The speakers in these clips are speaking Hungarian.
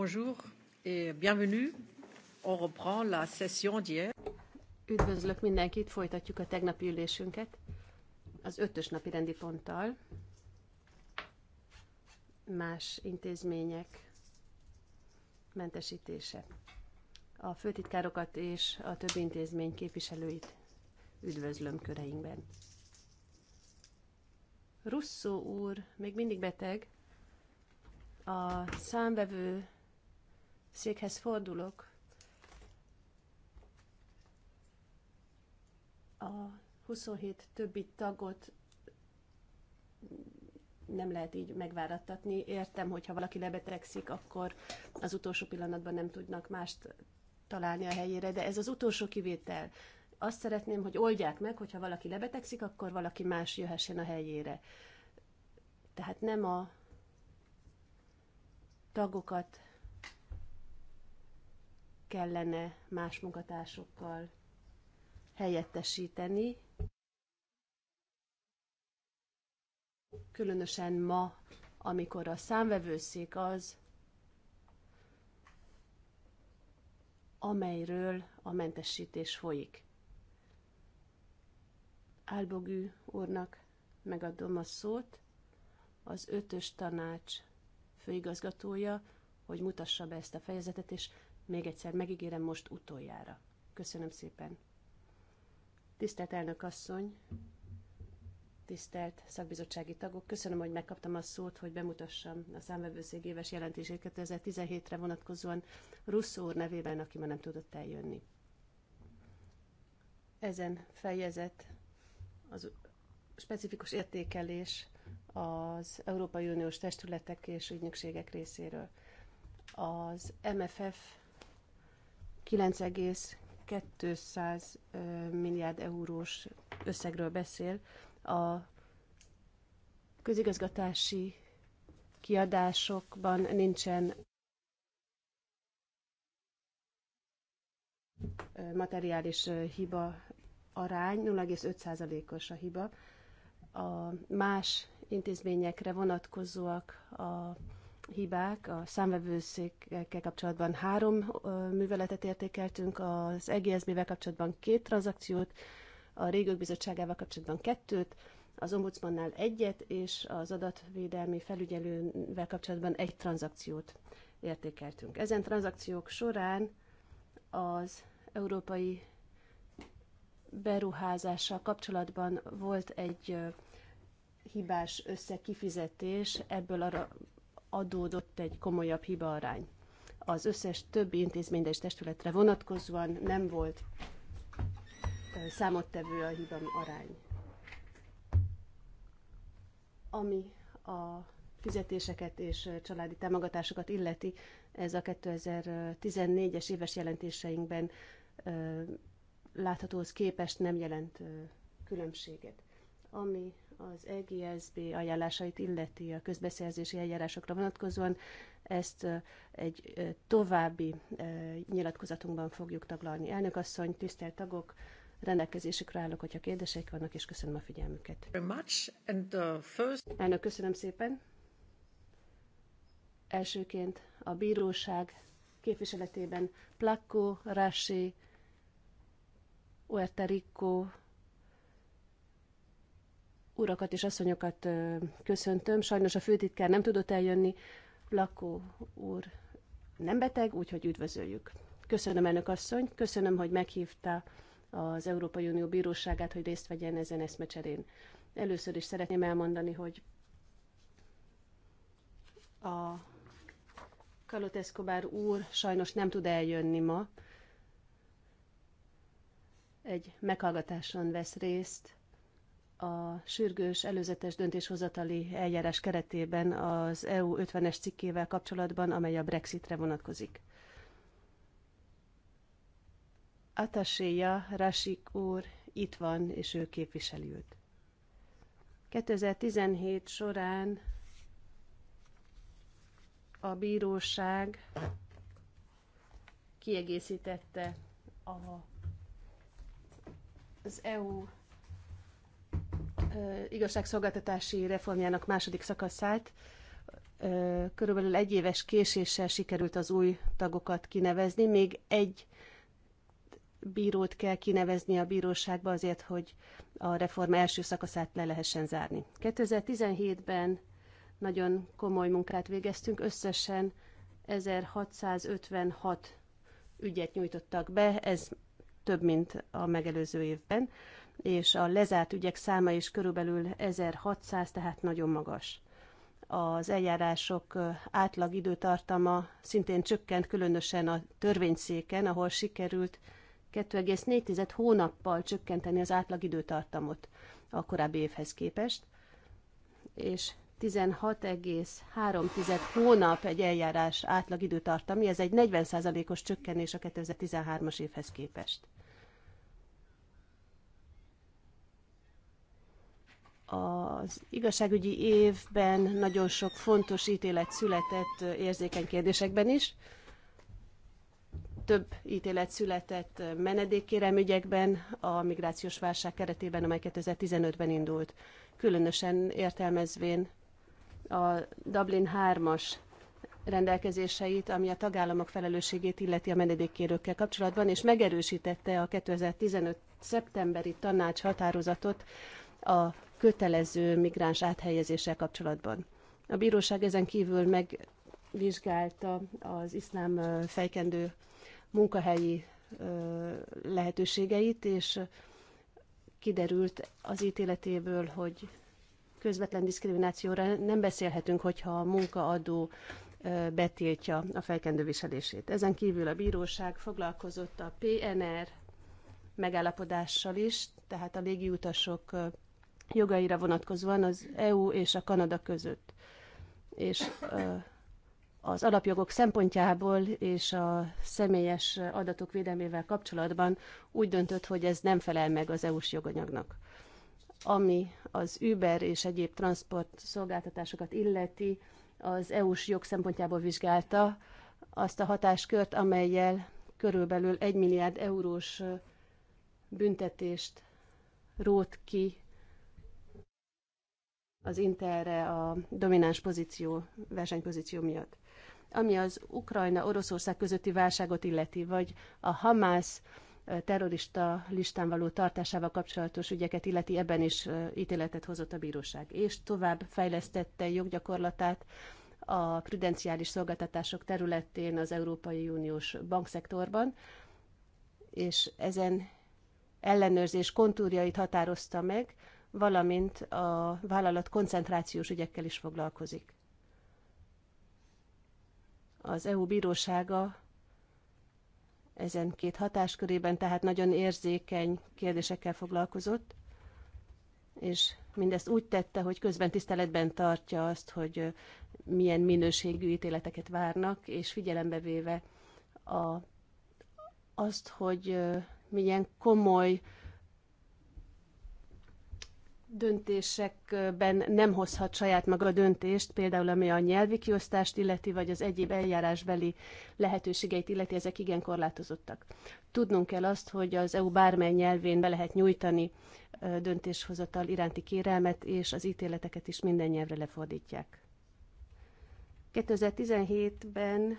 Bonjour et bienvenue. On reprend la session d'hier. Üdvözlök mindenkit, folytatjuk a tegnapi ülésünket az ötös napi rendi ponttal. Más intézmények mentesítése. A főtitkárokat és a többi intézmény képviselőit üdvözlöm köreinkben. Russzó úr még mindig beteg, a számvevő székhez fordulok, a 27 többi tagot nem lehet így megváradtatni. Értem, hogyha valaki lebetegszik, akkor az utolsó pillanatban nem tudnak mást találni a helyére, de ez az utolsó kivétel. Azt szeretném, hogy oldják meg, hogyha valaki lebetegszik, akkor valaki más jöhessen a helyére. Tehát nem a tagokat kellene más munkatársokkal helyettesíteni. Különösen ma, amikor a számvevőszék az, amelyről a mentesítés folyik. Álbogű úrnak megadom a szót, az ötös tanács főigazgatója, hogy mutassa be ezt a fejezetet, és még egyszer megígérem most utoljára. Köszönöm szépen. Tisztelt elnök asszony, tisztelt szakbizottsági tagok, köszönöm, hogy megkaptam a szót, hogy bemutassam a számvevőszék éves jelentését 2017-re vonatkozóan Russzó úr nevében, aki már nem tudott eljönni. Ezen fejezet az specifikus értékelés az Európai Uniós testületek és ügynökségek részéről. Az MFF 9,2 milliárd eurós összegről beszél. A közigazgatási kiadásokban nincsen materiális hiba arány, 0,5%-os a hiba. A más intézményekre vonatkozóak a hibák. A számvevőszékkel kapcsolatban három műveletet értékeltünk, az EGSB-vel kapcsolatban két tranzakciót, a Régők Bizottságával kapcsolatban kettőt, az ombudsmannál egyet, és az adatvédelmi felügyelővel kapcsolatban egy tranzakciót értékeltünk. Ezen tranzakciók során az európai beruházással kapcsolatban volt egy hibás összekifizetés, ebből arra adódott egy komolyabb hibaarány. Az összes többi intézményre és testületre vonatkozóan nem volt számottevő a hiba arány. Ami a fizetéseket és családi támogatásokat illeti, ez a 2014-es éves jelentéseinkben láthatóhoz képest nem jelent különbséget. Ami az EGSB ajánlásait illeti a közbeszerzési eljárásokra vonatkozóan, ezt egy további nyilatkozatunkban fogjuk taglalni. Elnök asszony, tisztelt tagok, rendelkezésükre állok, hogyha kérdéseik vannak, és köszönöm a figyelmüket. Elnök, köszönöm szépen. Elsőként a bíróság képviseletében Placco, Rásé, Uerta Rico, urakat és asszonyokat köszöntöm. Sajnos a főtitkár nem tudott eljönni, Lakó úr nem beteg, úgyhogy üdvözöljük. Köszönöm, elnök asszony, köszönöm, hogy meghívta az Európai Unió Bíróságát, hogy részt vegyen ezen eszmecserén. Először is szeretném elmondani, hogy a Kalot Escobar úr sajnos nem tud eljönni ma. Egy meghallgatáson vesz részt a sürgős előzetes döntéshozatali eljárás keretében az EU 50-es cikkével kapcsolatban, amely a Brexitre vonatkozik. Ataséja Rasik úr itt van, és ő képviseli őt. 2017 során a bíróság kiegészítette a, az EU igazságszolgáltatási reformjának második szakaszát. Körülbelül egy éves késéssel sikerült az új tagokat kinevezni. Még egy bírót kell kinevezni a bíróságba azért, hogy a reform első szakaszát le lehessen zárni. 2017-ben nagyon komoly munkát végeztünk, összesen 1656 ügyet nyújtottak be, ez több, mint a megelőző évben és a lezárt ügyek száma is körülbelül 1600, tehát nagyon magas. Az eljárások átlag időtartama szintén csökkent, különösen a törvényszéken, ahol sikerült 2,4 hónappal csökkenteni az átlag időtartamot a korábbi évhez képest, és 16,3 hónap egy eljárás átlag időtartami, ez egy 40%-os csökkenés a 2013-as évhez képest. az igazságügyi évben nagyon sok fontos ítélet született érzékeny kérdésekben is. Több ítélet született menedékkérem ügyekben a migrációs válság keretében, amely 2015-ben indult, különösen értelmezvén a Dublin 3-as rendelkezéseit, ami a tagállamok felelősségét illeti a menedékkérőkkel kapcsolatban, és megerősítette a 2015. szeptemberi tanács határozatot a kötelező migráns áthelyezéssel kapcsolatban. A bíróság ezen kívül megvizsgálta az iszlám fejkendő munkahelyi lehetőségeit, és kiderült az ítéletéből, hogy közvetlen diszkriminációra nem beszélhetünk, hogyha a munkaadó betiltja a felkendő viselését. Ezen kívül a bíróság foglalkozott a PNR megállapodással is, tehát a légiutasok jogaira vonatkozóan az EU és a Kanada között. És az alapjogok szempontjából és a személyes adatok védelmével kapcsolatban úgy döntött, hogy ez nem felel meg az EU-s joganyagnak. Ami az Uber és egyéb transport szolgáltatásokat illeti, az EU-s jog szempontjából vizsgálta azt a hatáskört, amelyel körülbelül 1 milliárd eurós büntetést rót ki az Interre a domináns pozíció, versenypozíció miatt. Ami az Ukrajna-Oroszország közötti válságot illeti, vagy a Hamász terrorista listán való tartásával kapcsolatos ügyeket illeti, ebben is ítéletet hozott a bíróság. És tovább fejlesztette joggyakorlatát a prudenciális szolgáltatások területén az Európai Uniós bankszektorban, és ezen ellenőrzés kontúrjait határozta meg, valamint a vállalat koncentrációs ügyekkel is foglalkozik. Az EU bírósága ezen két hatáskörében, tehát nagyon érzékeny kérdésekkel foglalkozott, és mindezt úgy tette, hogy közben tiszteletben tartja azt, hogy milyen minőségű ítéleteket várnak, és figyelembe véve a, azt, hogy milyen komoly döntésekben nem hozhat saját maga a döntést, például ami a nyelvi kiosztást illeti, vagy az egyéb eljárásbeli lehetőségeit illeti, ezek igen korlátozottak. Tudnunk kell azt, hogy az EU bármely nyelvén be lehet nyújtani döntéshozatal iránti kérelmet, és az ítéleteket is minden nyelvre lefordítják. 2017-ben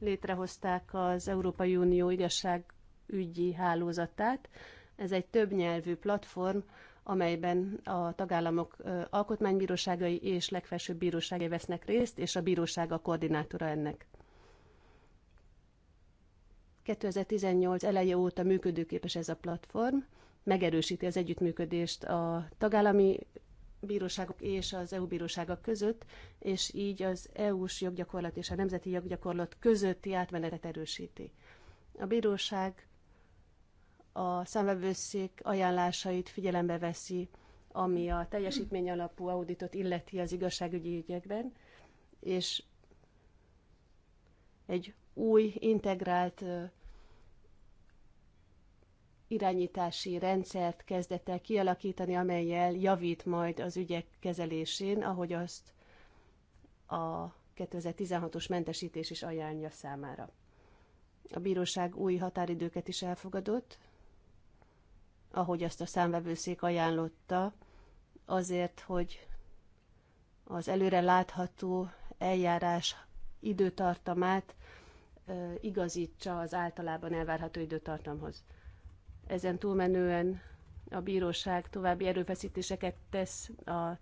létrehozták az Európai Unió igazságügyi hálózatát. Ez egy többnyelvű platform, amelyben a tagállamok alkotmánybíróságai és legfelsőbb bíróságai vesznek részt, és a bíróság a koordinátora ennek. 2018 eleje óta működőképes ez a platform, megerősíti az együttműködést a tagállami bíróságok és az EU bíróságok között, és így az EU-s joggyakorlat és a nemzeti joggyakorlat közötti átmenetet erősíti. A bíróság a számvevőszék ajánlásait figyelembe veszi, ami a teljesítmény alapú auditot illeti az igazságügyi ügyekben, és egy új integrált irányítási rendszert kezdett el kialakítani, amelyel javít majd az ügyek kezelésén, ahogy azt a 2016-os mentesítés is ajánlja számára. A bíróság új határidőket is elfogadott, ahogy azt a számvevőszék ajánlotta, azért, hogy az előre látható eljárás időtartamát igazítsa az általában elvárható időtartamhoz. Ezen túlmenően a bíróság további erőfeszítéseket tesz a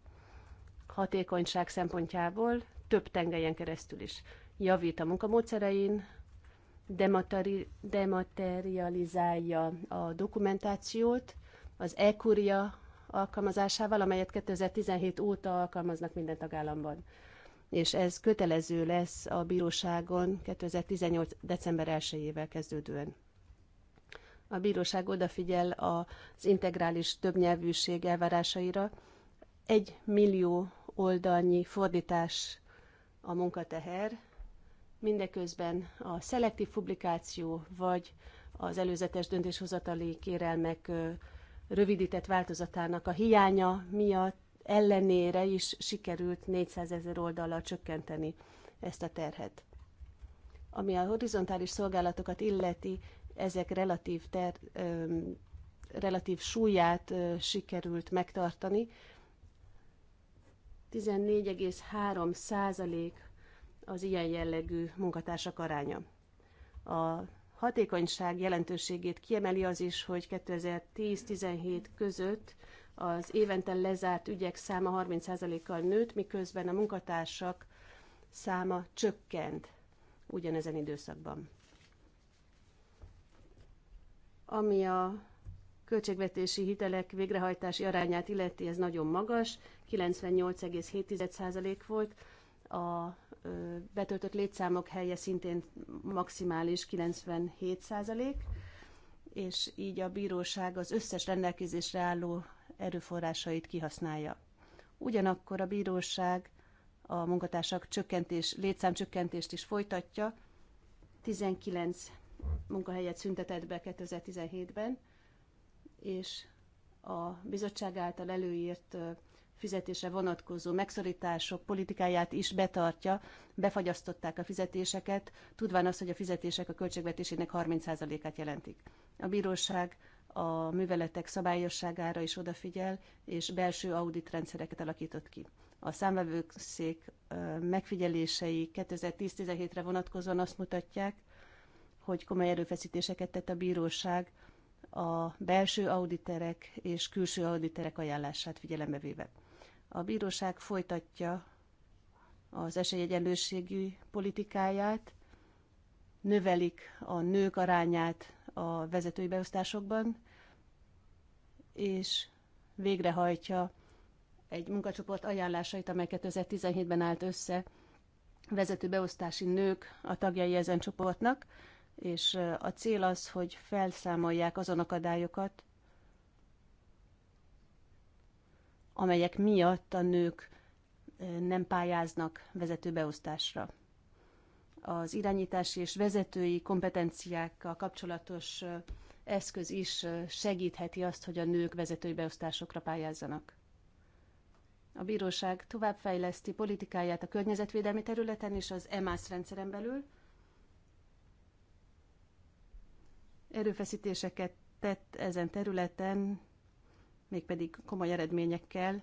hatékonyság szempontjából több tengelyen keresztül is. Javít a munkamódszerein, dematerializálja a dokumentációt az e alkalmazásával, amelyet 2017 óta alkalmaznak minden tagállamban. És ez kötelező lesz a bíróságon 2018. december 1-ével kezdődően. A bíróság odafigyel az integrális többnyelvűség elvárásaira. Egy millió oldalnyi fordítás a munkateher, mindeközben a szelektív publikáció vagy az előzetes döntéshozatali kérelmek rövidített változatának a hiánya miatt ellenére is sikerült 400 ezer oldalra csökkenteni ezt a terhet. Ami a horizontális szolgálatokat illeti, ezek relatív, ter, ö, relatív súlyát ö, sikerült megtartani. 14,3 százalék az ilyen jellegű munkatársak aránya. A hatékonyság jelentőségét kiemeli az is, hogy 2010-17 között az évente lezárt ügyek száma 30%-kal nőtt, miközben a munkatársak száma csökkent ugyanezen időszakban. Ami a költségvetési hitelek végrehajtási arányát illeti, ez nagyon magas, 98,7% volt, a betöltött létszámok helye szintén maximális 97 és így a bíróság az összes rendelkezésre álló erőforrásait kihasználja. Ugyanakkor a bíróság a munkatársak csökkentés, létszámcsökkentést is folytatja. 19 munkahelyet szüntetett be 2017-ben, és a bizottság által előírt fizetése vonatkozó megszorítások politikáját is betartja, befagyasztották a fizetéseket, tudván azt, hogy a fizetések a költségvetésének 30%-át jelentik. A bíróság a műveletek szabályosságára is odafigyel, és belső audit rendszereket alakított ki. A számvevőszék megfigyelései 2010-17-re vonatkozóan azt mutatják, hogy komoly erőfeszítéseket tett a bíróság a belső auditerek és külső auditerek ajánlását figyelembe véve. A bíróság folytatja az esélyegyenlőségű politikáját, növelik a nők arányát a vezetői beosztásokban, és végrehajtja egy munkacsoport ajánlásait, amely 2017-ben állt össze vezető beosztási nők a tagjai ezen csoportnak, és a cél az, hogy felszámolják azon akadályokat, amelyek miatt a nők nem pályáznak vezetőbeosztásra. Az irányítási és vezetői kompetenciákkal kapcsolatos eszköz is segítheti azt, hogy a nők vezetői beosztásokra pályázzanak. A bíróság továbbfejleszti politikáját a környezetvédelmi területen és az EMASZ rendszeren belül. Erőfeszítéseket tett ezen területen mégpedig komoly eredményekkel.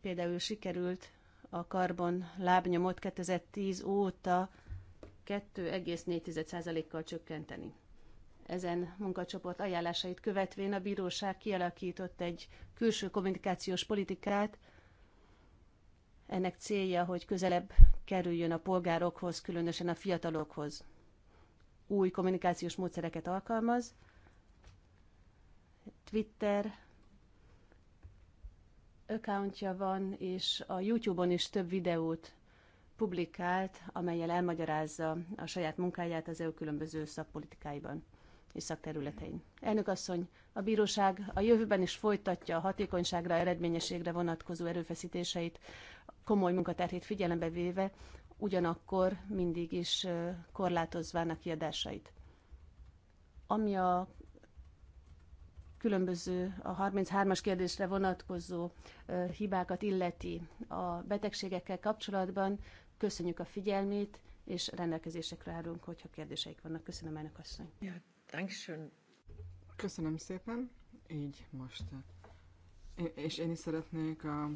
Például sikerült a karbon lábnyomot 2010 óta 2,4%-kal csökkenteni. Ezen munkacsoport ajánlásait követvén a bíróság kialakított egy külső kommunikációs politikát. Ennek célja, hogy közelebb kerüljön a polgárokhoz, különösen a fiatalokhoz. Új kommunikációs módszereket alkalmaz, Twitter accountja van, és a YouTube-on is több videót publikált, amelyel elmagyarázza a saját munkáját az EU különböző szakpolitikáiban és szakterületein. Elnök asszony, a bíróság a jövőben is folytatja a hatékonyságra, eredményességre vonatkozó erőfeszítéseit, komoly munkaterhét figyelembe véve, ugyanakkor mindig is korlátozván a kiadásait. Ami a különböző a 33-as kérdésre vonatkozó hibákat illeti a betegségekkel kapcsolatban. Köszönjük a figyelmét, és rendelkezésekre állunk, hogyha kérdéseik vannak. Köszönöm, elnök asszony. Köszönöm szépen. Így most. És én is szeretnék a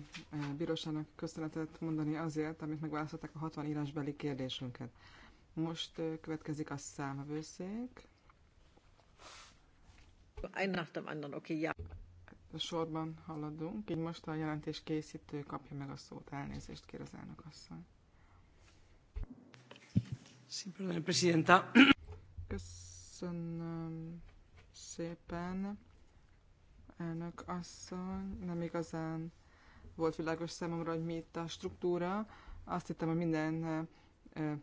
bíróságnak köszönetet mondani azért, amit megválasztották a 60 írásbeli kérdésünket. Most következik a számvőszék. Egy nach dem anderen, oké, okay, ja. Sorban haladunk, így most a jelentés készítő kapja meg a szót. Elnézést kér az elnök asszony. Köszönöm szépen, elnök asszony. Nem igazán volt világos számomra, hogy mi itt a struktúra. Azt hittem, hogy minden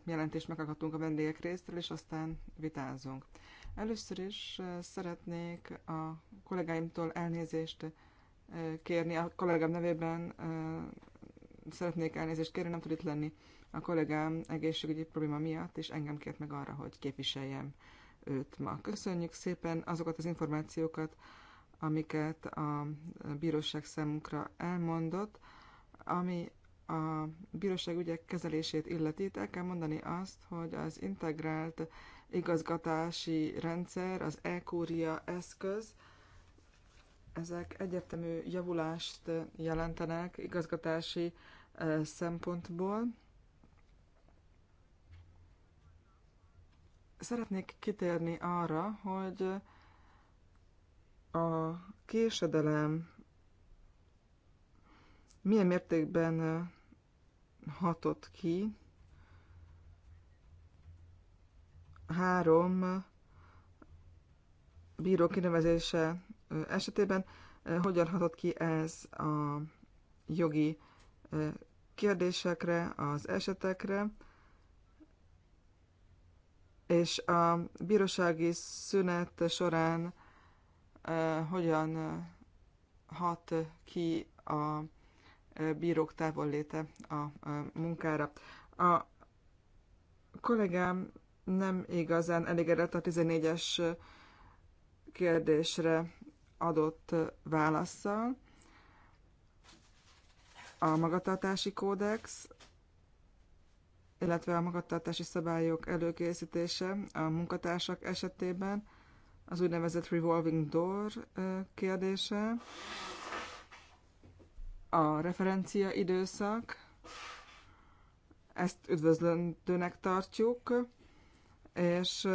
jelentést meghallgatunk a vendégek részéről, és aztán vitázunk. Először is szeretnék a kollégáimtól elnézést kérni, a kollégám nevében szeretnék elnézést kérni, nem tud itt lenni a kollégám egészségügyi probléma miatt, és engem kért meg arra, hogy képviseljem őt ma. Köszönjük szépen azokat az információkat, amiket a bíróság számunkra elmondott, ami a bíróság ügyek kezelését illeti. El kell mondani azt, hogy az integrált igazgatási rendszer, az e-kúria eszköz, ezek egyetemű javulást jelentenek igazgatási e, szempontból. Szeretnék kitérni arra, hogy a késedelem milyen mértékben hatott ki három bíró kinevezése esetében hogyan hatott ki ez a jogi kérdésekre, az esetekre, és a bírósági szünet során hogyan hat ki a bírók távolléte a munkára. A kollégám nem igazán elégedett a 14-es kérdésre adott válaszsal. A magatartási kódex, illetve a magatartási szabályok előkészítése a munkatársak esetében az úgynevezett revolving door kérdése, a referencia időszak, ezt üdvözlöntőnek tartjuk, és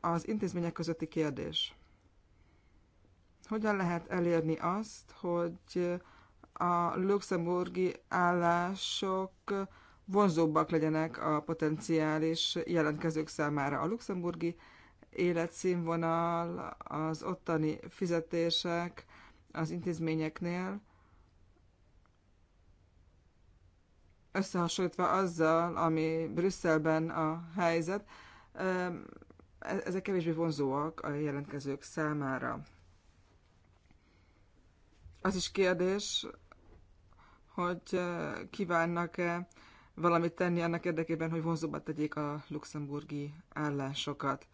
az intézmények közötti kérdés. Hogyan lehet elérni azt, hogy a luxemburgi állások vonzóbbak legyenek a potenciális jelentkezők számára. A luxemburgi életszínvonal, az ottani fizetések az intézményeknél összehasonlítva azzal, ami Brüsszelben a helyzet, e- ezek kevésbé vonzóak a jelentkezők számára. Az is kérdés, hogy e, kívánnak-e valamit tenni annak érdekében, hogy vonzóbbat tegyék a luxemburgi állásokat.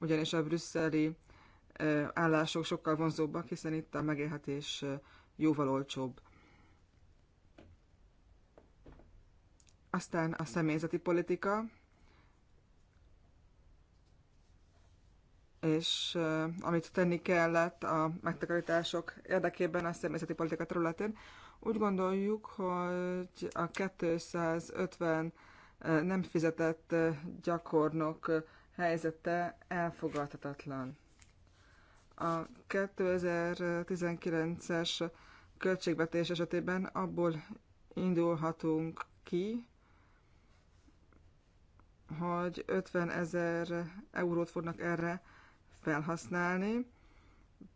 Ugyanis a brüsszeli e, állások sokkal vonzóbbak, hiszen itt a megélhetés jóval olcsóbb. Aztán a személyzeti politika, és amit tenni kellett a megtakarítások érdekében a személyzeti politika területén. Úgy gondoljuk, hogy a 250 nem fizetett gyakornok helyzete elfogadhatatlan. A 2019-es költségvetés esetében abból indulhatunk ki, hogy 50 ezer eurót fognak erre felhasználni.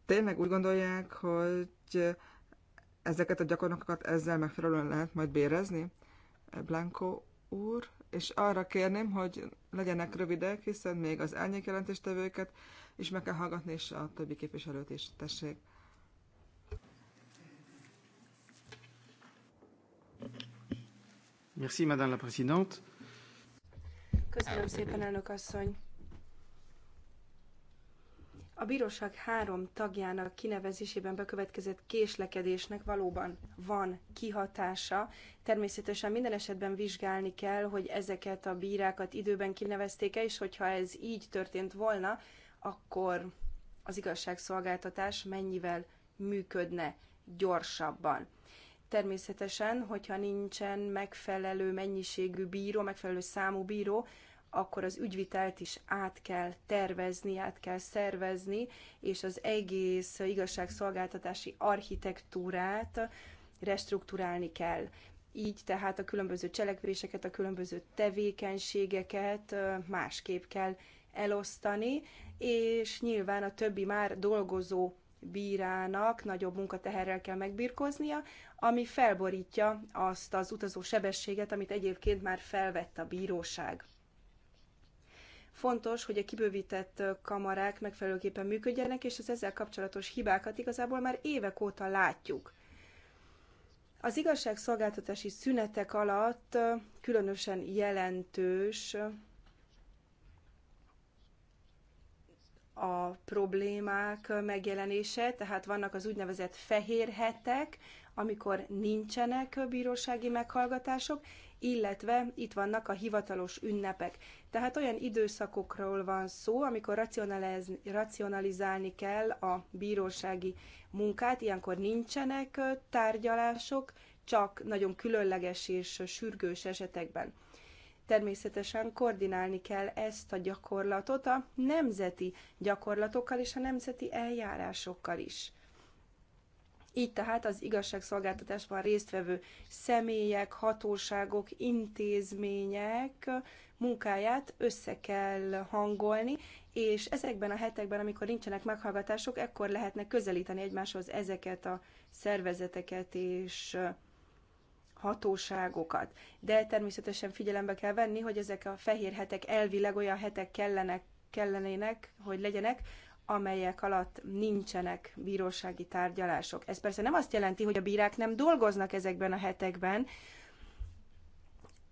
Tényleg úgy gondolják, hogy ezeket a gyakornokokat ezzel megfelelően lehet majd bérezni? Blanco úr, és arra kérném, hogy legyenek rövidek, hiszen még az elnyék jelentéstevőket is meg kell hallgatni, és a többi képviselőt is. Tessék! Merci, Madame la Présidente. Köszönöm szépen, elnök asszony. A bíróság három tagjának kinevezésében bekövetkezett késlekedésnek valóban van kihatása. Természetesen minden esetben vizsgálni kell, hogy ezeket a bírákat időben kinevezték-e, és hogyha ez így történt volna, akkor az igazságszolgáltatás mennyivel működne gyorsabban. Természetesen, hogyha nincsen megfelelő mennyiségű bíró, megfelelő számú bíró, akkor az ügyvitelt is át kell tervezni, át kell szervezni, és az egész igazságszolgáltatási architektúrát restruktúrálni kell. Így tehát a különböző cselekvéseket, a különböző tevékenységeket másképp kell elosztani, és nyilván a többi már dolgozó bírának nagyobb munkateherrel kell megbírkoznia, ami felborítja azt az utazó sebességet, amit egyébként már felvett a bíróság. Fontos, hogy a kibővített kamarák megfelelőképpen működjenek, és az ezzel kapcsolatos hibákat igazából már évek óta látjuk. Az igazságszolgáltatási szünetek alatt különösen jelentős a problémák megjelenése, tehát vannak az úgynevezett fehér hetek, amikor nincsenek bírósági meghallgatások, illetve itt vannak a hivatalos ünnepek. Tehát olyan időszakokról van szó, amikor racionalizálni kell a bírósági munkát, ilyenkor nincsenek tárgyalások, csak nagyon különleges és sürgős esetekben. Természetesen koordinálni kell ezt a gyakorlatot a nemzeti gyakorlatokkal és a nemzeti eljárásokkal is. Így tehát az igazságszolgáltatásban résztvevő személyek, hatóságok, intézmények munkáját össze kell hangolni, és ezekben a hetekben, amikor nincsenek meghallgatások, ekkor lehetne közelíteni egymáshoz ezeket a szervezeteket és hatóságokat. De természetesen figyelembe kell venni, hogy ezek a fehér hetek elvileg olyan hetek kellenek, kellenének, hogy legyenek, amelyek alatt nincsenek bírósági tárgyalások. Ez persze nem azt jelenti, hogy a bírák nem dolgoznak ezekben a hetekben,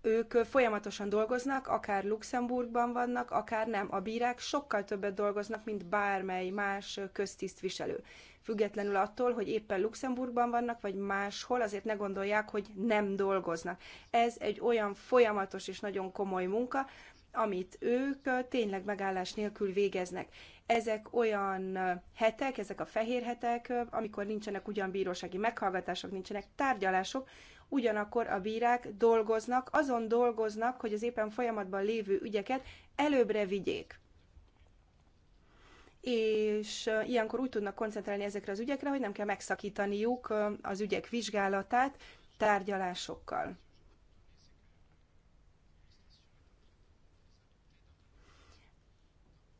ők folyamatosan dolgoznak, akár Luxemburgban vannak, akár nem. A bírák sokkal többet dolgoznak, mint bármely más köztisztviselő. Függetlenül attól, hogy éppen Luxemburgban vannak, vagy máshol, azért ne gondolják, hogy nem dolgoznak. Ez egy olyan folyamatos és nagyon komoly munka, amit ők tényleg megállás nélkül végeznek. Ezek olyan hetek, ezek a fehér hetek, amikor nincsenek ugyan bírósági meghallgatások, nincsenek tárgyalások, ugyanakkor a bírák dolgoznak, azon dolgoznak, hogy az éppen folyamatban lévő ügyeket előbbre vigyék és ilyenkor úgy tudnak koncentrálni ezekre az ügyekre, hogy nem kell megszakítaniuk az ügyek vizsgálatát tárgyalásokkal.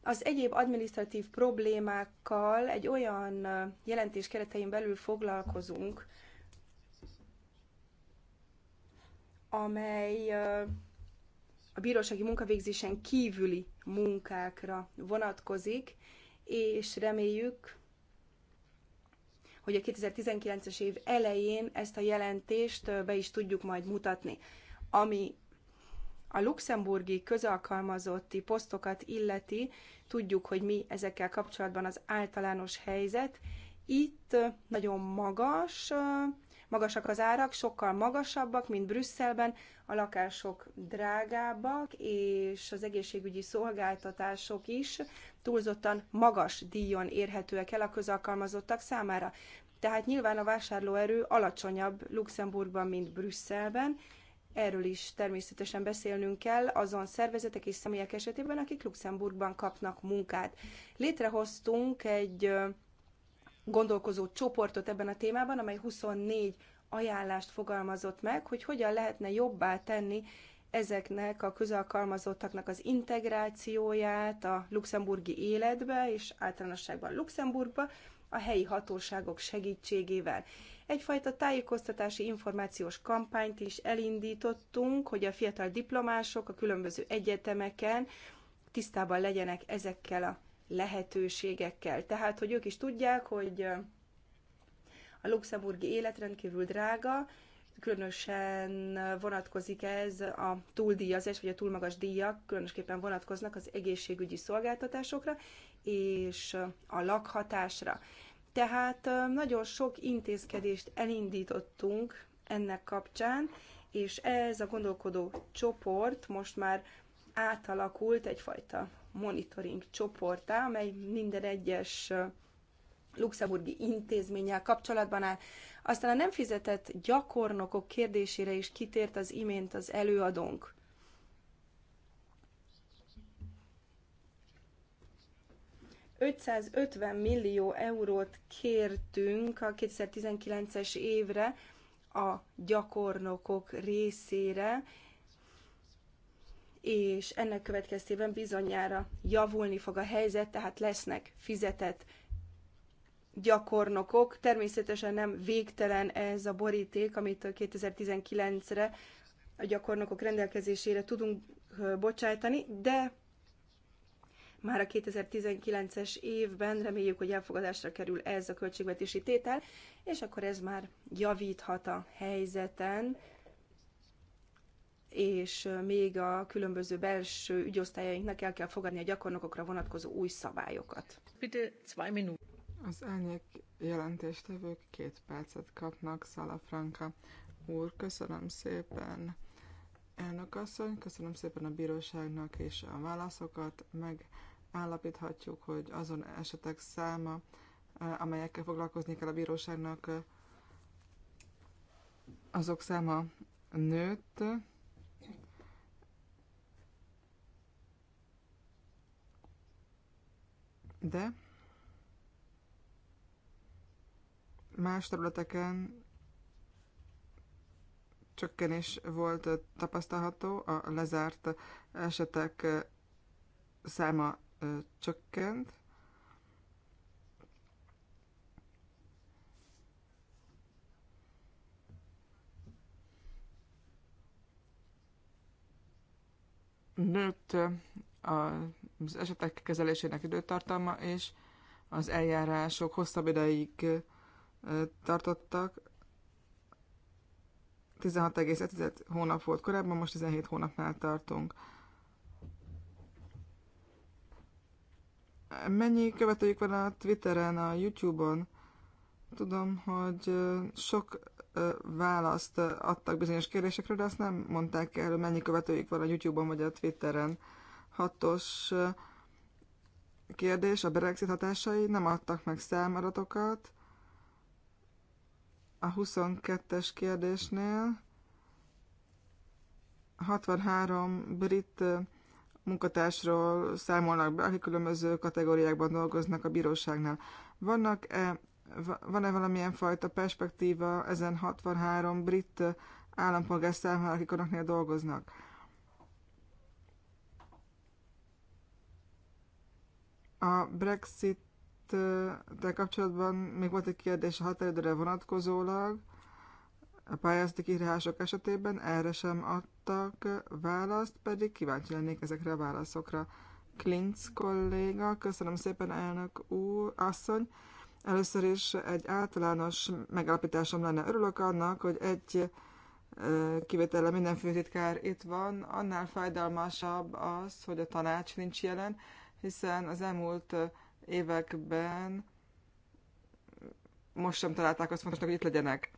Az egyéb administratív problémákkal egy olyan jelentés keretein belül foglalkozunk, amely a bírósági munkavégzésen kívüli munkákra vonatkozik, és reméljük, hogy a 2019-es év elején ezt a jelentést be is tudjuk majd mutatni. Ami a luxemburgi közalkalmazotti posztokat illeti, tudjuk, hogy mi ezekkel kapcsolatban az általános helyzet. Itt nagyon magas magasak az árak, sokkal magasabbak, mint Brüsszelben, a lakások drágábbak, és az egészségügyi szolgáltatások is túlzottan magas díjon érhetőek el a közalkalmazottak számára. Tehát nyilván a vásárlóerő alacsonyabb Luxemburgban, mint Brüsszelben, Erről is természetesen beszélnünk kell azon szervezetek és személyek esetében, akik Luxemburgban kapnak munkát. Létrehoztunk egy gondolkozó csoportot ebben a témában, amely 24 ajánlást fogalmazott meg, hogy hogyan lehetne jobbá tenni ezeknek a közalkalmazottaknak az integrációját a luxemburgi életbe és általánosságban Luxemburgba a helyi hatóságok segítségével. Egyfajta tájékoztatási információs kampányt is elindítottunk, hogy a fiatal diplomások a különböző egyetemeken tisztában legyenek ezekkel a lehetőségekkel. Tehát, hogy ők is tudják, hogy a luxemburgi élet rendkívül drága, különösen vonatkozik ez a túldíjazás, vagy a túlmagas díjak, különösképpen vonatkoznak az egészségügyi szolgáltatásokra és a lakhatásra. Tehát nagyon sok intézkedést elindítottunk ennek kapcsán, és ez a gondolkodó csoport most már átalakult egyfajta monitoring csoportá, amely minden egyes luxemburgi intézménnyel kapcsolatban áll. Aztán a nem fizetett gyakornokok kérdésére is kitért az imént az előadónk. ...550 millió eurót kértünk a 2019-es évre a gyakornokok részére, és ennek következtében bizonyára javulni fog a helyzet, tehát lesznek fizetett gyakornokok. Természetesen nem végtelen ez a boríték, amit 2019-re a gyakornokok rendelkezésére tudunk bocsájtani, de már a 2019-es évben reméljük, hogy elfogadásra kerül ez a költségvetési tétel, és akkor ez már javíthat a helyzeten, és még a különböző belső ügyosztályainknak el kell fogadni a gyakornokokra vonatkozó új szabályokat. Az elnyek jelentéstevők két percet kapnak, Szala Franka úr, köszönöm szépen. Elnök asszony, köszönöm szépen a bíróságnak és a válaszokat. Megállapíthatjuk, hogy azon esetek száma, amelyekkel foglalkozni kell a bíróságnak, azok száma nőtt, de más területeken csökkenés volt tapasztalható, a lezárt esetek száma csökkent. Nőtt a az esetek kezelésének időtartalma és az eljárások hosszabb ideig tartottak. 16,1 hónap volt korábban, most 17 hónapnál tartunk. Mennyi követőjük van a Twitteren, a YouTube-on? Tudom, hogy sok választ adtak bizonyos kérdésekre, de azt nem mondták el, hogy mennyi követőjük van a YouTube-on vagy a Twitteren hatos kérdés, a Brexit hatásai, nem adtak meg számadatokat. A 22-es kérdésnél 63 brit munkatársról számolnak be, akik különböző kategóriákban dolgoznak a bíróságnál. Vannak-e, van-e valamilyen fajta perspektíva ezen 63 brit állampolgár számára, akik dolgoznak? A Brexit de kapcsolatban még volt egy kérdés a határidőre vonatkozólag, a pályázati kihívások esetében erre sem adtak választ, pedig kíváncsi lennék ezekre a válaszokra. Klinc kolléga, köszönöm szépen elnök úr, asszony. Először is egy általános megállapításom lenne. Örülök annak, hogy egy kivétele minden főtitkár itt van, annál fájdalmasabb az, hogy a tanács nincs jelen, hiszen az elmúlt években most sem találták azt fontosnak, hogy itt legyenek.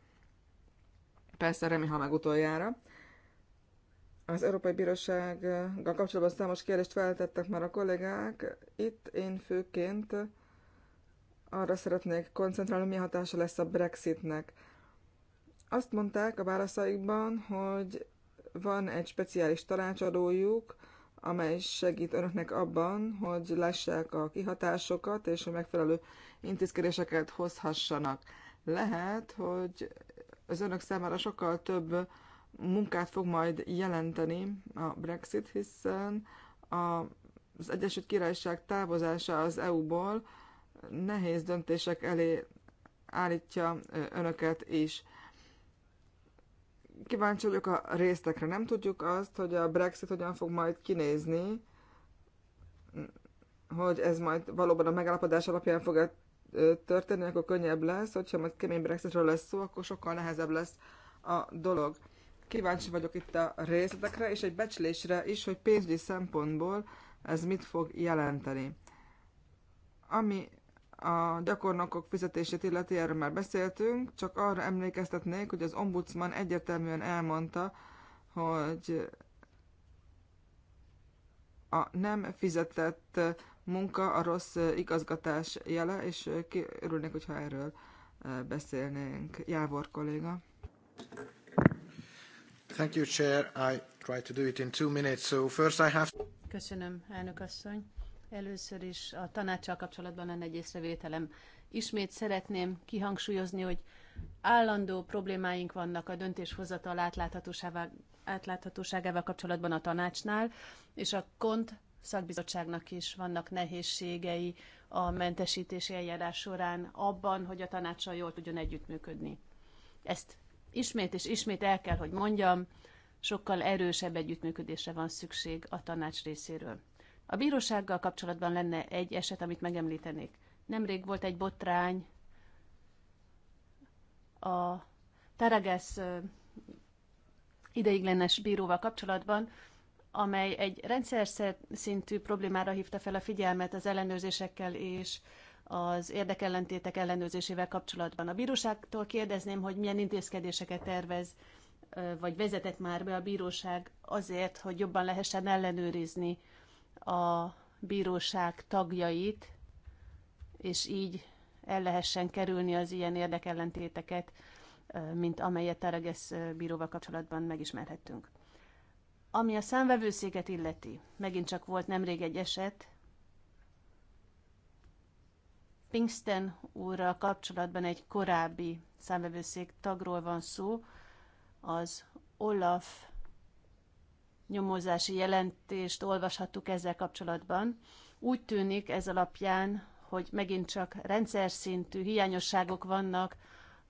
Persze remélem, ha meg utoljára. Az Európai Bírósággal kapcsolatban számos kérdést feltettek már a kollégák. Itt én főként arra szeretnék koncentrálni, mi hatása lesz a Brexitnek. Azt mondták a válaszaikban, hogy van egy speciális tanácsadójuk, amely segít önöknek abban, hogy lássák a kihatásokat, és a megfelelő intézkedéseket hozhassanak. Lehet, hogy az önök számára sokkal több munkát fog majd jelenteni a Brexit, hiszen a, az Egyesült Királyság távozása az EU-ból nehéz döntések elé állítja önöket is. Kíváncsi vagyok a résztekre. Nem tudjuk azt, hogy a Brexit hogyan fog majd kinézni, hogy ez majd valóban a megállapodás alapján fog -e történni, akkor könnyebb lesz, hogyha majd kemény Brexitről lesz szó, akkor sokkal nehezebb lesz a dolog. Kíváncsi vagyok itt a részletekre, és egy becslésre is, hogy pénzügyi szempontból ez mit fog jelenteni. Ami a gyakornokok fizetését illeti, erről már beszéltünk, csak arra emlékeztetnék, hogy az ombudsman egyértelműen elmondta, hogy a nem fizetett munka a rossz igazgatás jele, és örülnék, hogyha erről e, beszélnénk. Jávor kolléga. Thank you, Chair. I try to do it in two minutes. So first I have... Köszönöm, elnök asszony. Először is a tanácssal kapcsolatban lenne egy észrevételem. Ismét szeretném kihangsúlyozni, hogy állandó problémáink vannak a döntéshozatal átláthatóságával, kapcsolatban a tanácsnál, és a KONT szakbizottságnak is vannak nehézségei a mentesítési eljárás során abban, hogy a tanácssal jól tudjon együttműködni. Ezt ismét és ismét el kell, hogy mondjam, sokkal erősebb együttműködésre van szükség a tanács részéről. A bírósággal kapcsolatban lenne egy eset, amit megemlítenék. Nemrég volt egy botrány a Taragász ideiglenes bíróval kapcsolatban, amely egy rendszer szintű problémára hívta fel a figyelmet az ellenőrzésekkel és az érdekellentétek ellenőrzésével kapcsolatban. A bíróságtól kérdezném, hogy milyen intézkedéseket tervez, vagy vezetett már be a bíróság azért, hogy jobban lehessen ellenőrizni a bíróság tagjait, és így el lehessen kerülni az ilyen érdekellentéteket, mint amelyet Teregesz bíróval kapcsolatban megismerhettünk. Ami a számvevőszéket illeti, megint csak volt nemrég egy eset, Pinkston úrral kapcsolatban egy korábbi számvevőszék tagról van szó, az Olaf nyomozási jelentést olvashattuk ezzel kapcsolatban. Úgy tűnik ez alapján, hogy megint csak rendszer szintű hiányosságok vannak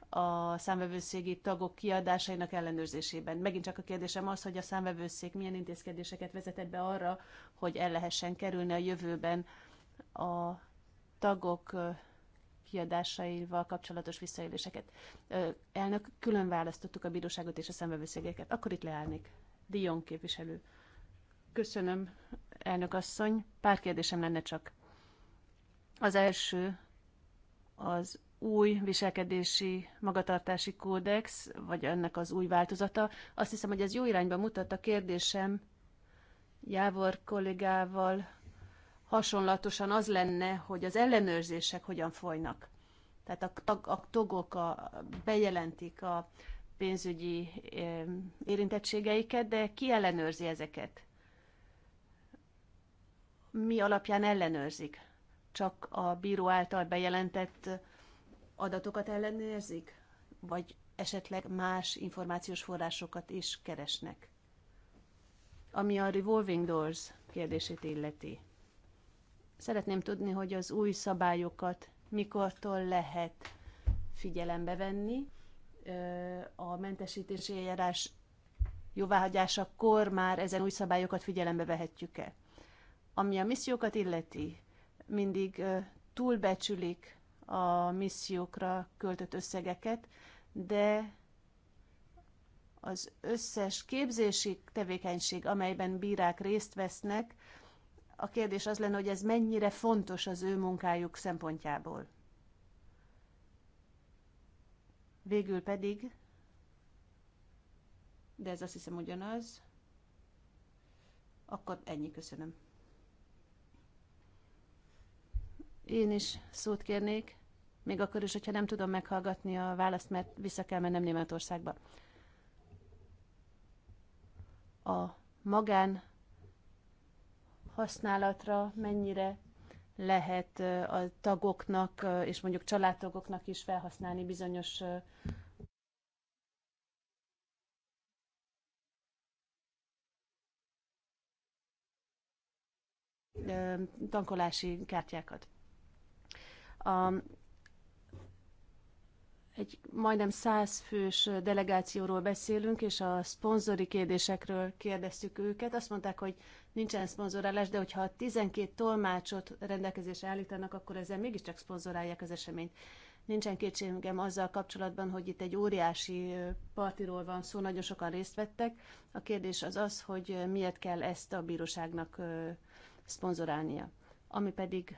a számvevőszégi tagok kiadásainak ellenőrzésében. Megint csak a kérdésem az, hogy a számvevőszék milyen intézkedéseket vezetett be arra, hogy el lehessen kerülni a jövőben a tagok kiadásaival kapcsolatos visszaéléseket. Elnök, külön választottuk a bíróságot és a számvevőszégeket. Akkor itt leállnék. Dion képviselő. Köszönöm, elnök asszony. Pár kérdésem lenne csak. Az első az új viselkedési magatartási kódex, vagy ennek az új változata. Azt hiszem, hogy ez jó irányba mutat a kérdésem. Jávor kollégával hasonlatosan az lenne, hogy az ellenőrzések hogyan folynak. Tehát a, tag, a togok a, bejelentik a pénzügyi érintettségeiket, de ki ellenőrzi ezeket? Mi alapján ellenőrzik? Csak a bíró által bejelentett adatokat ellenőrzik? Vagy esetleg más információs forrásokat is keresnek? Ami a revolving doors kérdését illeti. Szeretném tudni, hogy az új szabályokat mikortól lehet figyelembe venni, a mentesítési eljárás jóváhagyásakor már ezen új szabályokat figyelembe vehetjük-e. Ami a missziókat illeti, mindig túlbecsülik a missziókra költött összegeket, de az összes képzési tevékenység, amelyben bírák részt vesznek, a kérdés az lenne, hogy ez mennyire fontos az ő munkájuk szempontjából. Végül pedig, de ez azt hiszem ugyanaz, akkor ennyi, köszönöm. Én is szót kérnék, még akkor is, hogyha nem tudom meghallgatni a választ, mert vissza kell mennem Németországba. A magán használatra mennyire lehet a tagoknak és mondjuk családtagoknak is felhasználni bizonyos tankolási kártyákat. A egy majdnem fős delegációról beszélünk, és a szponzori kérdésekről kérdeztük őket. Azt mondták, hogy nincsen szponzorálás, de hogyha 12 tolmácsot rendelkezésre állítanak, akkor ezzel mégiscsak szponzorálják az eseményt. Nincsen kétségem azzal kapcsolatban, hogy itt egy óriási partiról van szó, nagyon sokan részt vettek. A kérdés az az, hogy miért kell ezt a bíróságnak szponzorálnia. Ami pedig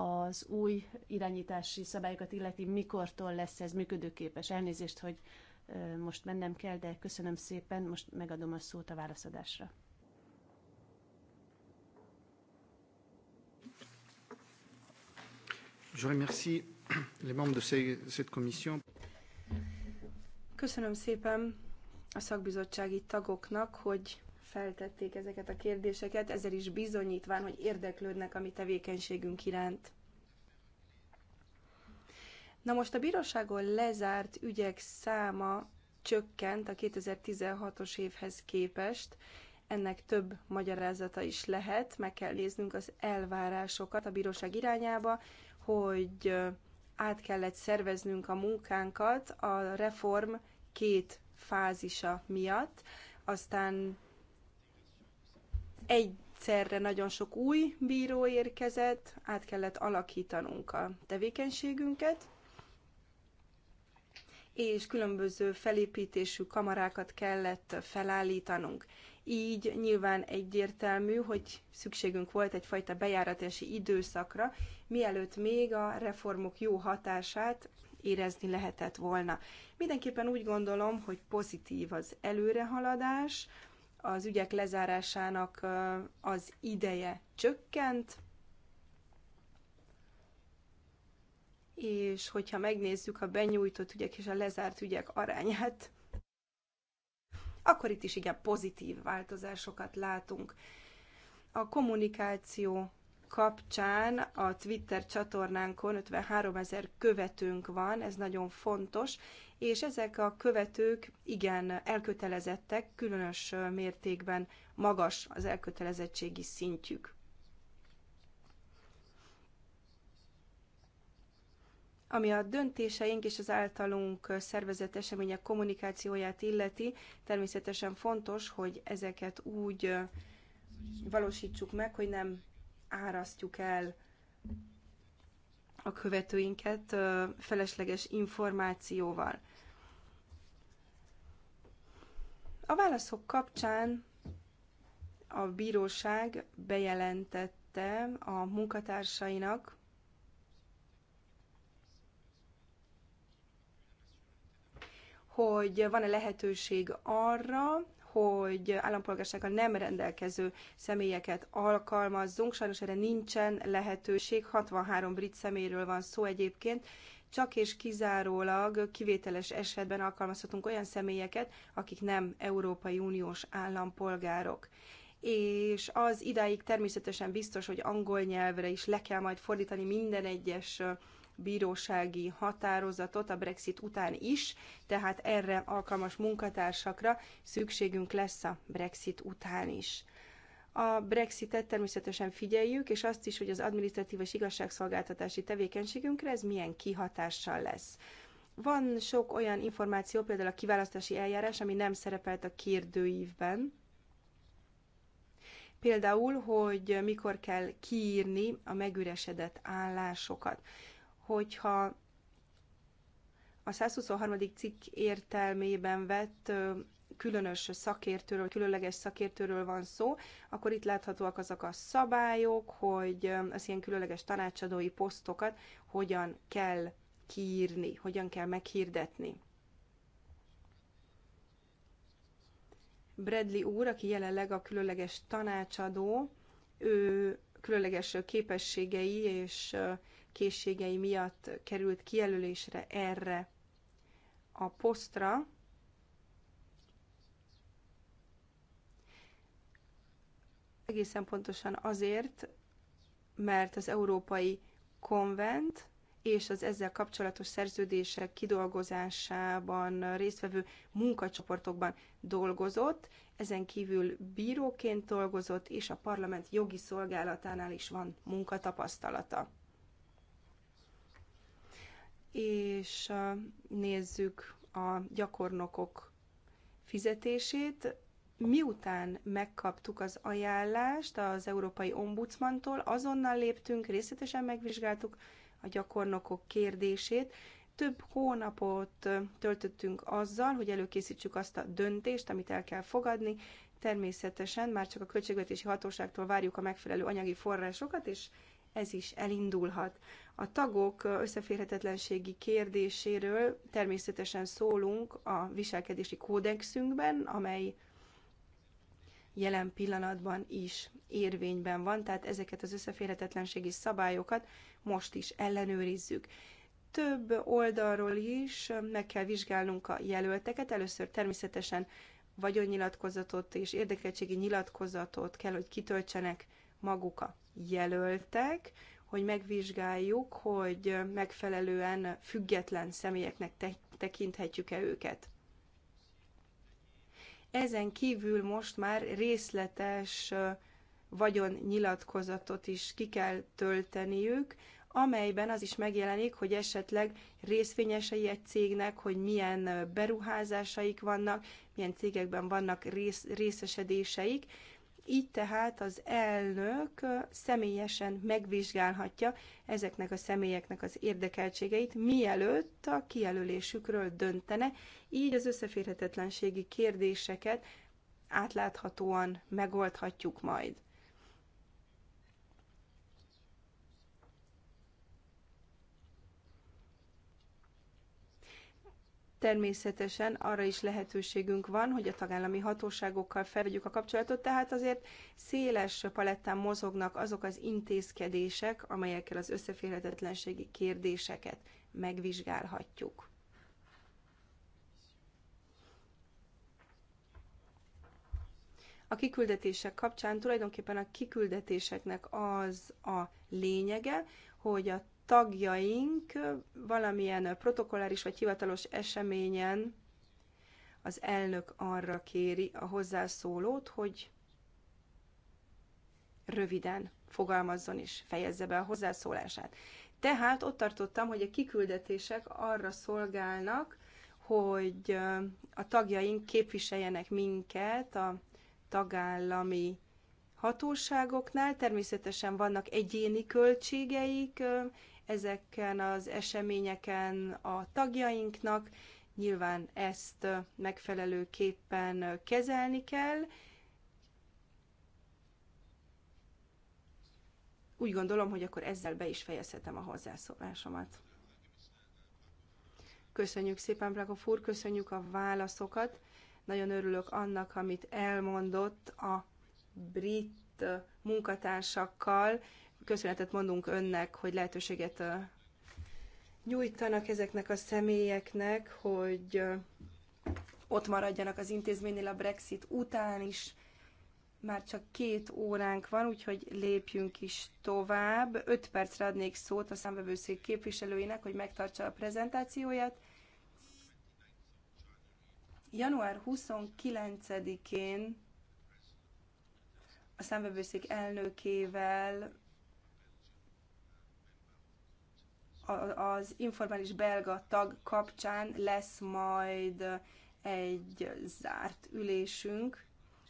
az új irányítási szabályokat illeti, mikortól lesz ez működőképes. Elnézést, hogy most mennem kell, de köszönöm szépen, most megadom a szót a válaszadásra. Je remercie les membres de cette commission. Köszönöm szépen a szakbizottsági tagoknak, hogy feltették ezeket a kérdéseket, ezzel is bizonyítván, hogy érdeklődnek a mi tevékenységünk iránt. Na most a bíróságon lezárt ügyek száma csökkent a 2016-os évhez képest, ennek több magyarázata is lehet, meg kell néznünk az elvárásokat a bíróság irányába, hogy át kellett szerveznünk a munkánkat a reform két fázisa miatt, aztán egyszerre nagyon sok új bíró érkezett, át kellett alakítanunk a tevékenységünket, és különböző felépítésű kamarákat kellett felállítanunk. Így nyilván egyértelmű, hogy szükségünk volt egyfajta bejáratási időszakra, mielőtt még a reformok jó hatását érezni lehetett volna. Mindenképpen úgy gondolom, hogy pozitív az előrehaladás, az ügyek lezárásának az ideje csökkent, és hogyha megnézzük a benyújtott ügyek és a lezárt ügyek arányát, akkor itt is igen pozitív változásokat látunk. A kommunikáció kapcsán a Twitter csatornánkon 53 ezer követőnk van, ez nagyon fontos, és ezek a követők igen elkötelezettek, különös mértékben magas az elkötelezettségi szintjük. ami a döntéseink és az általunk szervezett események kommunikációját illeti, természetesen fontos, hogy ezeket úgy valósítsuk meg, hogy nem árasztjuk el a követőinket felesleges információval. A válaszok kapcsán a bíróság bejelentette a munkatársainak, hogy van-e lehetőség arra, hogy állampolgársággal nem rendelkező személyeket alkalmazzunk. Sajnos erre nincsen lehetőség. 63 brit személyről van szó egyébként, csak és kizárólag kivételes esetben alkalmazhatunk olyan személyeket, akik nem Európai Uniós állampolgárok és az idáig természetesen biztos, hogy angol nyelvre is le kell majd fordítani minden egyes bírósági határozatot a Brexit után is, tehát erre alkalmas munkatársakra szükségünk lesz a Brexit után is. A Brexitet természetesen figyeljük, és azt is, hogy az adminisztratív és igazságszolgáltatási tevékenységünkre ez milyen kihatással lesz. Van sok olyan információ, például a kiválasztási eljárás, ami nem szerepelt a kérdőívben. Például, hogy mikor kell kiírni a megüresedett állásokat. Hogyha a 123. cikk értelmében vett különös szakértőről, különleges szakértőről van szó, akkor itt láthatóak azok a szabályok, hogy az ilyen különleges tanácsadói posztokat hogyan kell kiírni, hogyan kell meghirdetni. Bradley úr, aki jelenleg a különleges tanácsadó, ő különleges képességei és készségei miatt került kijelölésre erre a posztra, Egészen pontosan azért, mert az Európai Konvent és az ezzel kapcsolatos szerződések kidolgozásában résztvevő munkacsoportokban dolgozott, ezen kívül bíróként dolgozott, és a parlament jogi szolgálatánál is van munkatapasztalata. És nézzük a gyakornokok fizetését. Miután megkaptuk az ajánlást az Európai Ombudsmantól, azonnal léptünk, részletesen megvizsgáltuk a gyakornokok kérdését. Több hónapot töltöttünk azzal, hogy előkészítsük azt a döntést, amit el kell fogadni. Természetesen már csak a költségvetési hatóságtól várjuk a megfelelő anyagi forrásokat, és ez is elindulhat. A tagok összeférhetetlenségi kérdéséről természetesen szólunk a viselkedési kódexünkben, amely jelen pillanatban is érvényben van, tehát ezeket az összeférhetetlenségi szabályokat most is ellenőrizzük. Több oldalról is meg kell vizsgálnunk a jelölteket. Először természetesen vagyonnyilatkozatot és érdekeltségi nyilatkozatot kell, hogy kitöltsenek maguk a jelöltek, hogy megvizsgáljuk, hogy megfelelően független személyeknek tekinthetjük-e őket. Ezen kívül most már részletes vagyonnyilatkozatot is ki kell tölteniük, amelyben az is megjelenik, hogy esetleg részvényesei egy cégnek, hogy milyen beruházásaik vannak, milyen cégekben vannak rész, részesedéseik, így tehát az elnök személyesen megvizsgálhatja ezeknek a személyeknek az érdekeltségeit, mielőtt a kijelölésükről döntene, így az összeférhetetlenségi kérdéseket átláthatóan megoldhatjuk majd. Természetesen arra is lehetőségünk van, hogy a tagállami hatóságokkal felvegyük a kapcsolatot, tehát azért széles palettán mozognak azok az intézkedések, amelyekkel az összeférhetetlenségi kérdéseket megvizsgálhatjuk. A kiküldetések kapcsán tulajdonképpen a kiküldetéseknek az a lényege, hogy a tagjaink valamilyen protokolláris vagy hivatalos eseményen az elnök arra kéri a hozzászólót, hogy röviden fogalmazzon és fejezze be a hozzászólását. Tehát ott tartottam, hogy a kiküldetések arra szolgálnak, hogy a tagjaink képviseljenek minket a tagállami hatóságoknál. Természetesen vannak egyéni költségeik, ezeken az eseményeken a tagjainknak. Nyilván ezt megfelelőképpen kezelni kell. Úgy gondolom, hogy akkor ezzel be is fejezhetem a hozzászólásomat. Köszönjük szépen, Brakov Fúr, köszönjük a válaszokat. Nagyon örülök annak, amit elmondott a brit munkatársakkal, köszönetet mondunk önnek, hogy lehetőséget nyújtanak ezeknek a személyeknek, hogy ott maradjanak az intézménynél a Brexit után is. Már csak két óránk van, úgyhogy lépjünk is tovább. Öt percre adnék szót a számvevőszék képviselőinek, hogy megtartsa a prezentációját. Január 29-én a számvevőszék elnökével az informális belga tag kapcsán lesz majd egy zárt ülésünk.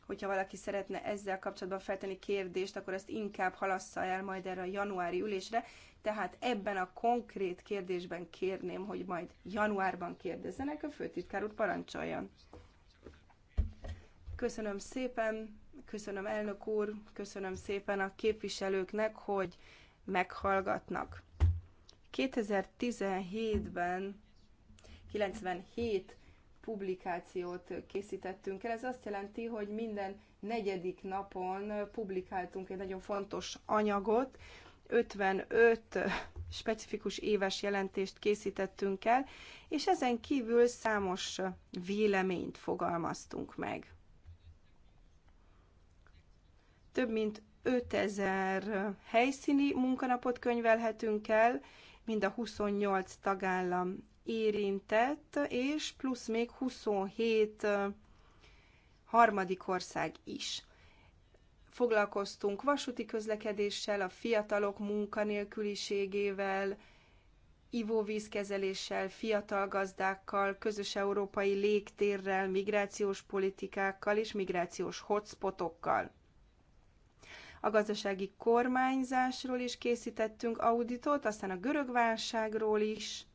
Hogyha valaki szeretne ezzel kapcsolatban feltenni kérdést, akkor ezt inkább halassza el majd erre a januári ülésre. Tehát ebben a konkrét kérdésben kérném, hogy majd januárban kérdezzenek, a főtitkár úr parancsoljon. Köszönöm szépen, köszönöm elnök úr, köszönöm szépen a képviselőknek, hogy meghallgatnak. 2017-ben 97 publikációt készítettünk el. Ez azt jelenti, hogy minden negyedik napon publikáltunk egy nagyon fontos anyagot, 55 specifikus éves jelentést készítettünk el, és ezen kívül számos véleményt fogalmaztunk meg. Több mint 5000 helyszíni munkanapot könyvelhetünk el, mind a 28 tagállam érintett, és plusz még 27 harmadik ország is. Foglalkoztunk vasúti közlekedéssel, a fiatalok munkanélküliségével, ivóvízkezeléssel, fiatal gazdákkal, közös európai légtérrel, migrációs politikákkal és migrációs hotspotokkal. A gazdasági kormányzásról is készítettünk auditot, aztán a görög válságról is,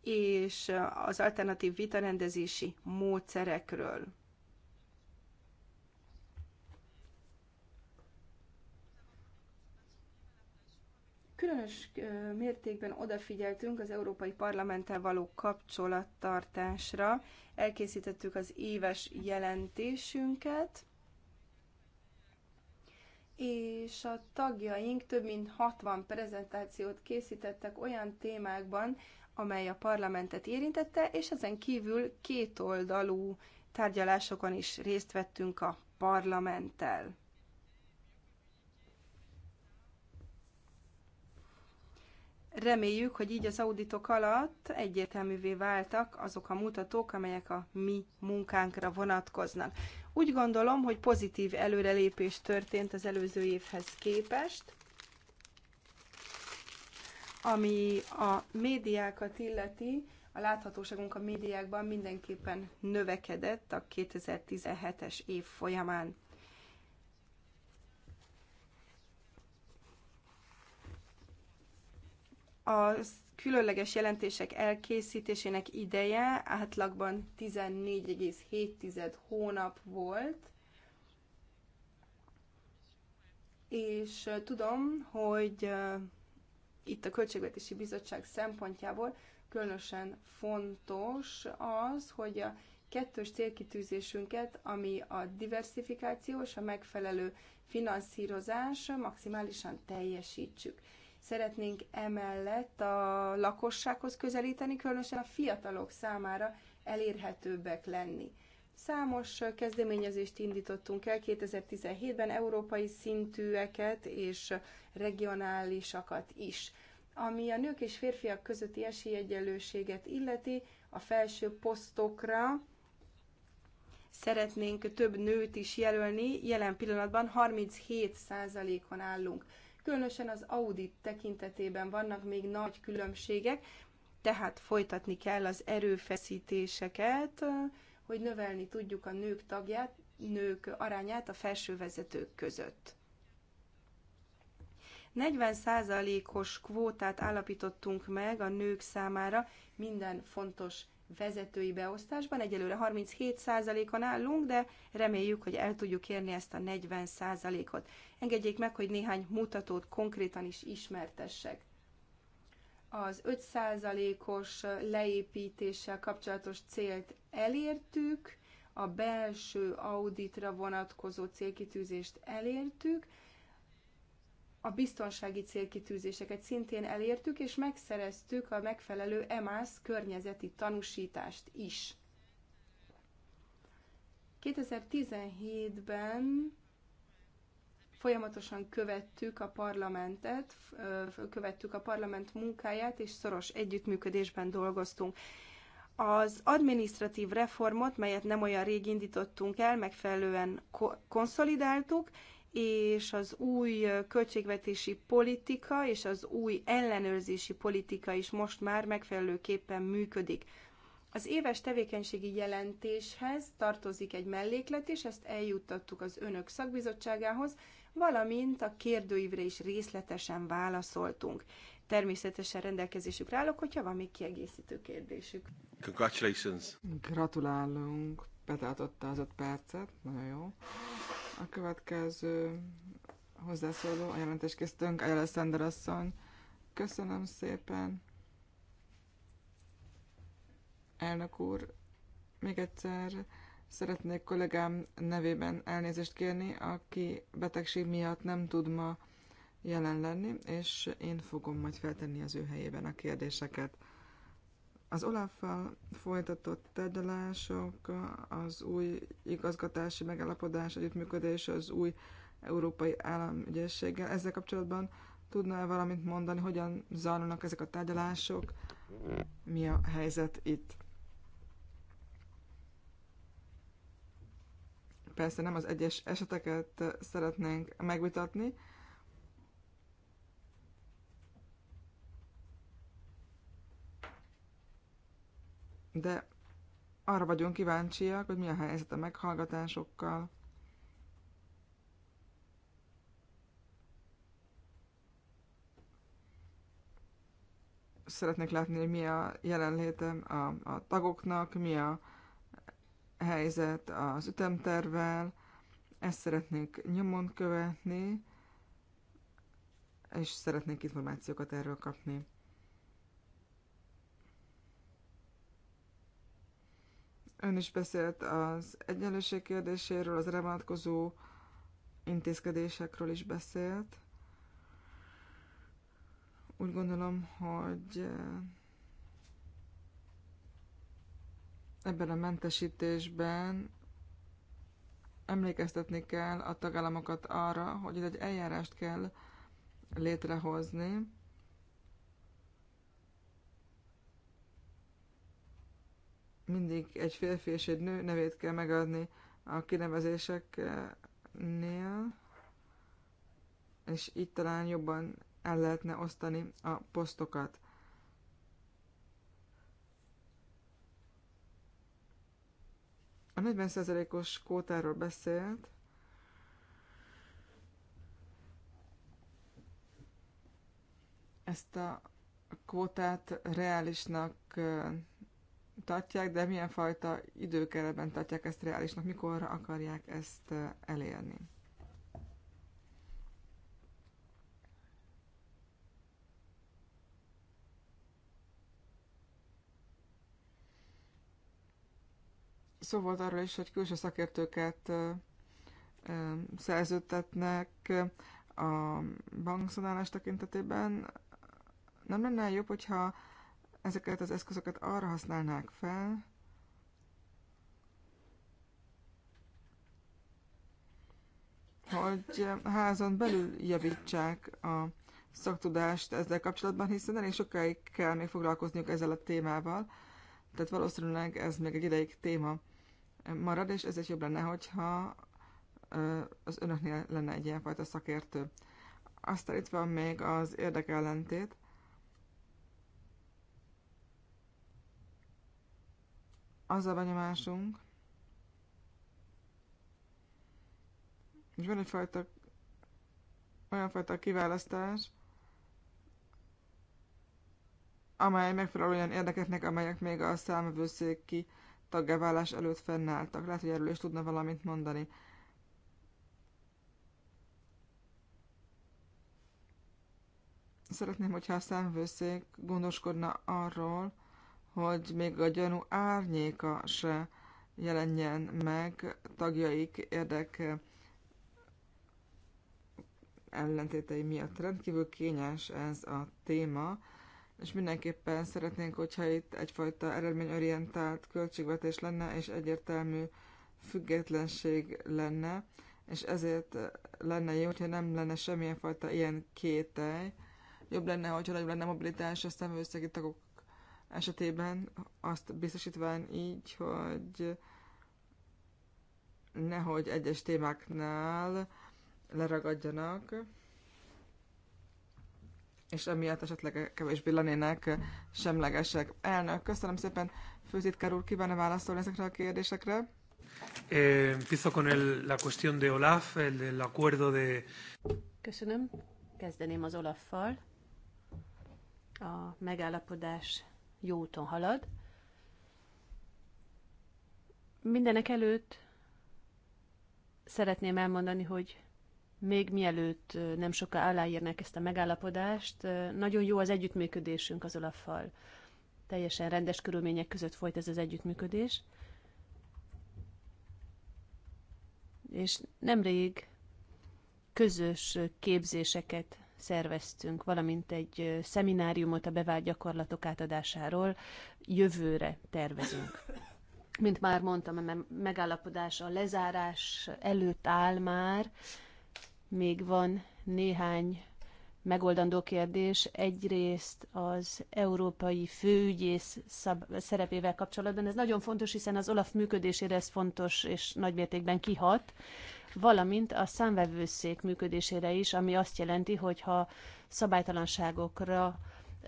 és az alternatív vitarendezési módszerekről. különös mértékben odafigyeltünk az Európai Parlamenttel való kapcsolattartásra. Elkészítettük az éves jelentésünket, és a tagjaink több mint 60 prezentációt készítettek olyan témákban, amely a parlamentet érintette, és ezen kívül kétoldalú tárgyalásokon is részt vettünk a parlamenttel. Reméljük, hogy így az auditok alatt egyértelművé váltak azok a mutatók, amelyek a mi munkánkra vonatkoznak. Úgy gondolom, hogy pozitív előrelépés történt az előző évhez képest, ami a médiákat illeti, a láthatóságunk a médiákban mindenképpen növekedett a 2017-es év folyamán. a különleges jelentések elkészítésének ideje átlagban 14,7 hónap volt, és tudom, hogy itt a Költségvetési Bizottság szempontjából különösen fontos az, hogy a kettős célkitűzésünket, ami a diversifikáció és a megfelelő finanszírozás maximálisan teljesítsük. Szeretnénk emellett a lakossághoz közelíteni, különösen a fiatalok számára elérhetőbbek lenni. Számos kezdeményezést indítottunk el 2017-ben, európai szintűeket és regionálisakat is. Ami a nők és férfiak közötti esélyegyenlőséget illeti, a felső posztokra szeretnénk több nőt is jelölni, jelen pillanatban 37%-on állunk. Különösen az audit tekintetében vannak még nagy különbségek, tehát folytatni kell az erőfeszítéseket, hogy növelni tudjuk a nők tagját, nők arányát a felső vezetők között. 40%-os kvótát állapítottunk meg a nők számára minden fontos vezetői beosztásban. Egyelőre 37%-on állunk, de reméljük, hogy el tudjuk érni ezt a 40%-ot. Engedjék meg, hogy néhány mutatót konkrétan is ismertessek. Az 5%-os leépítéssel kapcsolatos célt elértük, a belső auditra vonatkozó célkitűzést elértük, a biztonsági célkitűzéseket szintén elértük, és megszereztük a megfelelő EMAS környezeti tanúsítást is. 2017-ben folyamatosan követtük a parlamentet, követtük a parlament munkáját, és szoros együttműködésben dolgoztunk. Az administratív reformot, melyet nem olyan rég indítottunk el, megfelelően konszolidáltuk, és az új költségvetési politika és az új ellenőrzési politika is most már megfelelőképpen működik. Az éves tevékenységi jelentéshez tartozik egy melléklet, is, ezt eljuttattuk az önök szakbizottságához, valamint a kérdőívre is részletesen válaszoltunk. Természetesen rendelkezésükre állok, hogyha van még kiegészítő kérdésük. Congratulations! Gratulálunk! Betartotta az öt percet, nagyon jó. A következő hozzászóló, a jelentéskészítőnk, Alexander asszony. Köszönöm szépen. Elnök úr, még egyszer szeretnék kollégám nevében elnézést kérni, aki betegség miatt nem tud ma jelen lenni, és én fogom majd feltenni az ő helyében a kérdéseket. Az Olaffal folytatott tárgyalások, az új igazgatási megállapodás együttműködés az új európai államügyességgel. Ezzel kapcsolatban tudna-e valamit mondani, hogyan zajlanak ezek a tárgyalások, mi a helyzet itt? Persze nem az egyes eseteket szeretnénk megvitatni, de arra vagyunk kíváncsiak, hogy mi a helyzet a meghallgatásokkal. Szeretnék látni, hogy mi a jelenléte a, a tagoknak, mi a helyzet az ütemtervel, ezt szeretnénk nyomon követni, és szeretnénk információkat erről kapni. Ön is beszélt az egyenlőség kérdéséről, az remátkozó intézkedésekről is beszélt. Úgy gondolom, hogy eh, ebben a mentesítésben emlékeztetni kell a tagállamokat arra, hogy itt egy eljárást kell létrehozni, mindig egy férfi és egy nő nevét kell megadni a kinevezéseknél, és így talán jobban el lehetne osztani a posztokat. A 40%-os kótáról beszélt, ezt a kvótát reálisnak tartják, de milyen fajta időkeretben tartják ezt reálisnak, mikorra akarják ezt elérni. Szó volt arról is, hogy külső szakértőket szerződtetnek a bankszonálás tekintetében. Nem lenne jobb, hogyha ezeket az eszközöket arra használnák fel, hogy házon belül javítsák a szaktudást ezzel kapcsolatban, hiszen elég sokáig kell még foglalkozniuk ezzel a témával, tehát valószínűleg ez még egy ideig téma marad, és ezért jobb lenne, hogyha az önöknél lenne egy ilyenfajta szakértő. Aztán itt van még az érdekellentét. az a benyomásunk, és van egyfajta olyan fajta kiválasztás, amely megfelel olyan érdekeknek, amelyek még a ki taggáválás előtt fennálltak. Lehet, hogy erről is tudna valamit mondani. Szeretném, hogyha a számvőszék gondoskodna arról, hogy még a gyanú árnyéka se jelenjen meg tagjaik érdek ellentétei miatt. Rendkívül kényes ez a téma, és mindenképpen szeretnénk, hogyha itt egyfajta eredményorientált költségvetés lenne, és egyértelmű függetlenség lenne, és ezért lenne jó, hogyha nem lenne semmilyen fajta ilyen kételj. Jobb lenne, hogyha nagyobb lenne mobilitás a szemvőszegi tagok esetében azt biztosítván így, hogy nehogy egyes témáknál leragadjanak, és emiatt esetleg kevésbé lennének semlegesek. Elnök, köszönöm szépen, főzitkár úr, kívánna válaszolni ezekre a kérdésekre? Eh, empiezo con el, la cuestión de Olaf, el, el acuerdo de... Köszönöm. Kezdeném az Olaffal. A megállapodás jó úton halad. Mindenek előtt szeretném elmondani, hogy még mielőtt nem soká aláírnák ezt a megállapodást, nagyon jó az együttműködésünk az Olaffal. Teljesen rendes körülmények között folyt ez az együttműködés. És nemrég közös képzéseket szerveztünk, valamint egy szemináriumot a bevált gyakorlatok átadásáról jövőre tervezünk. Mint már mondtam, a megállapodás a lezárás előtt áll már, még van néhány megoldandó kérdés. Egyrészt az európai főügyész szab- szerepével kapcsolatban. Ez nagyon fontos, hiszen az OLAF működésére ez fontos és nagymértékben kihat valamint a számvevőszék működésére is, ami azt jelenti, hogy ha szabálytalanságokra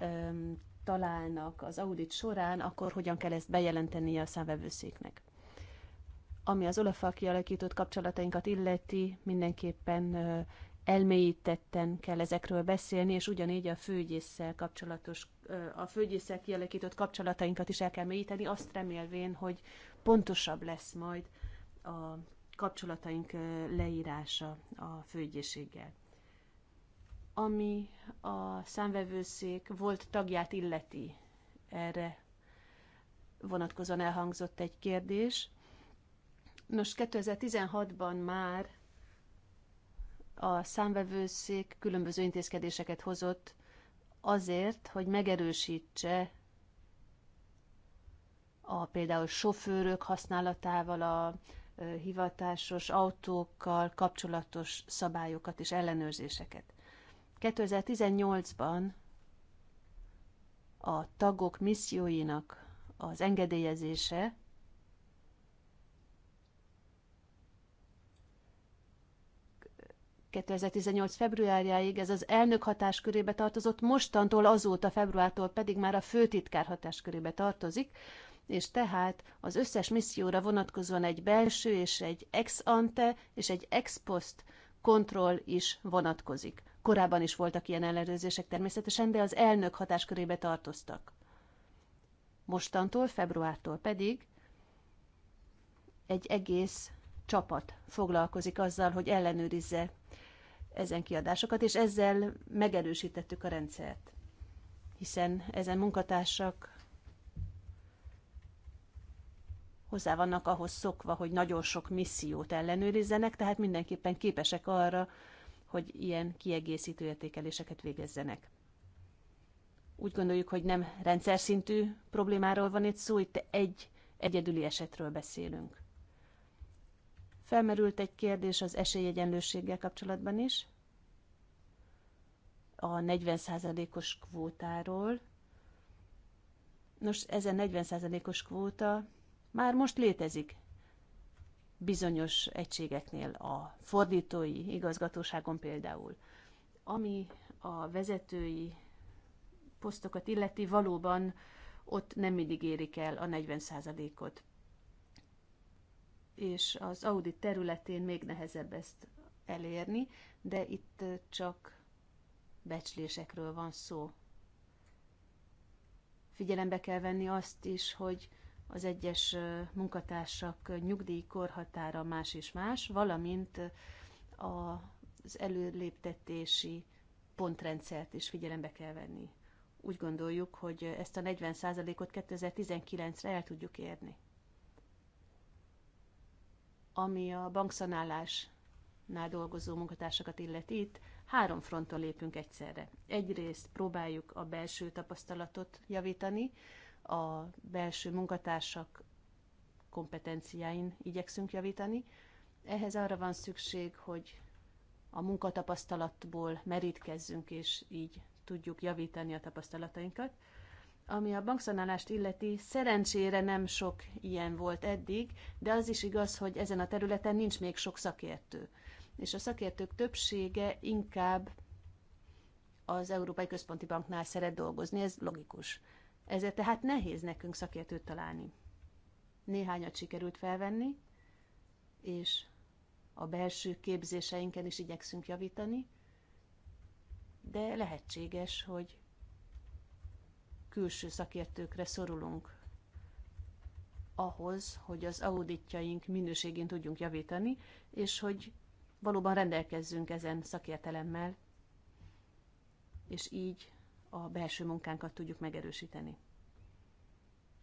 öm, találnak az audit során, akkor hogyan kell ezt bejelenteni a számvevőszéknek. Ami az olaf kialakított kapcsolatainkat illeti, mindenképpen ö, elmélyítetten kell ezekről beszélni, és ugyanígy a főgyésszel kapcsolatos, a főgyésszel kialakított kapcsolatainkat is el kell mélyíteni, azt remélvén, hogy pontosabb lesz majd a kapcsolataink leírása a főügyészséggel. Ami a számvevőszék volt tagját illeti, erre vonatkozóan elhangzott egy kérdés. Nos, 2016-ban már a számvevőszék különböző intézkedéseket hozott azért, hogy megerősítse a például sofőrök használatával a hivatásos autókkal kapcsolatos szabályokat és ellenőrzéseket. 2018-ban a tagok misszióinak az engedélyezése ...2018 februárjáig ez az elnök hatáskörébe tartozott, mostantól azóta februártól pedig már a főtitkár hatáskörébe tartozik, és tehát az összes misszióra vonatkozóan egy belső és egy ex ante és egy ex post kontroll is vonatkozik. Korábban is voltak ilyen ellenőrzések természetesen, de az elnök hatáskörébe tartoztak. Mostantól, februártól pedig egy egész csapat foglalkozik azzal, hogy ellenőrizze ezen kiadásokat, és ezzel megerősítettük a rendszert. Hiszen ezen munkatársak hozzá vannak ahhoz szokva, hogy nagyon sok missziót ellenőrizzenek, tehát mindenképpen képesek arra, hogy ilyen kiegészítő értékeléseket végezzenek. Úgy gondoljuk, hogy nem rendszer szintű problémáról van itt szó, itt egy egyedüli esetről beszélünk. Felmerült egy kérdés az esélyegyenlőséggel kapcsolatban is, a 40%-os kvótáról. Nos, ez a 40%-os kvóta már most létezik bizonyos egységeknél, a fordítói igazgatóságon például. Ami a vezetői posztokat illeti, valóban ott nem mindig érik el a 40%-ot. És az audit területén még nehezebb ezt elérni, de itt csak becslésekről van szó. Figyelembe kell venni azt is, hogy az egyes munkatársak nyugdíjkorhatára más és más, valamint az előléptetési pontrendszert is figyelembe kell venni. Úgy gondoljuk, hogy ezt a 40%-ot 2019-re el tudjuk érni. Ami a bankszanálásnál dolgozó munkatársakat illeti, itt három fronton lépünk egyszerre. Egyrészt próbáljuk a belső tapasztalatot javítani, a belső munkatársak kompetenciáin igyekszünk javítani. Ehhez arra van szükség, hogy a munkatapasztalatból merítkezzünk, és így tudjuk javítani a tapasztalatainkat. Ami a bankszanálást illeti, szerencsére nem sok ilyen volt eddig, de az is igaz, hogy ezen a területen nincs még sok szakértő. És a szakértők többsége inkább az Európai Központi Banknál szeret dolgozni, ez logikus. Ezért tehát nehéz nekünk szakértőt találni. Néhányat sikerült felvenni, és a belső képzéseinken is igyekszünk javítani, de lehetséges, hogy külső szakértőkre szorulunk ahhoz, hogy az auditjaink minőségén tudjunk javítani, és hogy valóban rendelkezzünk ezen szakértelemmel, és így a belső munkánkat tudjuk megerősíteni.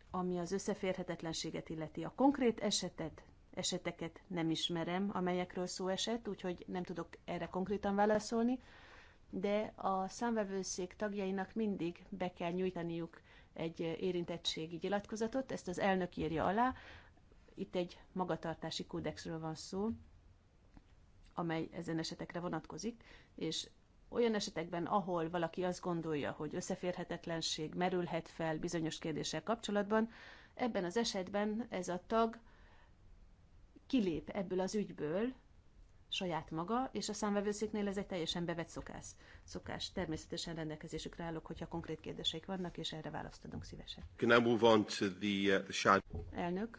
Ami az összeférhetetlenséget illeti, a konkrét esetet, eseteket nem ismerem, amelyekről szó esett, úgyhogy nem tudok erre konkrétan válaszolni, de a számvevőszék tagjainak mindig be kell nyújtaniuk egy érintettségi gyilatkozatot, ezt az elnök írja alá. Itt egy magatartási kódexről van szó, amely ezen esetekre vonatkozik, és olyan esetekben, ahol valaki azt gondolja, hogy összeférhetetlenség merülhet fel bizonyos kérdéssel kapcsolatban, ebben az esetben ez a tag kilép ebből az ügyből saját maga, és a számvevőszéknél ez egy teljesen bevett szokás. szokás. Természetesen rendelkezésükre állok, hogyha konkrét kérdéseik vannak, és erre választ adunk szívesen. Can I move on to the, uh, the shadow? Elnök,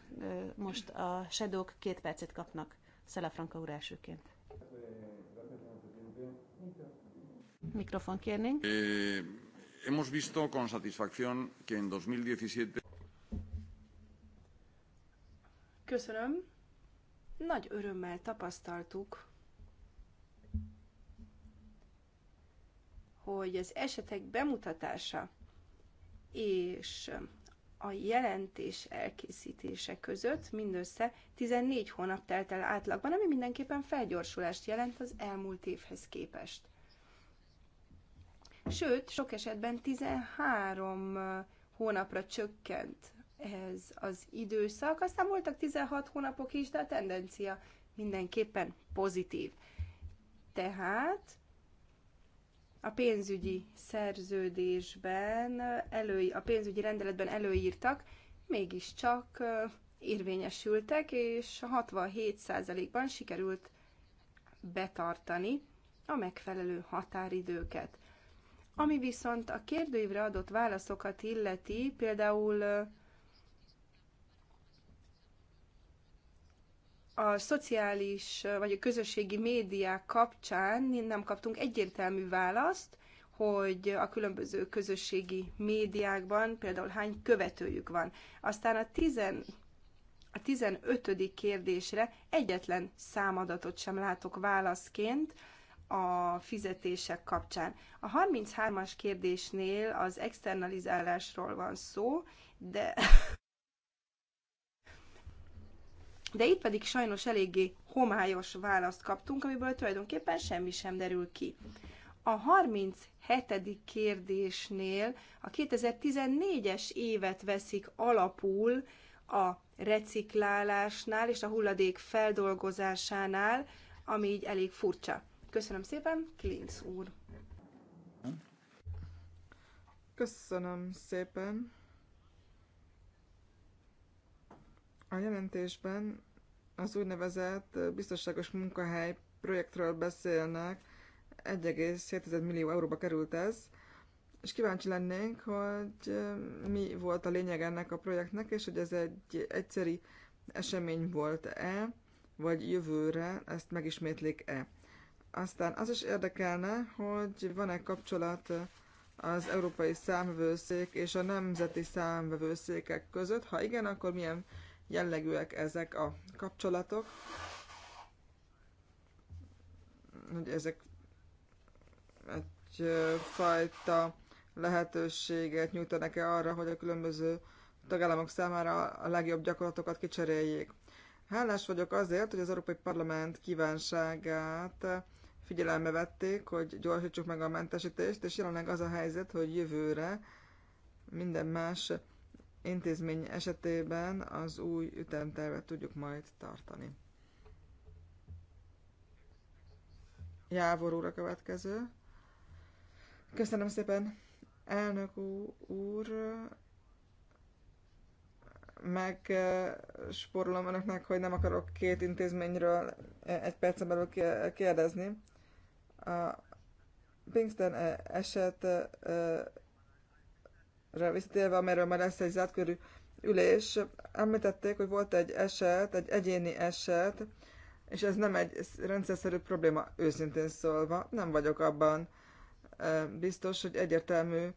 most a shadow két percet kapnak. Szelafranka úr elsőként. Mikrofon kérnénk. Eh, hemos visto con satisfacción que en 2017... Köszönöm. Nagy örömmel tapasztaltuk, hogy az esetek bemutatása és a jelentés elkészítése között mindössze 14 hónap telt el átlagban, ami mindenképpen felgyorsulást jelent az elmúlt évhez képest sőt, sok esetben 13 hónapra csökkent ez az időszak. Aztán voltak 16 hónapok is, de a tendencia mindenképpen pozitív. Tehát a pénzügyi szerződésben, elő, a pénzügyi rendeletben előírtak, mégiscsak érvényesültek, és 67%-ban sikerült betartani a megfelelő határidőket. Ami viszont a kérdőívre adott válaszokat illeti, például a szociális vagy a közösségi médiák kapcsán nem kaptunk egyértelmű választ, hogy a különböző közösségi médiákban például hány követőjük van. Aztán a, tizen, a 15. kérdésre egyetlen számadatot sem látok válaszként, a fizetések kapcsán. A 33-as kérdésnél az externalizálásról van szó, de de itt pedig sajnos eléggé homályos választ kaptunk, amiből tulajdonképpen semmi sem derül ki. A 37. kérdésnél a 2014-es évet veszik alapul a reciklálásnál és a hulladék feldolgozásánál, ami így elég furcsa. Köszönöm szépen, Klinz úr. Köszönöm szépen. A jelentésben az úgynevezett biztonságos munkahely projektről beszélnek. 1,7 millió euróba került ez, és kíváncsi lennénk, hogy mi volt a lényeg ennek a projektnek, és hogy ez egy egyszeri esemény volt-e, vagy jövőre ezt megismétlik-e. Aztán az is érdekelne, hogy van-e kapcsolat az Európai Számvevőszék és a Nemzeti Számvevőszékek között. Ha igen, akkor milyen jellegűek ezek a kapcsolatok? Hogy ezek egyfajta lehetőséget nyújtanak-e arra, hogy a különböző tagállamok számára a legjobb gyakorlatokat kicseréljék. Hálás vagyok azért, hogy az Európai Parlament kívánságát figyelembe vették, hogy gyorsítsuk meg a mentesítést, és jelenleg az a helyzet, hogy jövőre minden más intézmény esetében az új ütemtervet tudjuk majd tartani. Jávor úr a következő. Köszönöm szépen, elnök úr. meg sporulom önöknek, hogy nem akarok két intézményről egy percen belül kérdezni. A Pinkston eh, esetre eh, eh, visszatérve, amiről már lesz egy zátkörű ülés, említették, hogy volt egy eset, egy egyéni eset, és ez nem egy rendszerszerű probléma, őszintén szólva. Nem vagyok abban biztos, hogy egyértelmű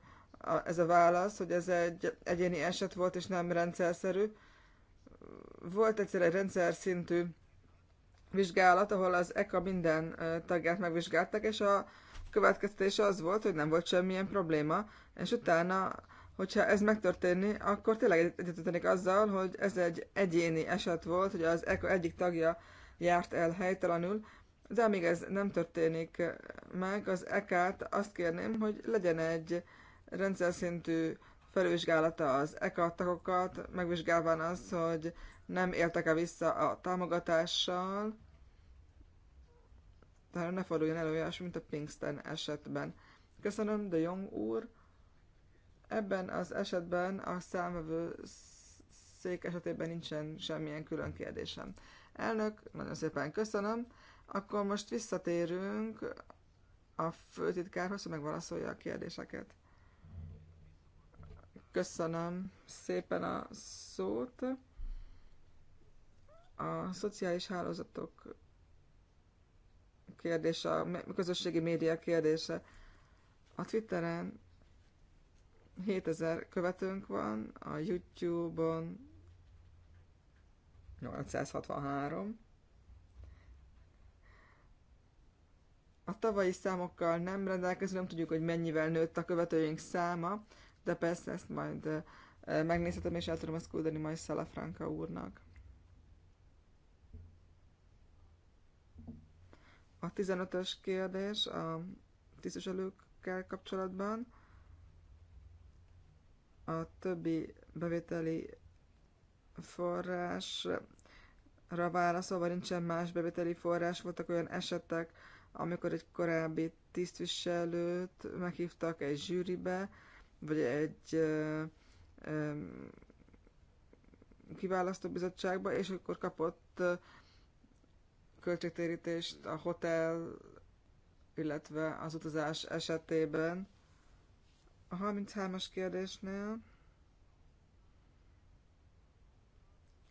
ez a válasz, hogy ez egy egyéni eset volt, és nem rendszerszerű. Volt egyszer egy rendszer szintű vizsgálat, ahol az ECA minden tagját megvizsgáltak, és a következtetés az volt, hogy nem volt semmilyen probléma, és utána, hogyha ez megtörténni, akkor tényleg egyetetlenik azzal, hogy ez egy egyéni eset volt, hogy az ECA egyik tagja járt el helytelenül, de amíg ez nem történik meg, az ek t azt kérném, hogy legyen egy rendszer szintű felvizsgálata az EK tagokat, megvizsgálván az, hogy nem éltek-e vissza a támogatással, tehát ne forduljon elő olyas, mint a Pinkston esetben. Köszönöm, de Jong úr. Ebben az esetben a számvevő szék esetében nincsen semmilyen külön kérdésem. Elnök, nagyon szépen köszönöm. Akkor most visszatérünk a főtitkárhoz, hogy megválaszolja a kérdéseket. Köszönöm szépen a szót a szociális hálózatok kérdése, a közösségi média kérdése. A Twitteren 7000 követőnk van, a YouTube-on 863. A tavalyi számokkal nem rendelkezünk, nem tudjuk, hogy mennyivel nőtt a követőink száma, de persze ezt majd eh, megnézhetem, és el tudom ezt küldeni majd Szalafranka úrnak. A 15-ös kérdés a tisztviselőkkel kapcsolatban. A többi bevételi forrásra válaszolva nincsen más bevételi forrás. Voltak olyan esetek, amikor egy korábbi tisztviselőt meghívtak egy zsűribe, vagy egy ö, ö, kiválasztó bizottságba, és akkor kapott költségtérítést a hotel, illetve az utazás esetében. A 33-as kérdésnél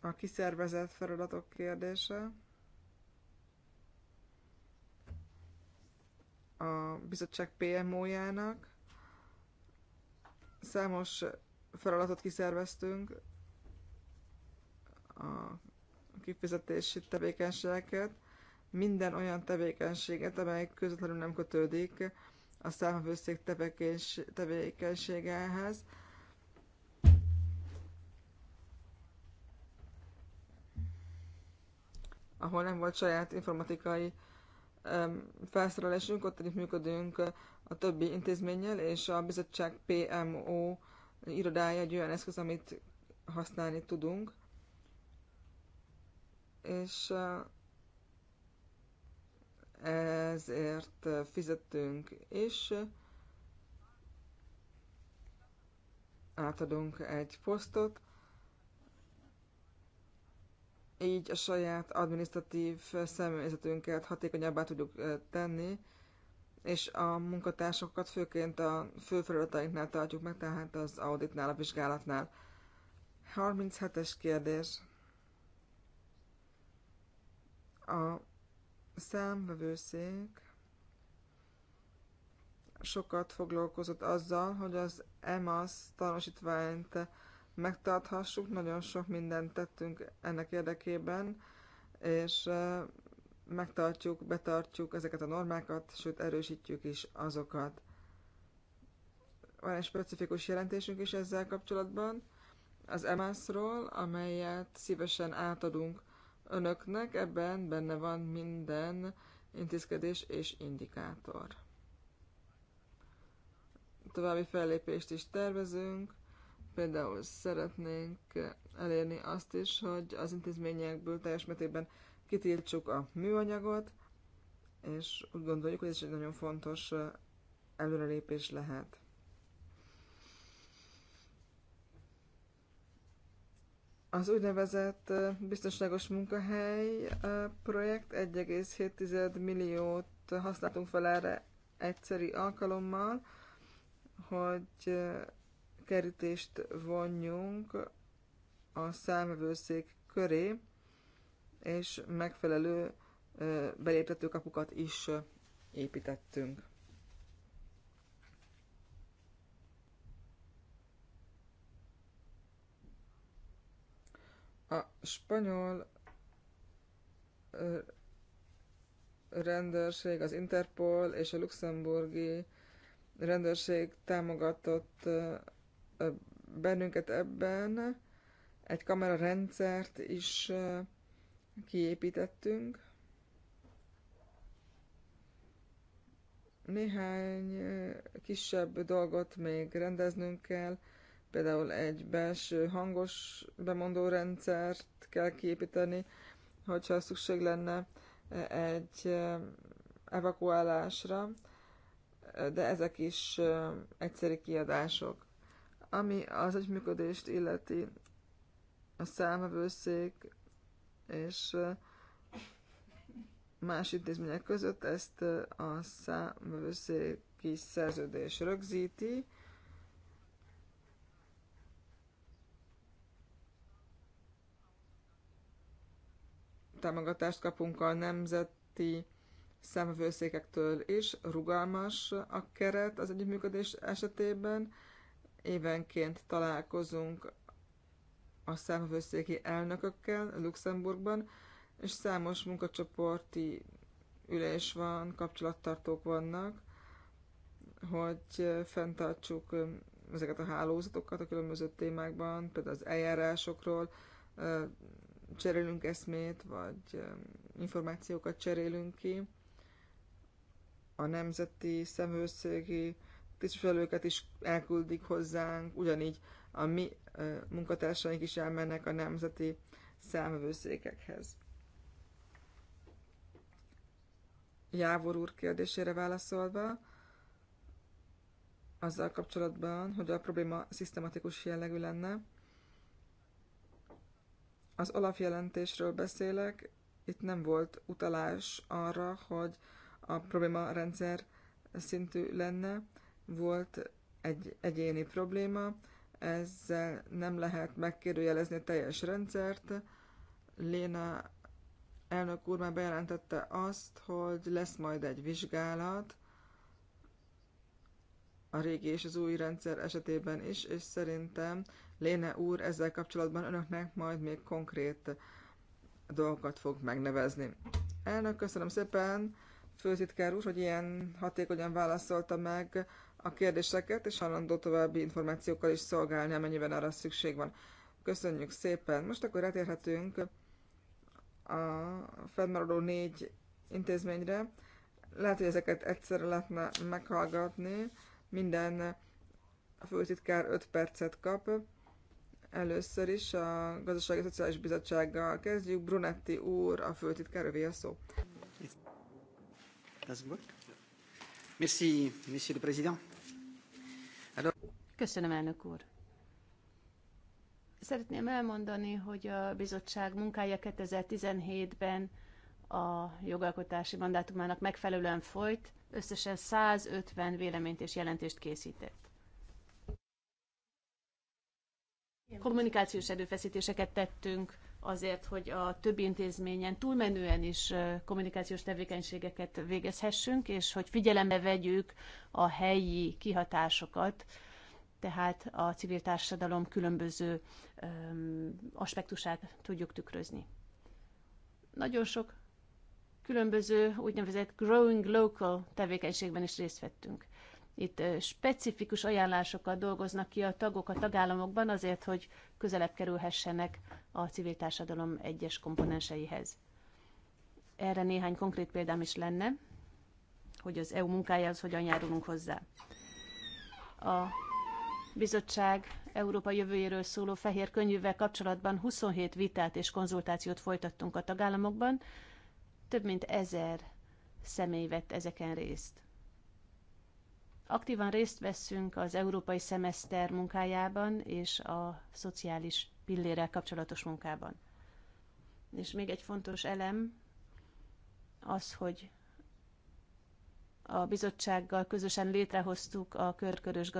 a kiszervezett feladatok kérdése. a bizottság PMO-jának. Számos feladatot kiszerveztünk, a kifizetési tevékenységeket, minden olyan tevékenységet, amely közvetlenül nem kötődik a számvevőszék tevékenységehez. ahol nem volt saját informatikai felszerelésünk, ott működünk a többi intézménnyel, és a bizottság PMO irodája egy olyan eszköz, amit használni tudunk. És ezért fizetünk és Átadunk egy posztot, így a saját adminisztratív személyzetünket hatékonyabbá tudjuk tenni, és a munkatársokat főként a fő feladatainknál tartjuk meg, tehát az auditnál, a vizsgálatnál. 37-es kérdés. A számvevőszék sokat foglalkozott azzal, hogy az EMAS tanúsítványt megtarthassuk, nagyon sok mindent tettünk ennek érdekében, és megtartjuk, betartjuk ezeket a normákat, sőt erősítjük is azokat. Van egy specifikus jelentésünk is ezzel kapcsolatban, az EMAS-ról, amelyet szívesen átadunk önöknek, ebben benne van minden intézkedés és indikátor. További fellépést is tervezünk, például szeretnénk elérni azt is, hogy az intézményekből teljes mértékben kitiltsuk a műanyagot, és úgy gondoljuk, hogy ez egy nagyon fontos előrelépés lehet. Az úgynevezett biztonságos munkahely projekt 1,7 milliót használtunk fel erre egyszeri alkalommal, hogy kerítést vonjunk a számvevőszék köré, és megfelelő beléptető kapukat is építettünk. A spanyol rendőrség, az Interpol és a luxemburgi rendőrség támogatott bennünket ebben. Egy kamerarendszert is kiépítettünk. Néhány kisebb dolgot még rendeznünk kell, például egy belső hangos bemondó rendszert kell kiépíteni, hogyha szükség lenne egy evakuálásra, de ezek is egyszerű kiadások. Ami az együttműködést illeti, a számvevőszék és más intézmények között ezt a kis szerződés rögzíti, támogatást kapunk a nemzeti számvevőszékektől is, rugalmas a keret az együttműködés esetében. Évenként találkozunk a számvevőszéki elnökökkel Luxemburgban, és számos munkacsoporti ülés van, kapcsolattartók vannak, hogy fenntartsuk ezeket a hálózatokat a különböző témákban, például az eljárásokról cserélünk eszmét, vagy információkat cserélünk ki. A nemzeti szemőszégi tisztviselőket is elküldik hozzánk, ugyanígy a mi munkatársaink is elmennek a nemzeti számvevőszékekhez. Jávor úr kérdésére válaszolva, azzal kapcsolatban, hogy a probléma szisztematikus jellegű lenne, az Olaf jelentésről beszélek, itt nem volt utalás arra, hogy a probléma rendszer szintű lenne, volt egy egyéni probléma, ezzel nem lehet megkérdőjelezni a teljes rendszert. Léna elnök úr már bejelentette azt, hogy lesz majd egy vizsgálat a régi és az új rendszer esetében is, és szerintem Léne úr ezzel kapcsolatban önöknek majd még konkrét dolgokat fog megnevezni. Elnök, köszönöm szépen, főzitkár úr, hogy ilyen hatékonyan válaszolta meg a kérdéseket, és hajlandó további információkkal is szolgálni, amennyiben arra szükség van. Köszönjük szépen. Most akkor retérhetünk a fennmaradó négy intézményre. Lehet, hogy ezeket egyszerre lehetne meghallgatni. Minden főtitkár 5 percet kap. Először is a Gazdasági Szociális Bizottsággal kezdjük. Brunetti úr, a főtitkár, övé a szó. Köszönöm, elnök úr. Szeretném elmondani, hogy a bizottság munkája 2017-ben a jogalkotási mandátumának megfelelően folyt, összesen 150 véleményt és jelentést készített. Kommunikációs erőfeszítéseket tettünk azért, hogy a többi intézményen túlmenően is kommunikációs tevékenységeket végezhessünk, és hogy figyelembe vegyük a helyi kihatásokat, tehát a civil társadalom különböző öm, aspektusát tudjuk tükrözni. Nagyon sok különböző úgynevezett growing local tevékenységben is részt vettünk. Itt specifikus ajánlásokat dolgoznak ki a tagok a tagállamokban azért, hogy közelebb kerülhessenek a civil társadalom egyes komponenseihez. Erre néhány konkrét példám is lenne, hogy az EU munkája az, hogyan járulunk hozzá. A bizottság Európa jövőjéről szóló fehér könyvvel kapcsolatban 27 vitát és konzultációt folytattunk a tagállamokban, több mint ezer személy vett ezeken részt. Aktívan részt veszünk az európai szemeszter munkájában és a szociális pillérrel kapcsolatos munkában. És még egy fontos elem az, hogy a bizottsággal közösen létrehoztuk a körkörös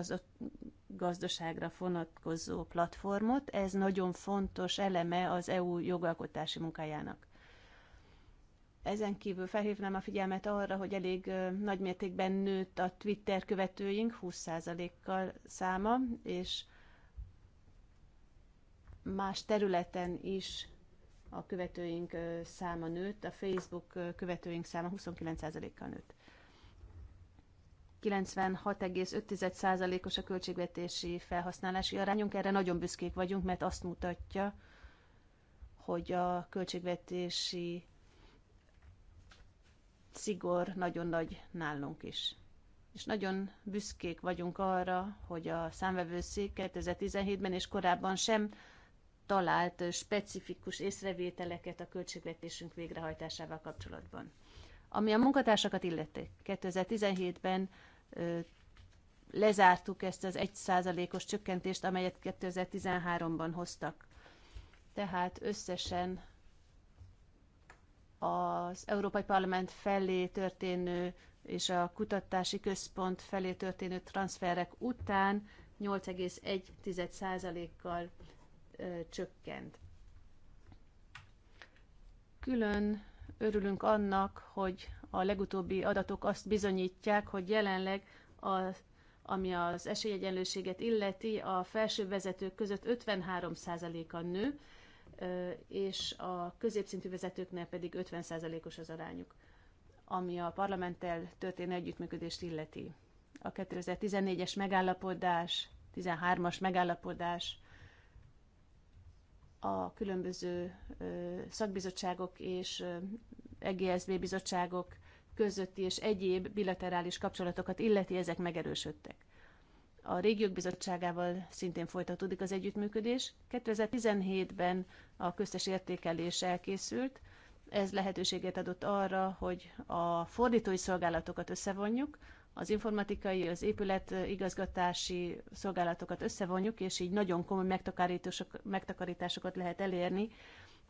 gazdaságra vonatkozó platformot. Ez nagyon fontos eleme az EU jogalkotási munkájának. Ezen kívül felhívnám a figyelmet arra, hogy elég nagymértékben nőtt a Twitter követőink, 20%-kal száma, és más területen is a követőink száma nőtt, a Facebook követőink száma 29%-kal nőtt. 96,5%-os a költségvetési felhasználási arányunk, erre nagyon büszkék vagyunk, mert azt mutatja, hogy a költségvetési szigor nagyon nagy nálunk is. És nagyon büszkék vagyunk arra, hogy a számvevőszék 2017-ben és korábban sem talált specifikus észrevételeket a költségvetésünk végrehajtásával kapcsolatban. Ami a munkatársakat illeti, 2017-ben lezártuk ezt az 1%-os csökkentést, amelyet 2013-ban hoztak. Tehát összesen az Európai Parlament felé történő és a kutatási központ felé történő transferek után 8,1%-kal csökkent. Külön örülünk annak, hogy a legutóbbi adatok azt bizonyítják, hogy jelenleg a, ami az esélyegyenlőséget illeti, a felső vezetők között 53% a nő, és a középszintű vezetőknél pedig 50%-os az arányuk, ami a parlamenttel történő együttműködést illeti. A 2014-es megállapodás, 13-as megállapodás, a különböző szakbizottságok és EGSB bizottságok közötti és egyéb bilaterális kapcsolatokat illeti, ezek megerősödtek a régiók bizottságával szintén folytatódik az együttműködés. 2017-ben a köztes értékelés elkészült, ez lehetőséget adott arra, hogy a fordítói szolgálatokat összevonjuk, az informatikai, az épületigazgatási szolgálatokat összevonjuk, és így nagyon komoly megtakarításokat lehet elérni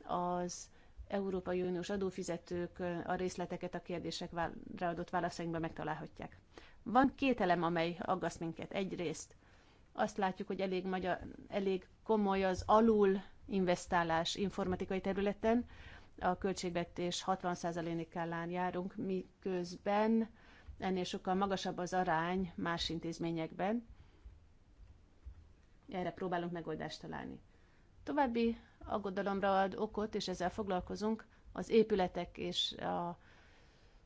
az Európai Uniós adófizetők a részleteket a kérdésekre adott válaszainkban megtalálhatják. Van két elem, amely aggaszt minket. Egyrészt azt látjuk, hogy elég, magyar, elég komoly az alul investálás informatikai területen, a költségvetés 60%-án járunk, miközben ennél sokkal magasabb az arány más intézményekben. Erre próbálunk megoldást találni. További aggodalomra ad okot, és ezzel foglalkozunk, az épületek és a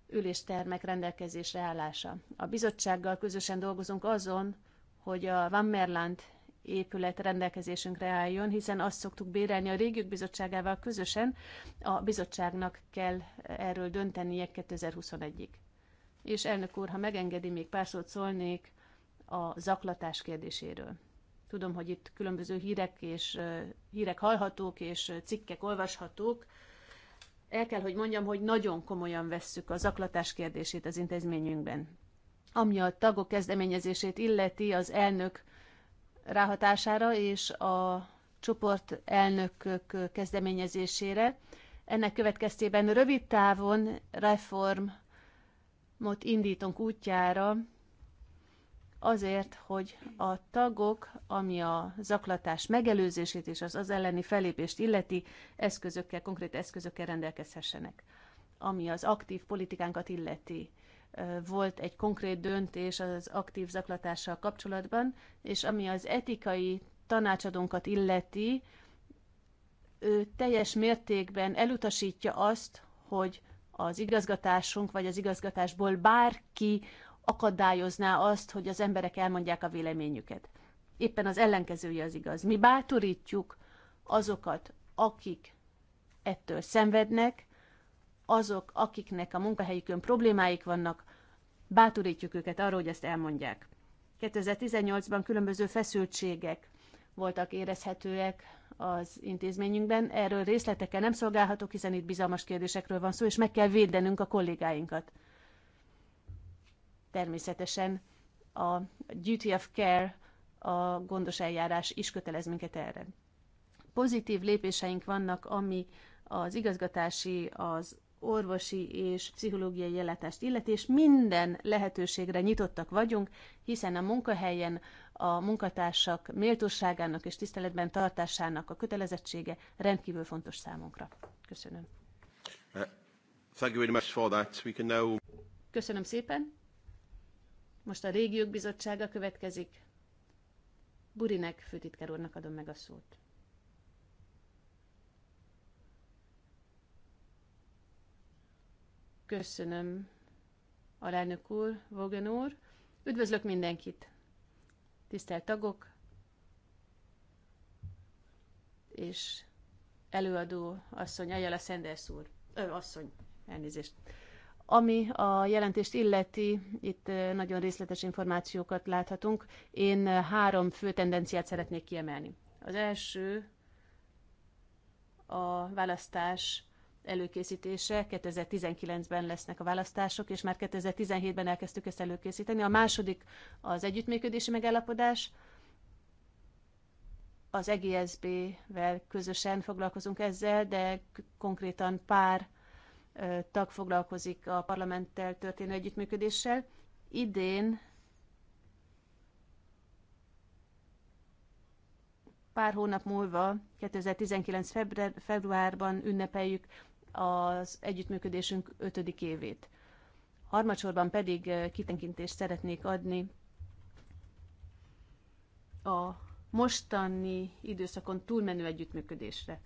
üléstermek rendelkezésre állása. A bizottsággal közösen dolgozunk azon, hogy a Vammerland épület rendelkezésünkre álljon, hiszen azt szoktuk bérelni a régiók bizottságával közösen, a bizottságnak kell erről döntenie 2021-ig. És elnök úr, ha megengedi, még pár szót szólnék a zaklatás kérdéséről. Tudom, hogy itt különböző hírek és hírek hallhatók és cikkek olvashatók. El kell, hogy mondjam, hogy nagyon komolyan vesszük a zaklatás kérdését az intézményünkben. Ami a tagok kezdeményezését illeti az elnök ráhatására és a csoport elnökök kezdeményezésére. Ennek következtében rövid távon reformot indítunk útjára azért, hogy a tagok, ami a zaklatás megelőzését és az az elleni felépést illeti, eszközökkel, konkrét eszközökkel rendelkezhessenek. Ami az aktív politikánkat illeti, volt egy konkrét döntés az aktív zaklatással kapcsolatban, és ami az etikai tanácsadónkat illeti, ő teljes mértékben elutasítja azt, hogy az igazgatásunk vagy az igazgatásból bárki akadályozná azt, hogy az emberek elmondják a véleményüket. Éppen az ellenkezője az igaz. Mi bátorítjuk azokat, akik ettől szenvednek, azok, akiknek a munkahelyükön problémáik vannak, bátorítjuk őket arra, hogy ezt elmondják. 2018-ban különböző feszültségek voltak érezhetőek az intézményünkben. Erről részletekkel nem szolgálhatok, hiszen itt bizalmas kérdésekről van szó, és meg kell védenünk a kollégáinkat. Természetesen a duty of care, a gondos eljárás is kötelez minket erre. Pozitív lépéseink vannak, ami az igazgatási, az orvosi és pszichológiai ellátást illeti, és minden lehetőségre nyitottak vagyunk, hiszen a munkahelyen a munkatársak méltóságának és tiszteletben tartásának a kötelezettsége rendkívül fontos számunkra. Köszönöm. Uh, Köszönöm szépen. Most a régiók bizottsága következik. Burinek főtitkár úrnak adom meg a szót. Köszönöm, alelnök úr, Vogan úr. Üdvözlök mindenkit, tisztelt tagok és előadó asszony, Ajala Szenders úr, ö, asszony, elnézést. Ami a jelentést illeti, itt nagyon részletes információkat láthatunk. Én három fő tendenciát szeretnék kiemelni. Az első a választás előkészítése. 2019-ben lesznek a választások, és már 2017-ben elkezdtük ezt előkészíteni. A második az együttműködési megállapodás. Az EGSB-vel közösen foglalkozunk ezzel, de konkrétan pár tag foglalkozik a parlamenttel történő együttműködéssel. Idén pár hónap múlva, 2019. Február, februárban ünnepeljük az együttműködésünk ötödik évét. Harmadsorban pedig kitenkintést szeretnék adni a mostani időszakon túlmenő együttműködésre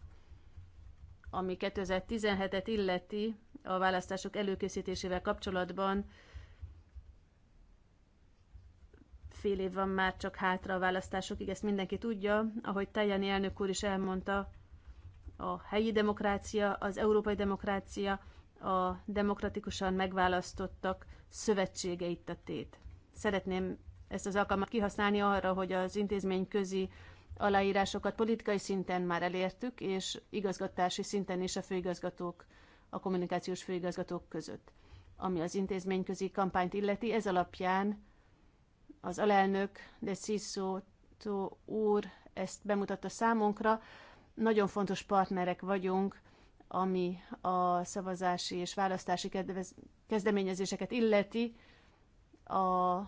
ami 2017-et illeti a választások előkészítésével kapcsolatban, fél év van már csak hátra a választásokig, ezt mindenki tudja. Ahogy Tajani elnök úr is elmondta, a helyi demokrácia, az európai demokrácia, a demokratikusan megválasztottak szövetsége itt a tét. Szeretném ezt az alkalmat kihasználni arra, hogy az intézmény közi aláírásokat politikai szinten már elértük, és igazgatási szinten is a főigazgatók, a kommunikációs főigazgatók között. Ami az intézményközi kampányt illeti, ez alapján az alelnök de Sziszó úr ezt bemutatta számunkra. Nagyon fontos partnerek vagyunk, ami a szavazási és választási kezdeményezéseket illeti, a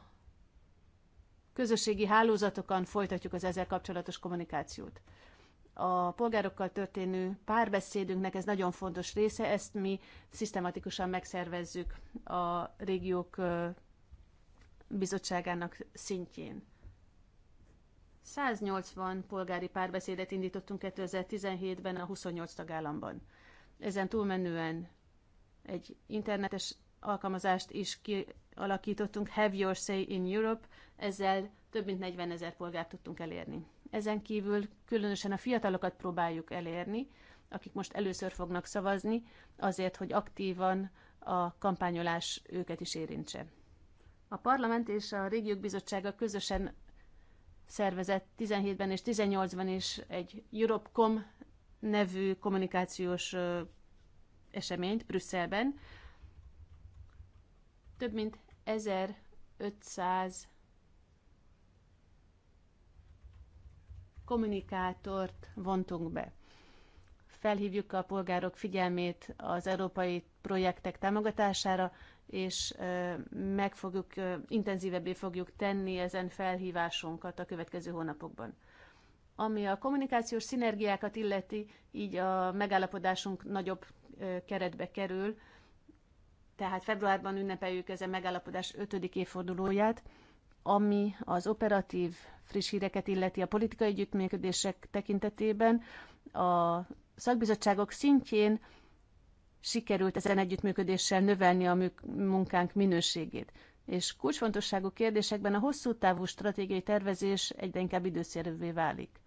közösségi hálózatokon folytatjuk az ezzel kapcsolatos kommunikációt. A polgárokkal történő párbeszédünknek ez nagyon fontos része, ezt mi szisztematikusan megszervezzük a régiók bizottságának szintjén. 180 polgári párbeszédet indítottunk 2017-ben a 28 tagállamban. Ezen túlmenően egy internetes alkalmazást is ki alakítottunk, Have Your Say in Europe, ezzel több mint 40 ezer polgárt tudtunk elérni. Ezen kívül különösen a fiatalokat próbáljuk elérni, akik most először fognak szavazni, azért, hogy aktívan a kampányolás őket is érintse. A parlament és a régiók bizottsága közösen szervezett 17-ben és 18-ban is egy Europcom nevű kommunikációs eseményt Brüsszelben. Több mint 1500 kommunikátort vontunk be. Felhívjuk a polgárok figyelmét az európai projektek támogatására, és meg fogjuk, intenzívebbé fogjuk tenni ezen felhívásunkat a következő hónapokban. Ami a kommunikációs szinergiákat illeti, így a megállapodásunk nagyobb keretbe kerül, tehát februárban ünnepeljük ezen megállapodás 5. évfordulóját, ami az operatív friss híreket illeti a politikai együttműködések tekintetében. A szakbizottságok szintjén sikerült ezen együttműködéssel növelni a munkánk minőségét. És kulcsfontosságú kérdésekben a hosszú távú stratégiai tervezés egyre inkább időszerűvé válik.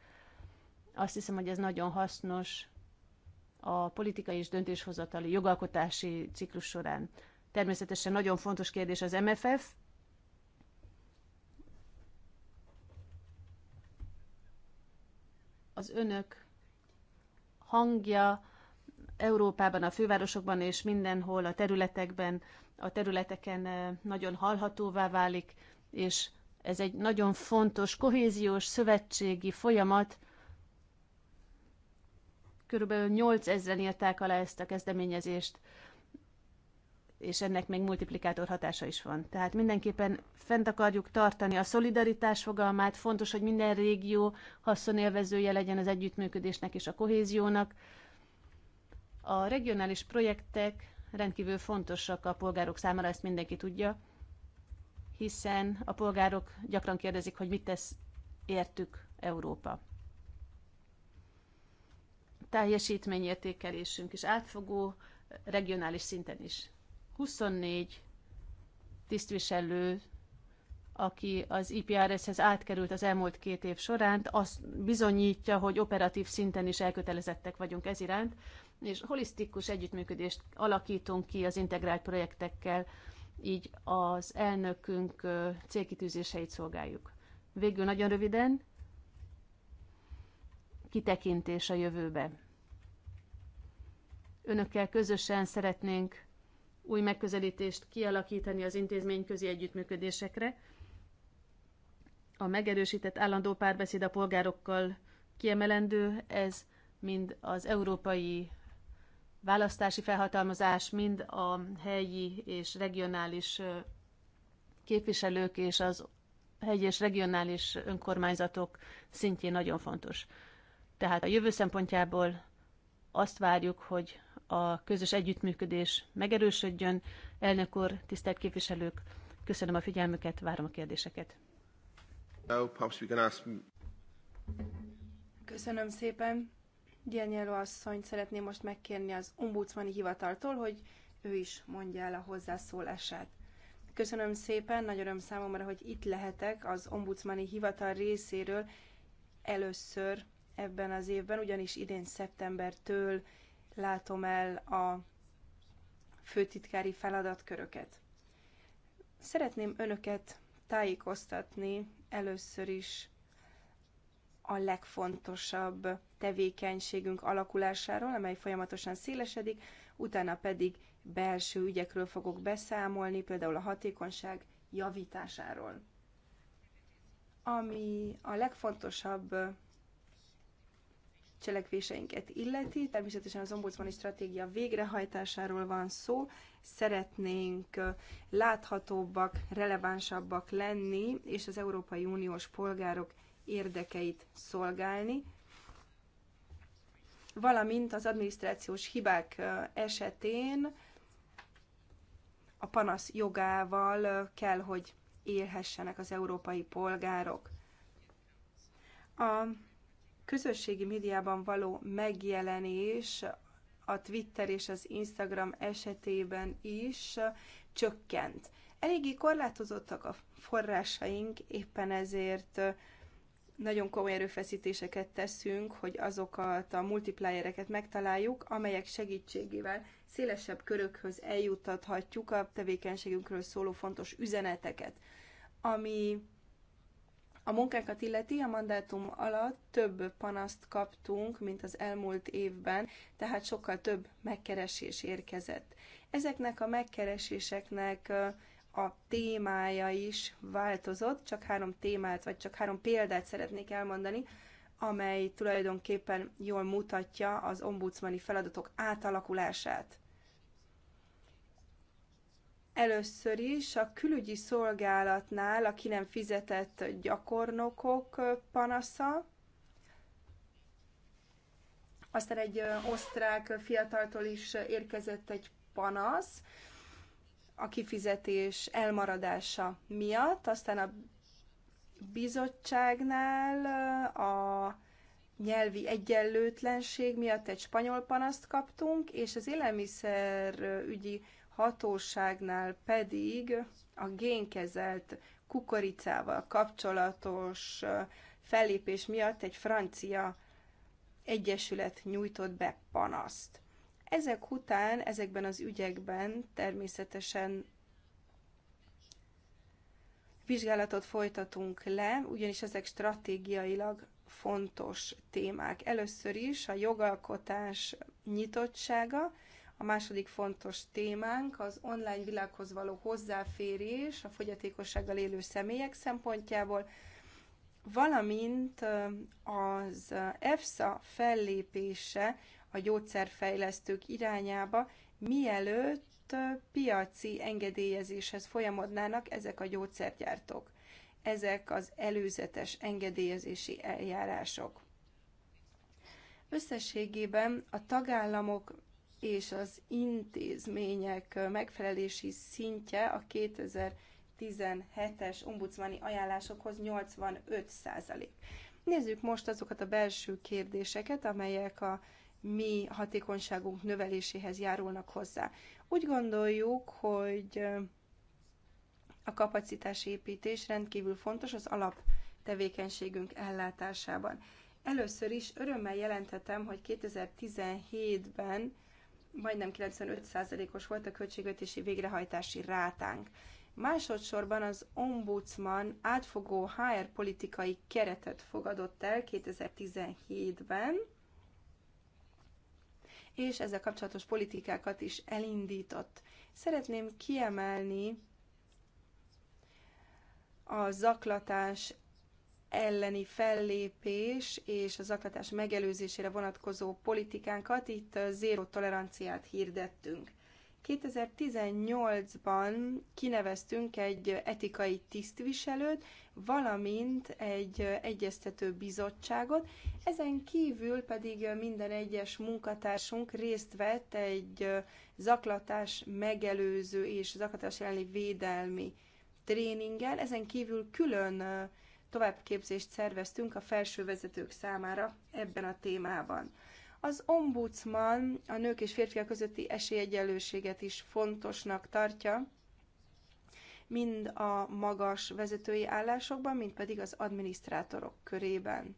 Azt hiszem, hogy ez nagyon hasznos a politikai és döntéshozatali jogalkotási ciklus során. Természetesen nagyon fontos kérdés az MFF. Az önök hangja Európában, a fővárosokban és mindenhol a területekben, a területeken eh, nagyon hallhatóvá válik, és ez egy nagyon fontos kohéziós szövetségi folyamat, körülbelül 8000 ezeren írták alá ezt a kezdeményezést, és ennek még multiplikátor hatása is van. Tehát mindenképpen fent akarjuk tartani a szolidaritás fogalmát, fontos, hogy minden régió haszonélvezője legyen az együttműködésnek és a kohéziónak. A regionális projektek rendkívül fontosak a polgárok számára, ezt mindenki tudja, hiszen a polgárok gyakran kérdezik, hogy mit tesz értük Európa teljesítményértékelésünk is átfogó, regionális szinten is. 24 tisztviselő, aki az IPRS-hez átkerült az elmúlt két év során, azt bizonyítja, hogy operatív szinten is elkötelezettek vagyunk ez iránt, és holisztikus együttműködést alakítunk ki az integrált projektekkel, így az elnökünk célkitűzéseit szolgáljuk. Végül nagyon röviden, kitekintés a jövőbe. Önökkel közösen szeretnénk új megközelítést kialakítani az intézményközi együttműködésekre. A megerősített állandó párbeszéd a polgárokkal kiemelendő, ez mind az európai választási felhatalmazás, mind a helyi és regionális képviselők és az helyi és regionális önkormányzatok szintjén nagyon fontos. Tehát a jövő szempontjából azt várjuk, hogy a közös együttműködés megerősödjön. Elnök úr, tisztelt képviselők, köszönöm a figyelmüket, várom a kérdéseket. Köszönöm szépen. Gyernyelő asszonyt szeretném most megkérni az ombudsmani hivataltól, hogy ő is mondja el a hozzászólását. Köszönöm szépen, nagy öröm számomra, hogy itt lehetek az ombudsmani hivatal részéről először ebben az évben, ugyanis idén szeptembertől látom el a főtitkári feladatköröket. Szeretném önöket tájékoztatni először is a legfontosabb tevékenységünk alakulásáról, amely folyamatosan szélesedik, utána pedig belső ügyekről fogok beszámolni, például a hatékonyság javításáról. Ami a legfontosabb cselekvéseinket illeti. Természetesen az ombudsmani stratégia végrehajtásáról van szó. Szeretnénk láthatóbbak, relevánsabbak lenni, és az Európai Uniós polgárok érdekeit szolgálni, valamint az adminisztrációs hibák esetén a panasz jogával kell, hogy élhessenek az európai polgárok. A közösségi médiában való megjelenés a Twitter és az Instagram esetében is csökkent. Eléggé korlátozottak a forrásaink, éppen ezért nagyon komoly erőfeszítéseket teszünk, hogy azokat a multipliereket megtaláljuk, amelyek segítségével szélesebb körökhöz eljuttathatjuk a tevékenységünkről szóló fontos üzeneteket. Ami a munkákat illeti a mandátum alatt több panaszt kaptunk, mint az elmúlt évben, tehát sokkal több megkeresés érkezett. Ezeknek a megkereséseknek a témája is változott, csak három témát, vagy csak három példát szeretnék elmondani, amely tulajdonképpen jól mutatja az ombudsmani feladatok átalakulását. Először is a külügyi szolgálatnál a ki nem fizetett gyakornokok panasza, aztán egy osztrák fiataltól is érkezett egy panasz a kifizetés elmaradása miatt, aztán a bizottságnál a nyelvi egyenlőtlenség miatt egy spanyol panaszt kaptunk, és az élelmiszerügyi hatóságnál pedig a génkezelt kukoricával kapcsolatos fellépés miatt egy francia egyesület nyújtott be panaszt. Ezek után, ezekben az ügyekben természetesen vizsgálatot folytatunk le, ugyanis ezek stratégiailag fontos témák. Először is a jogalkotás nyitottsága, a második fontos témánk az online világhoz való hozzáférés a fogyatékossággal élő személyek szempontjából, valamint az EFSA fellépése a gyógyszerfejlesztők irányába, mielőtt piaci engedélyezéshez folyamodnának ezek a gyógyszergyártók. Ezek az előzetes engedélyezési eljárások. Összességében a tagállamok és az intézmények megfelelési szintje a 2017-es ombudsmani ajánlásokhoz 85 százalék. Nézzük most azokat a belső kérdéseket, amelyek a mi hatékonyságunk növeléséhez járulnak hozzá. Úgy gondoljuk, hogy a kapacitásépítés rendkívül fontos az alap tevékenységünk ellátásában. Először is örömmel jelentetem, hogy 2017-ben majdnem 95%-os volt a költségvetési végrehajtási rátánk. Másodszorban az ombudsman átfogó HR politikai keretet fogadott el 2017-ben, és ezzel kapcsolatos politikákat is elindított. Szeretném kiemelni a zaklatás elleni fellépés és a zaklatás megelőzésére vonatkozó politikánkat, itt zéró toleranciát hirdettünk. 2018-ban kineveztünk egy etikai tisztviselőt, valamint egy egyeztető bizottságot, ezen kívül pedig minden egyes munkatársunk részt vett egy zaklatás megelőző és zaklatás elleni védelmi tréningen, ezen kívül külön továbbképzést szerveztünk a felső vezetők számára ebben a témában. Az ombudsman a nők és férfiak közötti esélyegyenlőséget is fontosnak tartja, mind a magas vezetői állásokban, mind pedig az adminisztrátorok körében.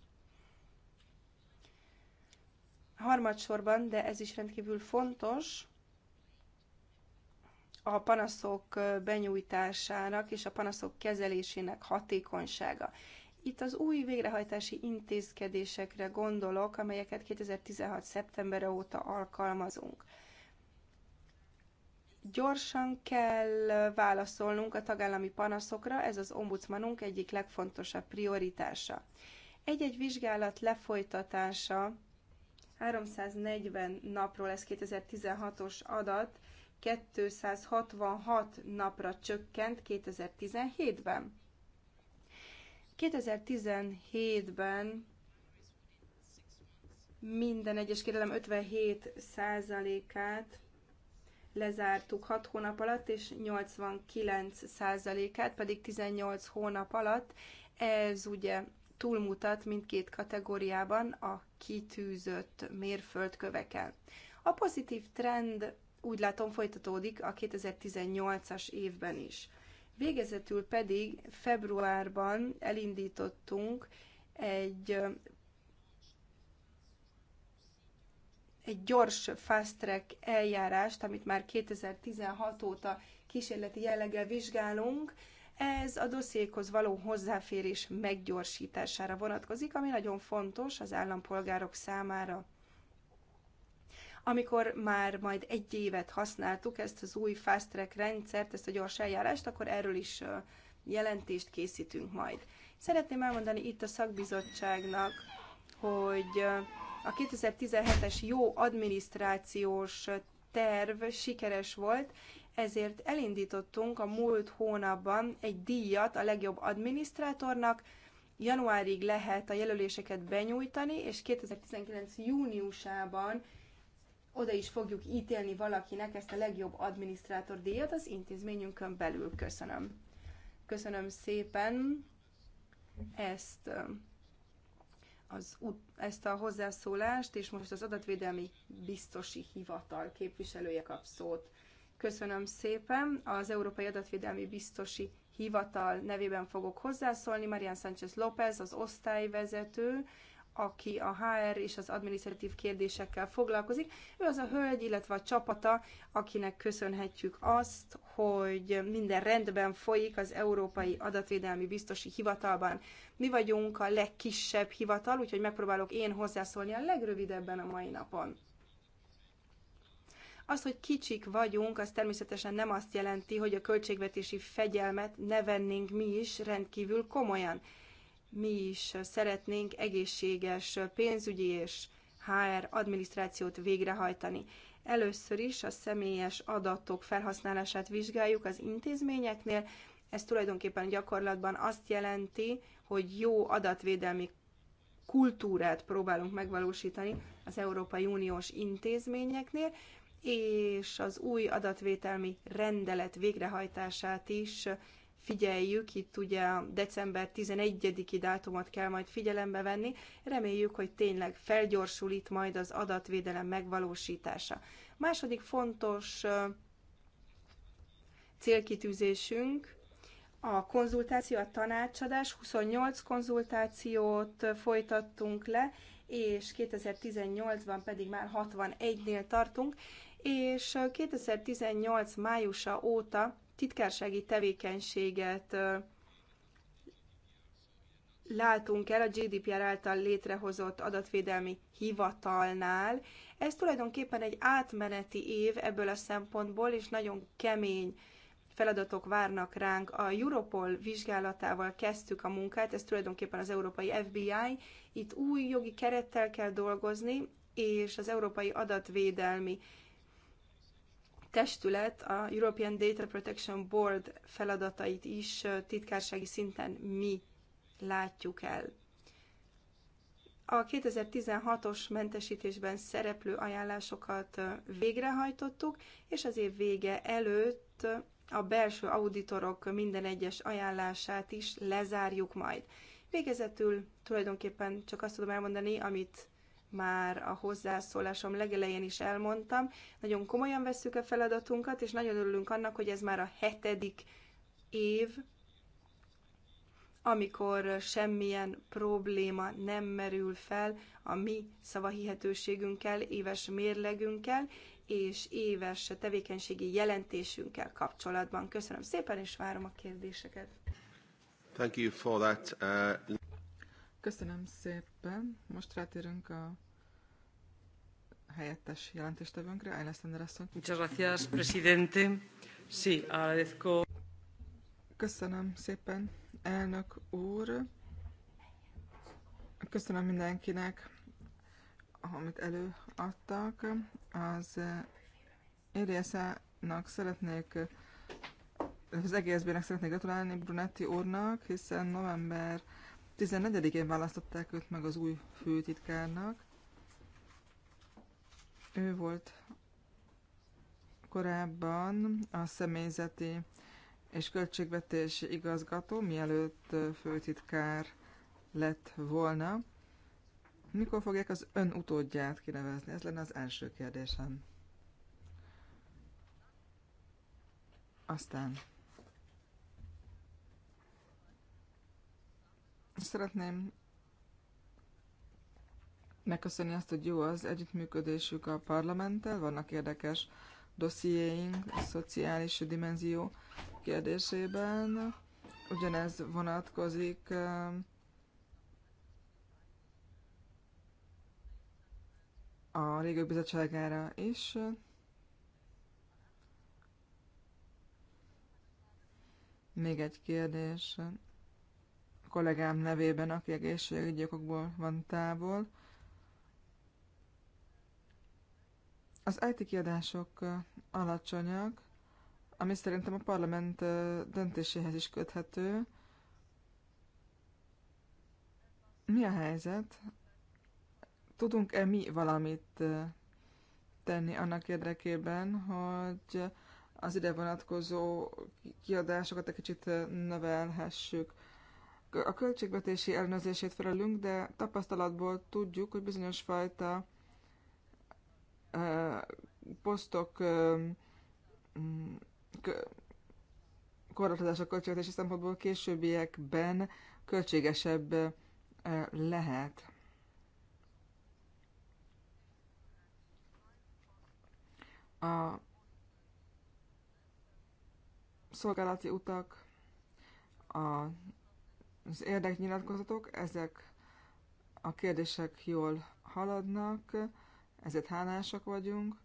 Harmadsorban, de ez is rendkívül fontos, a panaszok benyújtásának és a panaszok kezelésének hatékonysága. Itt az új végrehajtási intézkedésekre gondolok, amelyeket 2016. szeptember óta alkalmazunk. Gyorsan kell válaszolnunk a tagállami panaszokra, ez az ombudsmanunk egyik legfontosabb prioritása. Egy-egy vizsgálat lefolytatása 340 napról, ez 2016-os adat, 266 napra csökkent 2017-ben. 2017-ben minden egyes kérelem 57%-át lezártuk 6 hónap alatt, és 89%-át pedig 18 hónap alatt. Ez ugye túlmutat mindkét kategóriában a kitűzött mérföldköveken. A pozitív trend úgy látom folytatódik a 2018-as évben is. Végezetül pedig februárban elindítottunk egy egy gyors fast track eljárást, amit már 2016 óta kísérleti jelleggel vizsgálunk. Ez a dossziékhoz való hozzáférés meggyorsítására vonatkozik, ami nagyon fontos az állampolgárok számára. Amikor már majd egy évet használtuk ezt az új fast track rendszert, ezt a gyors eljárást, akkor erről is jelentést készítünk majd. Szeretném elmondani itt a szakbizottságnak, hogy a 2017-es jó adminisztrációs terv sikeres volt, ezért elindítottunk a múlt hónapban egy díjat a legjobb adminisztrátornak. Januárig lehet a jelöléseket benyújtani, és 2019. júniusában oda is fogjuk ítélni valakinek ezt a legjobb adminisztrátor díjat az intézményünkön belül. Köszönöm. Köszönöm szépen ezt az, ezt a hozzászólást, és most az adatvédelmi biztosi hivatal képviselője kap szót. Köszönöm szépen. Az Európai Adatvédelmi Biztosi Hivatal nevében fogok hozzászólni. Marian Sánchez López, az osztályvezető, aki a HR és az administratív kérdésekkel foglalkozik. Ő az a hölgy, illetve a csapata, akinek köszönhetjük azt, hogy minden rendben folyik az Európai Adatvédelmi Biztosi Hivatalban. Mi vagyunk a legkisebb hivatal, úgyhogy megpróbálok én hozzászólni a legrövidebben a mai napon. Az, hogy kicsik vagyunk, az természetesen nem azt jelenti, hogy a költségvetési fegyelmet ne vennénk mi is rendkívül komolyan mi is szeretnénk egészséges pénzügyi és HR adminisztrációt végrehajtani. Először is a személyes adatok felhasználását vizsgáljuk az intézményeknél. Ez tulajdonképpen gyakorlatban azt jelenti, hogy jó adatvédelmi kultúrát próbálunk megvalósítani az Európai Uniós intézményeknél, és az új adatvételmi rendelet végrehajtását is figyeljük, itt ugye december 11-i dátumot kell majd figyelembe venni, reméljük, hogy tényleg felgyorsul itt majd az adatvédelem megvalósítása. Második fontos célkitűzésünk a konzultáció, a tanácsadás, 28 konzultációt folytattunk le, és 2018-ban pedig már 61-nél tartunk, és 2018 májusa óta titkársági tevékenységet látunk el a GDPR által létrehozott adatvédelmi hivatalnál. Ez tulajdonképpen egy átmeneti év ebből a szempontból, és nagyon kemény feladatok várnak ránk. A Europol vizsgálatával kezdtük a munkát, ez tulajdonképpen az európai FBI. Itt új jogi kerettel kell dolgozni, és az európai adatvédelmi testület a European Data Protection Board feladatait is titkársági szinten mi látjuk el. A 2016-os mentesítésben szereplő ajánlásokat végrehajtottuk, és az év vége előtt a belső auditorok minden egyes ajánlását is lezárjuk majd. Végezetül tulajdonképpen csak azt tudom elmondani, amit már a hozzászólásom legelején is elmondtam. Nagyon komolyan vesszük a feladatunkat, és nagyon örülünk annak, hogy ez már a hetedik év, amikor semmilyen probléma nem merül fel a mi szavahihetőségünkkel, éves mérlegünkkel és éves tevékenységi jelentésünkkel kapcsolatban. Köszönöm szépen, és várom a kérdéseket. Thank you for that. Uh... Köszönöm szépen. Most rátérünk a helyettes jelentéstevőnkre, Alessandra asszony. Muchas gracias, presidente. Sí, agradezco. Köszönöm szépen, elnök úr. Köszönöm mindenkinek, amit előadtak. Az Érjesze-nak szeretnék, az egészbének szeretnék gratulálni Brunetti úrnak, hiszen november 14-én választották őt meg az új főtitkárnak. Ő volt korábban a személyzeti és költségvetési igazgató, mielőtt főtitkár lett volna. Mikor fogják az ön utódját kinevezni? Ez lenne az első kérdésem. Aztán Szeretném megköszönni azt, hogy jó az együttműködésük a parlamenttel, vannak érdekes dossziéink a szociális dimenzió kérdésében. Ugyanez vonatkozik a Régiók Bizottságára is. Még egy kérdés kollégám nevében, aki egészségügyi okokból van távol. Az IT kiadások alacsonyak, ami szerintem a parlament döntéséhez is köthető. Mi a helyzet? Tudunk-e mi valamit tenni annak érdekében, hogy az ide vonatkozó kiadásokat egy kicsit növelhessük? a költségvetési ellenőrzését felelünk, de tapasztalatból tudjuk, hogy bizonyos fajta posztok mm, korlátozása költségvetési szempontból későbbiekben költségesebb lehet. A szolgálati utak, a az érdeknyilatkozatok, ezek a kérdések jól haladnak, ezért hálásak vagyunk.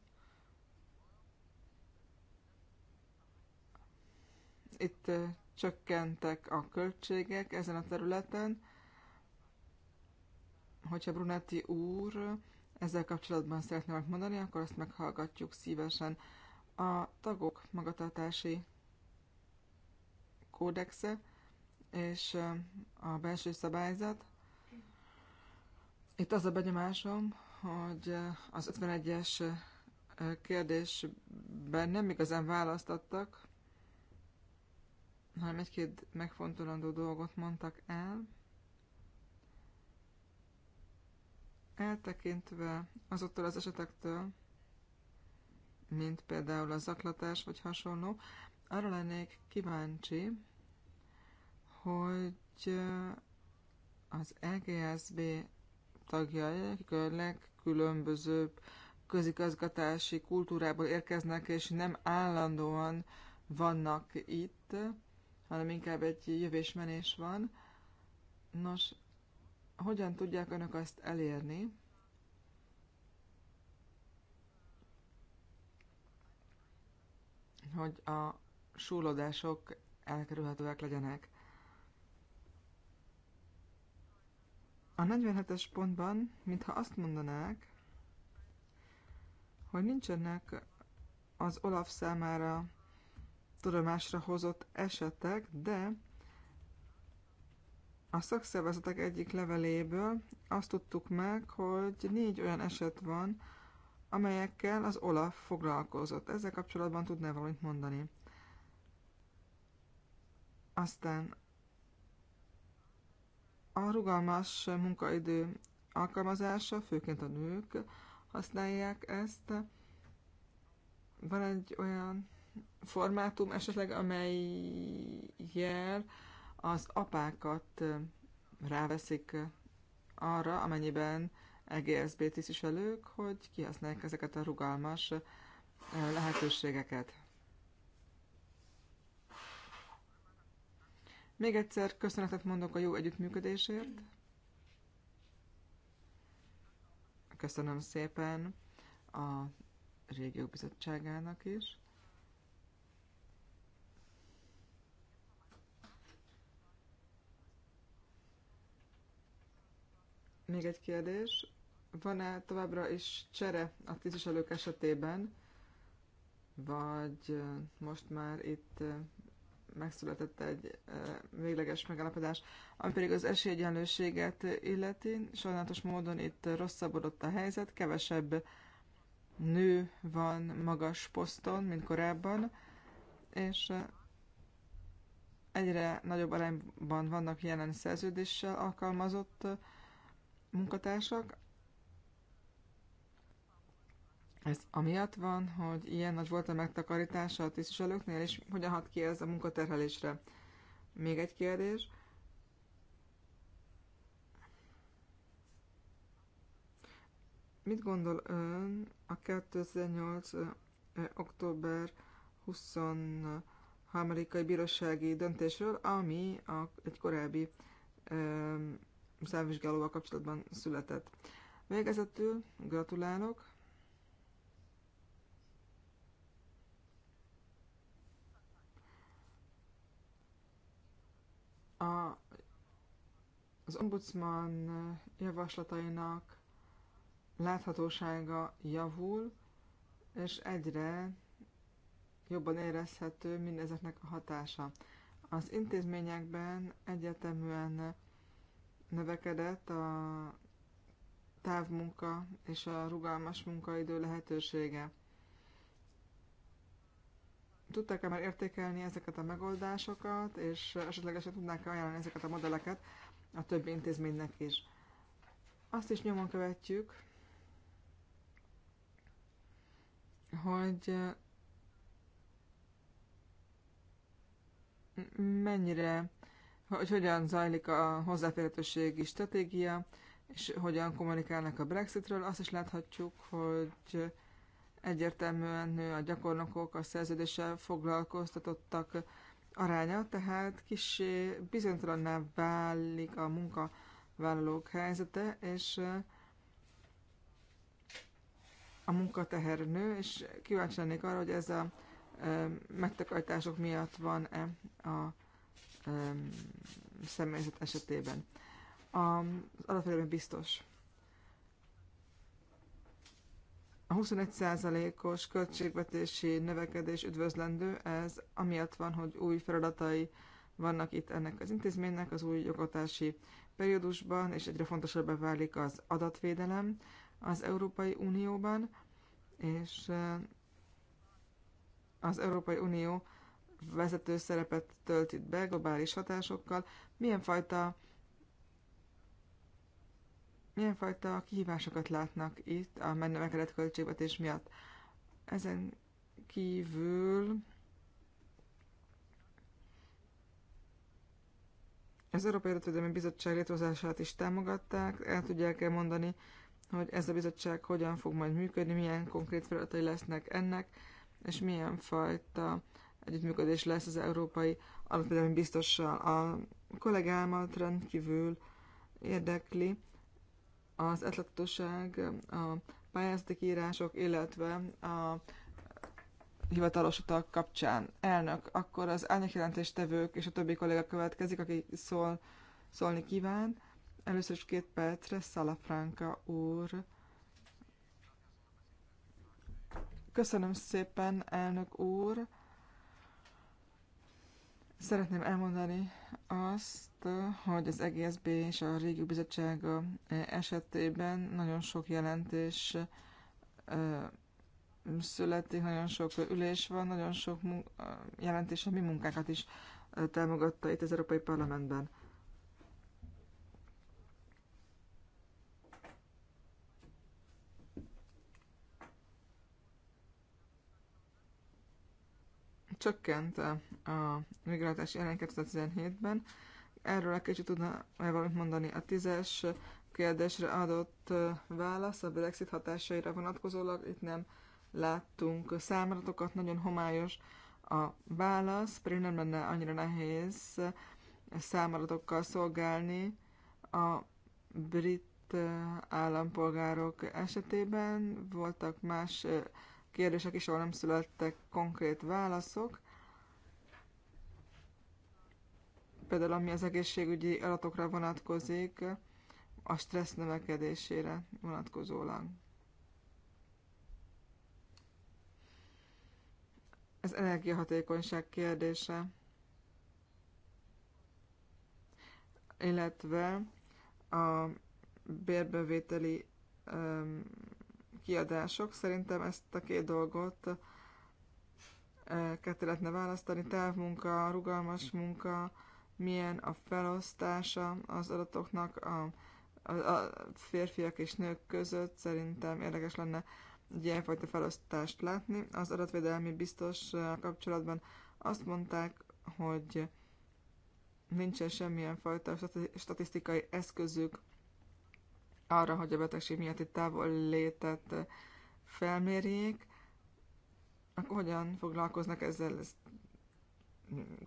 Itt csökkentek a költségek ezen a területen. Hogyha Brunetti úr ezzel kapcsolatban szeretne valamit mondani, akkor azt meghallgatjuk szívesen. A tagok magatartási kódexe és a belső szabályzat. Itt az a benyomásom, hogy az 51-es kérdésben nem igazán választattak, hanem egy-két megfontolandó dolgot mondtak el. Eltekintve azoktól az esetektől, mint például a zaklatás vagy hasonló, arra lennék kíváncsi, hogy az EGSB tagjai, akik a legkülönbözőbb közigazgatási kultúrából érkeznek, és nem állandóan vannak itt, hanem inkább egy jövésmenés van. Nos, hogyan tudják önök azt elérni? hogy a súlódások elkerülhetőek legyenek. A 47-es pontban, mintha azt mondanák, hogy nincsenek az Olaf számára tudomásra hozott esetek, de a szakszervezetek egyik leveléből azt tudtuk meg, hogy négy olyan eset van, amelyekkel az Olaf foglalkozott. Ezzel kapcsolatban tudná valamit mondani. Aztán a rugalmas munkaidő alkalmazása, főként a nők használják ezt. Van egy olyan formátum esetleg, amelyel az apákat ráveszik arra, amennyiben EGSB tisztviselők, hogy kihasználják ezeket a rugalmas lehetőségeket. Még egyszer köszönetet mondok a jó együttműködésért. Köszönöm szépen a Régió bizottságának is. Még egy kérdés. Van-e továbbra is csere a tisztviselők esetében, vagy most már itt megszületett egy végleges megállapodás. Ami pedig az esélyegyenlőséget illeti, sajnálatos módon itt rosszabbodott a helyzet, kevesebb nő van magas poszton, mint korábban, és egyre nagyobb arányban vannak jelen szerződéssel alkalmazott munkatársak, ez amiatt van, hogy ilyen nagy volt a megtakarítása a tisztviselőknél, és hogyan hat ki ez a munkaterhelésre? Még egy kérdés. Mit gondol ön a 2008. október 23-ai bírósági döntésről, ami a, egy korábbi ö, számvizsgálóval kapcsolatban született? Végezetül gratulálok! a, az ombudsman javaslatainak láthatósága javul, és egyre jobban érezhető mindezeknek a hatása. Az intézményekben egyeteműen növekedett a távmunka és a rugalmas munkaidő lehetősége. Tudták-e már értékelni ezeket a megoldásokat, és esetlegesen tudnák-e ajánlani ezeket a modelleket a többi intézménynek is? Azt is nyomon követjük, hogy mm, mennyire, hogy hogyan zajlik a hozzáférhetőségi stratégia, és hogyan kommunikálnak a Brexitről. Azt is láthatjuk, hogy egyértelműen nő a gyakornokok, a szerződéssel foglalkoztatottak aránya, tehát kicsi bizonytalanná válik a munkavállalók helyzete, és a munkateher nő, és kíváncsi lennék arra, hogy ez a megtakarítások miatt van-e a személyzet esetében. Az alapvetően biztos. A 21%-os költségvetési növekedés üdvözlendő, ez amiatt van, hogy új feladatai vannak itt ennek az intézménynek az új jogotási periódusban, és egyre fontosabbá válik az adatvédelem az Európai Unióban, és az Európai Unió vezető szerepet tölt itt be globális hatásokkal. Milyen fajta milyen fajta kihívásokat látnak itt a megnövekedett költségvetés miatt. Ezen kívül az Európai Adatvédelmi Bizottság létrehozását is támogatták. El tudják -e mondani, hogy ez a bizottság hogyan fog majd működni, milyen konkrét feladatai lesznek ennek, és milyen fajta együttműködés lesz az Európai Adatvédelmi Biztossal. A kollégámat rendkívül érdekli az átláthatóság, a pályázati írások, illetve a hivatalos utak kapcsán. Elnök, akkor az árnyékjelentéstevők és a többi kolléga következik, aki szól, szólni kíván. Először is két percre Szalafranka úr. Köszönöm szépen, elnök úr. Szeretném elmondani azt, hogy az EGSB és a régi bizottság eh, esetében nagyon sok jelentés eh, születik, nagyon sok ülés van, nagyon sok eh, jelentés a mi munkákat is támogatta itt az Európai Parlamentben. csökkent a migrálatás jelen 2017-ben. Erről egy kicsit tudna el valamit mondani. A tízes kérdésre adott válasz a Brexit hatásaira vonatkozólag itt nem láttunk számlatokat, nagyon homályos a válasz, pedig nem lenne annyira nehéz számadatokkal szolgálni a brit állampolgárok esetében. Voltak más kérdések is, ahol nem születtek konkrét válaszok. Például ami az egészségügyi adatokra vonatkozik, a stressz növekedésére vonatkozólag. Ez energiahatékonyság kérdése. Illetve a bérbevételi kiadások. Szerintem ezt a két dolgot eh, ketté lehetne választani. Távmunka, rugalmas munka, milyen a felosztása az adatoknak a, a, a férfiak és nők között. Szerintem érdekes lenne egy ilyenfajta felosztást látni. Az adatvédelmi biztos eh, kapcsolatban azt mondták, hogy nincsen semmilyen fajta statisztikai eszközük arra, hogy a betegség miatt itt távol létet felmérjék, akkor hogyan foglalkoznak ezzel, ezt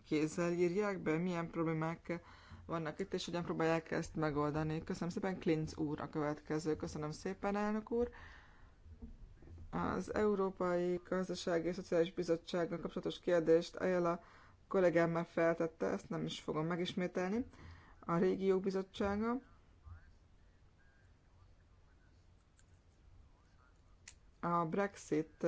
kézzel írják be, milyen problémák vannak itt, és hogyan próbálják ezt megoldani. Köszönöm szépen, Klinc úr a következő. Köszönöm szépen, elnök úr. Az Európai Gazdasági és Szociális Bizottsággal kapcsolatos kérdést Ajala kollégám már feltette, ezt nem is fogom megismételni. A régió Bizottsága A Brexit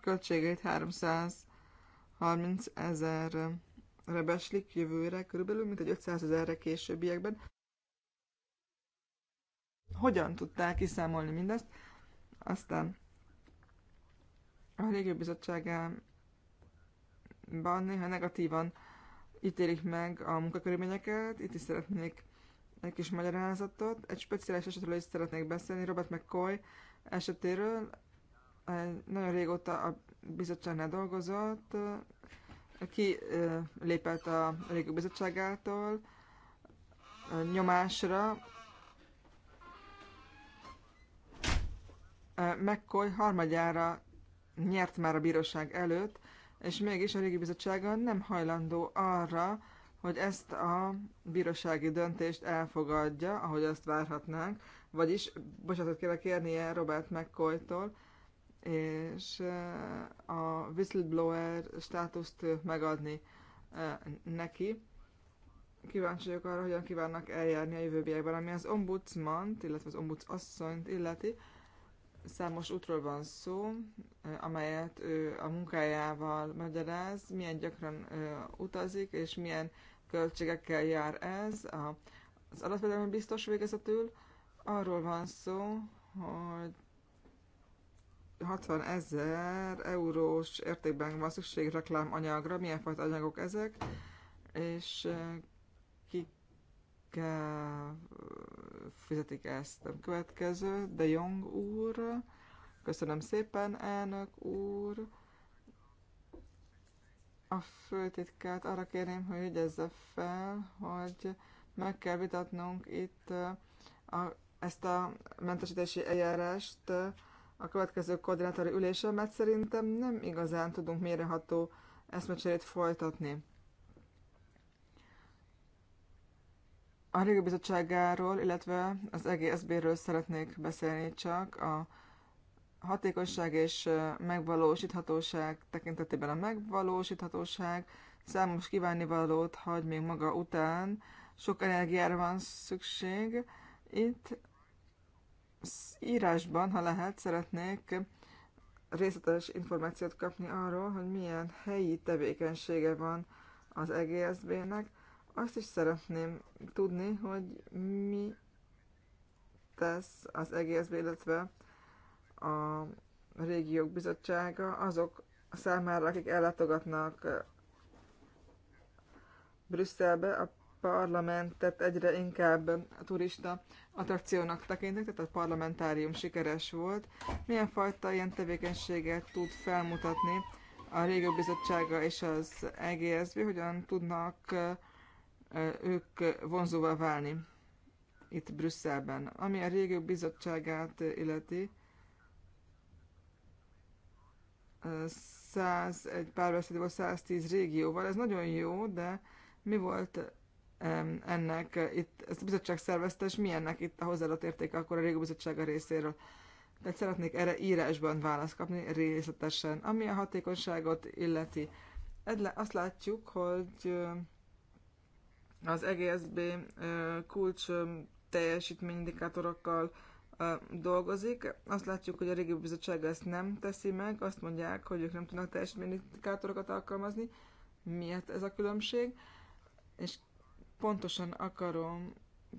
költségeit 330 ezerre rebeslik jövőre, körülbelül mint egy 500 ezerre későbbiekben. Hogyan tudták kiszámolni mindezt? Aztán a régi bizottságában néha negatívan itt ítélik meg a munkakörülményeket, itt is szeretnék egy kis magyarázatot. Egy speciális esetről is szeretnék beszélni, Robert McCoy esetéről. Nagyon régóta a bizottságnál dolgozott, ki lépett a régi bizottságától nyomásra. McCoy harmadjára nyert már a bíróság előtt, és mégis a régi bizottsága nem hajlandó arra, hogy ezt a bírósági döntést elfogadja, ahogy azt várhatnánk, vagyis bocsánatot kell kérnie Robert mccoy és eh, a whistleblower státuszt megadni eh, neki. Kíváncsi vagyok arra, hogyan kívánnak eljárni a jövőbiekben, ami az Ombudsman, illetve az ombudsasszonyt illeti számos útról van szó, amelyet ő a munkájával magyaráz, milyen gyakran utazik, és milyen költségekkel jár ez. A, az alapvetően biztos végezetül arról van szó, hogy 60 ezer eurós értékben van szükség reklámanyagra, milyen fajta anyagok ezek, és fizetik ezt. A következő, De Jong úr, köszönöm szépen, elnök úr. A főtitkát arra kérném, hogy ügyezze fel, hogy meg kell vitatnunk itt a, ezt a mentesítési eljárást a következő koordinátori ülésen, mert szerintem nem igazán tudunk méreható eszmecserét folytatni. a Régi Bizottságáról, illetve az EGSB-ről szeretnék beszélni csak a hatékonyság és megvalósíthatóság tekintetében a megvalósíthatóság számos kívánivalót hagy még maga után, sok energiára van szükség. Itt írásban, ha lehet, szeretnék részletes információt kapni arról, hogy milyen helyi tevékenysége van az EGSB-nek, azt is szeretném tudni, hogy mi tesz az egész, illetve a régiók bizottsága azok számára, akik ellátogatnak eh, Brüsszelbe, a parlamentet egyre inkább a turista attrakciónak tekintik, tehát a parlamentárium sikeres volt. Milyen fajta ilyen tevékenységet tud felmutatni a régió bizottsága és az EGSB, hogyan tudnak eh, ők vonzóvá válni itt Brüsszelben. Ami a régió bizottságát illeti, 100, egy párbeszéd volt 110 régióval, ez nagyon jó, de mi volt ennek, itt, ezt a bizottság szervezte, és mi ennek itt a hozzáadott értéke akkor a régió bizottsága részéről? Tehát szeretnék erre írásban választ kapni részletesen. Ami a hatékonyságot illeti, azt látjuk, hogy az EGSB kulcs teljesítményindikátorokkal dolgozik. Azt látjuk, hogy a régi bizottság ezt nem teszi meg, azt mondják, hogy ők nem tudnak teljesítményindikátorokat alkalmazni. Miért ez a különbség? És pontosan akarom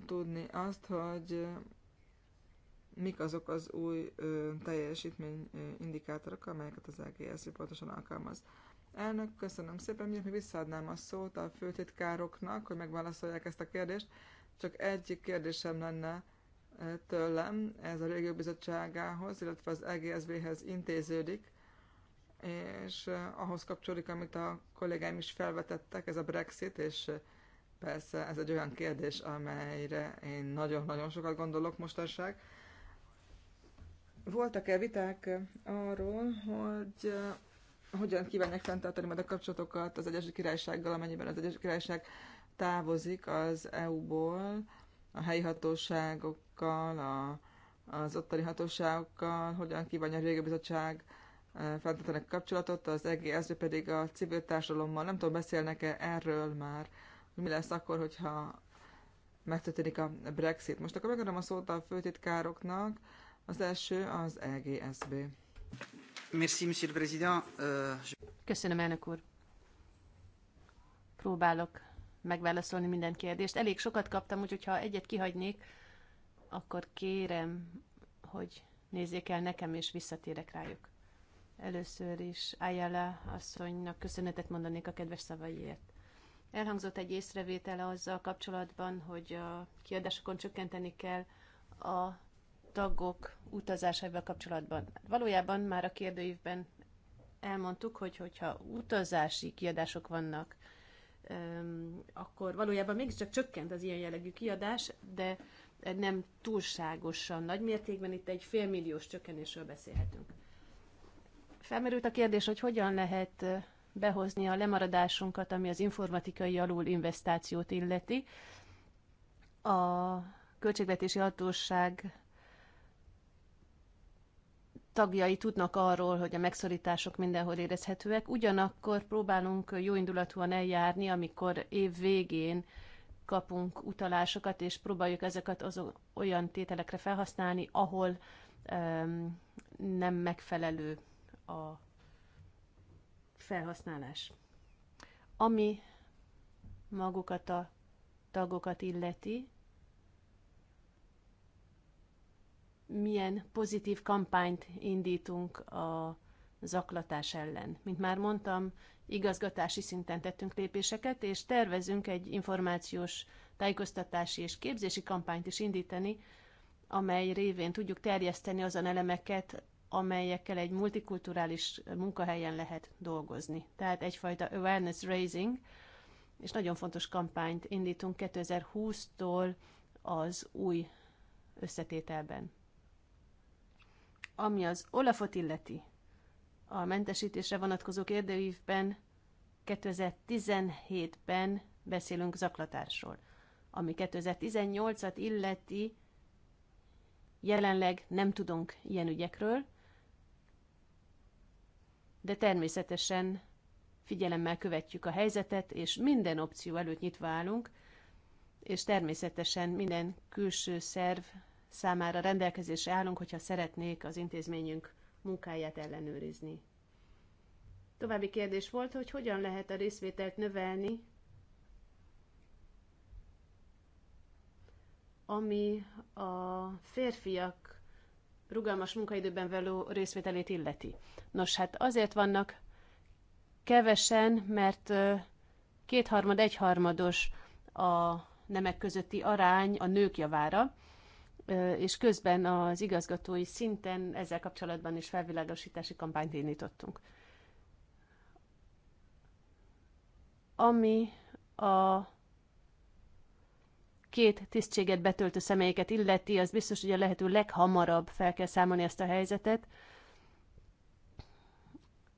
tudni azt, hogy mik azok az új teljesítményindikátorok, amelyeket az EGSB pontosan alkalmaz. Elnök, köszönöm szépen, miért még visszaadnám a szót a főtitkároknak, hogy megválaszolják ezt a kérdést. Csak egy kérdésem lenne eh, tőlem, ez a régió bizottságához, illetve az EGSB-hez intéződik, és eh, ahhoz kapcsolódik, amit a kollégáim is felvetettek, ez a Brexit, és eh, persze ez egy olyan kérdés, amelyre én nagyon-nagyon sokat gondolok mostanság. Voltak-e viták arról, hogy hogyan kívánják fenntartani majd a kapcsolatokat az Egyesült Királysággal, amennyiben az Egyesült Királyság távozik az EU-ból, a helyi hatóságokkal, a, az ottani hatóságokkal, hogyan kívánja a régi eh, fenntartani a kapcsolatot, az EGSZ pedig a civil társadalommal. Nem tudom, beszélnek-e erről már, hogy mi lesz akkor, hogyha megtörténik a Brexit. Most akkor megadom a szót a főtitkároknak. Az első az EGSB. Euh, Köszönöm, elnök úr. Próbálok megválaszolni minden kérdést. Elég sokat kaptam, úgyhogy ha egyet kihagynék, akkor kérem, hogy nézzék el nekem, és visszatérek rájuk. Először is Ayala asszonynak köszönetet mondanék a kedves szavaiért. Elhangzott egy észrevétele azzal kapcsolatban, hogy a kiadásokon csökkenteni kell a tagok utazásával kapcsolatban. Valójában már a kérdőívben elmondtuk, hogy hogyha utazási kiadások vannak, akkor valójában mégiscsak csökkent az ilyen jellegű kiadás, de nem túlságosan nagy mértékben, itt egy félmilliós csökkenésről beszélhetünk. Felmerült a kérdés, hogy hogyan lehet behozni a lemaradásunkat, ami az informatikai alul investációt illeti. A költségvetési hatóság tagjai tudnak arról, hogy a megszorítások mindenhol érezhetőek, ugyanakkor próbálunk jóindulatúan eljárni, amikor év végén kapunk utalásokat, és próbáljuk ezeket az olyan tételekre felhasználni, ahol um, nem megfelelő a felhasználás. Ami magukat a tagokat illeti, milyen pozitív kampányt indítunk a zaklatás ellen. Mint már mondtam, igazgatási szinten tettünk lépéseket, és tervezünk egy információs tájékoztatási és képzési kampányt is indítani, amely révén tudjuk terjeszteni azon elemeket, amelyekkel egy multikulturális munkahelyen lehet dolgozni. Tehát egyfajta awareness raising, és nagyon fontos kampányt indítunk 2020-tól az új összetételben. Ami az Olafot illeti, a mentesítésre vonatkozó kérdőívben 2017-ben beszélünk zaklatásról. Ami 2018-at illeti, jelenleg nem tudunk ilyen ügyekről, de természetesen figyelemmel követjük a helyzetet, és minden opció előtt nyitva állunk, és természetesen minden külső szerv számára rendelkezésre állunk, hogyha szeretnék az intézményünk munkáját ellenőrizni. További kérdés volt, hogy hogyan lehet a részvételt növelni, ami a férfiak rugalmas munkaidőben való részvételét illeti. Nos, hát azért vannak kevesen, mert kétharmad, egyharmados a nemek közötti arány a nők javára, és közben az igazgatói szinten ezzel kapcsolatban is felvilágosítási kampányt indítottunk. Ami a két tisztséget betöltő személyeket illeti, az biztos, hogy a lehető leghamarabb fel kell számolni ezt a helyzetet,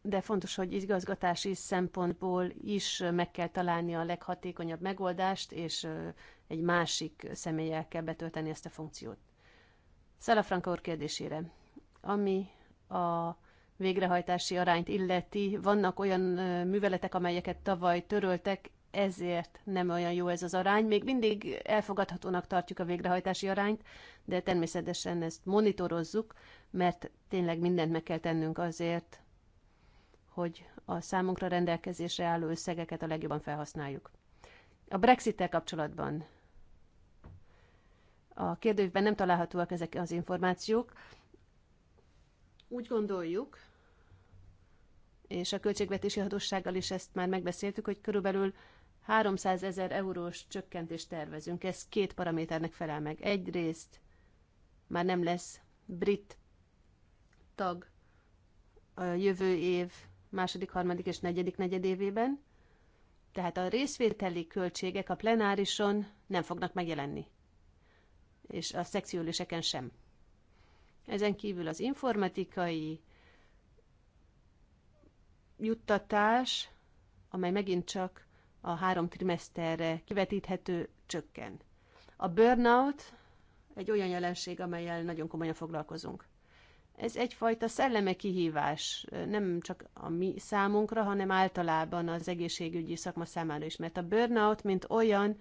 de fontos, hogy igazgatási szempontból is meg kell találni a leghatékonyabb megoldást, és egy másik személlyel kell betölteni ezt a funkciót. Franka úr kérdésére, ami a végrehajtási arányt illeti, vannak olyan műveletek, amelyeket tavaly töröltek, ezért nem olyan jó ez az arány. Még mindig elfogadhatónak tartjuk a végrehajtási arányt, de természetesen ezt monitorozzuk, mert tényleg mindent meg kell tennünk azért, hogy a számunkra rendelkezésre álló összegeket a legjobban felhasználjuk. A Brexit-tel kapcsolatban a kérdőjükben nem találhatóak ezek az információk. Úgy gondoljuk, és a költségvetési hatósággal is ezt már megbeszéltük, hogy körülbelül 300 ezer eurós csökkentést tervezünk. Ez két paraméternek felel meg. Egyrészt már nem lesz brit tag a jövő év második, harmadik és negyedik negyedévében, tehát a részvételi költségek a plenárison nem fognak megjelenni, és a szekciüléseken sem. Ezen kívül az informatikai juttatás, amely megint csak a három trimesterre kivetíthető, csökken. A burnout egy olyan jelenség, amelyel nagyon komolyan foglalkozunk. Ez egyfajta szelleme kihívás, nem csak a mi számunkra, hanem általában az egészségügyi szakma számára is, mert a burnout, mint olyan,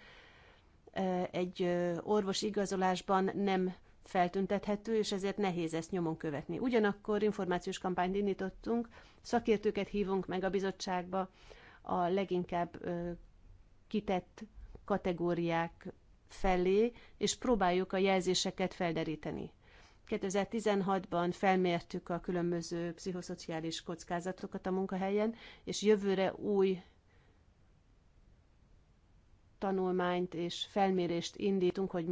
egy orvos igazolásban nem feltüntethető, és ezért nehéz ezt nyomon követni. Ugyanakkor információs kampányt indítottunk, szakértőket hívunk meg a bizottságba, a leginkább kitett kategóriák felé, és próbáljuk a jelzéseket felderíteni. 2016-ban felmértük a különböző pszichoszociális kockázatokat a munkahelyen, és jövőre új tanulmányt és felmérést indítunk, hogy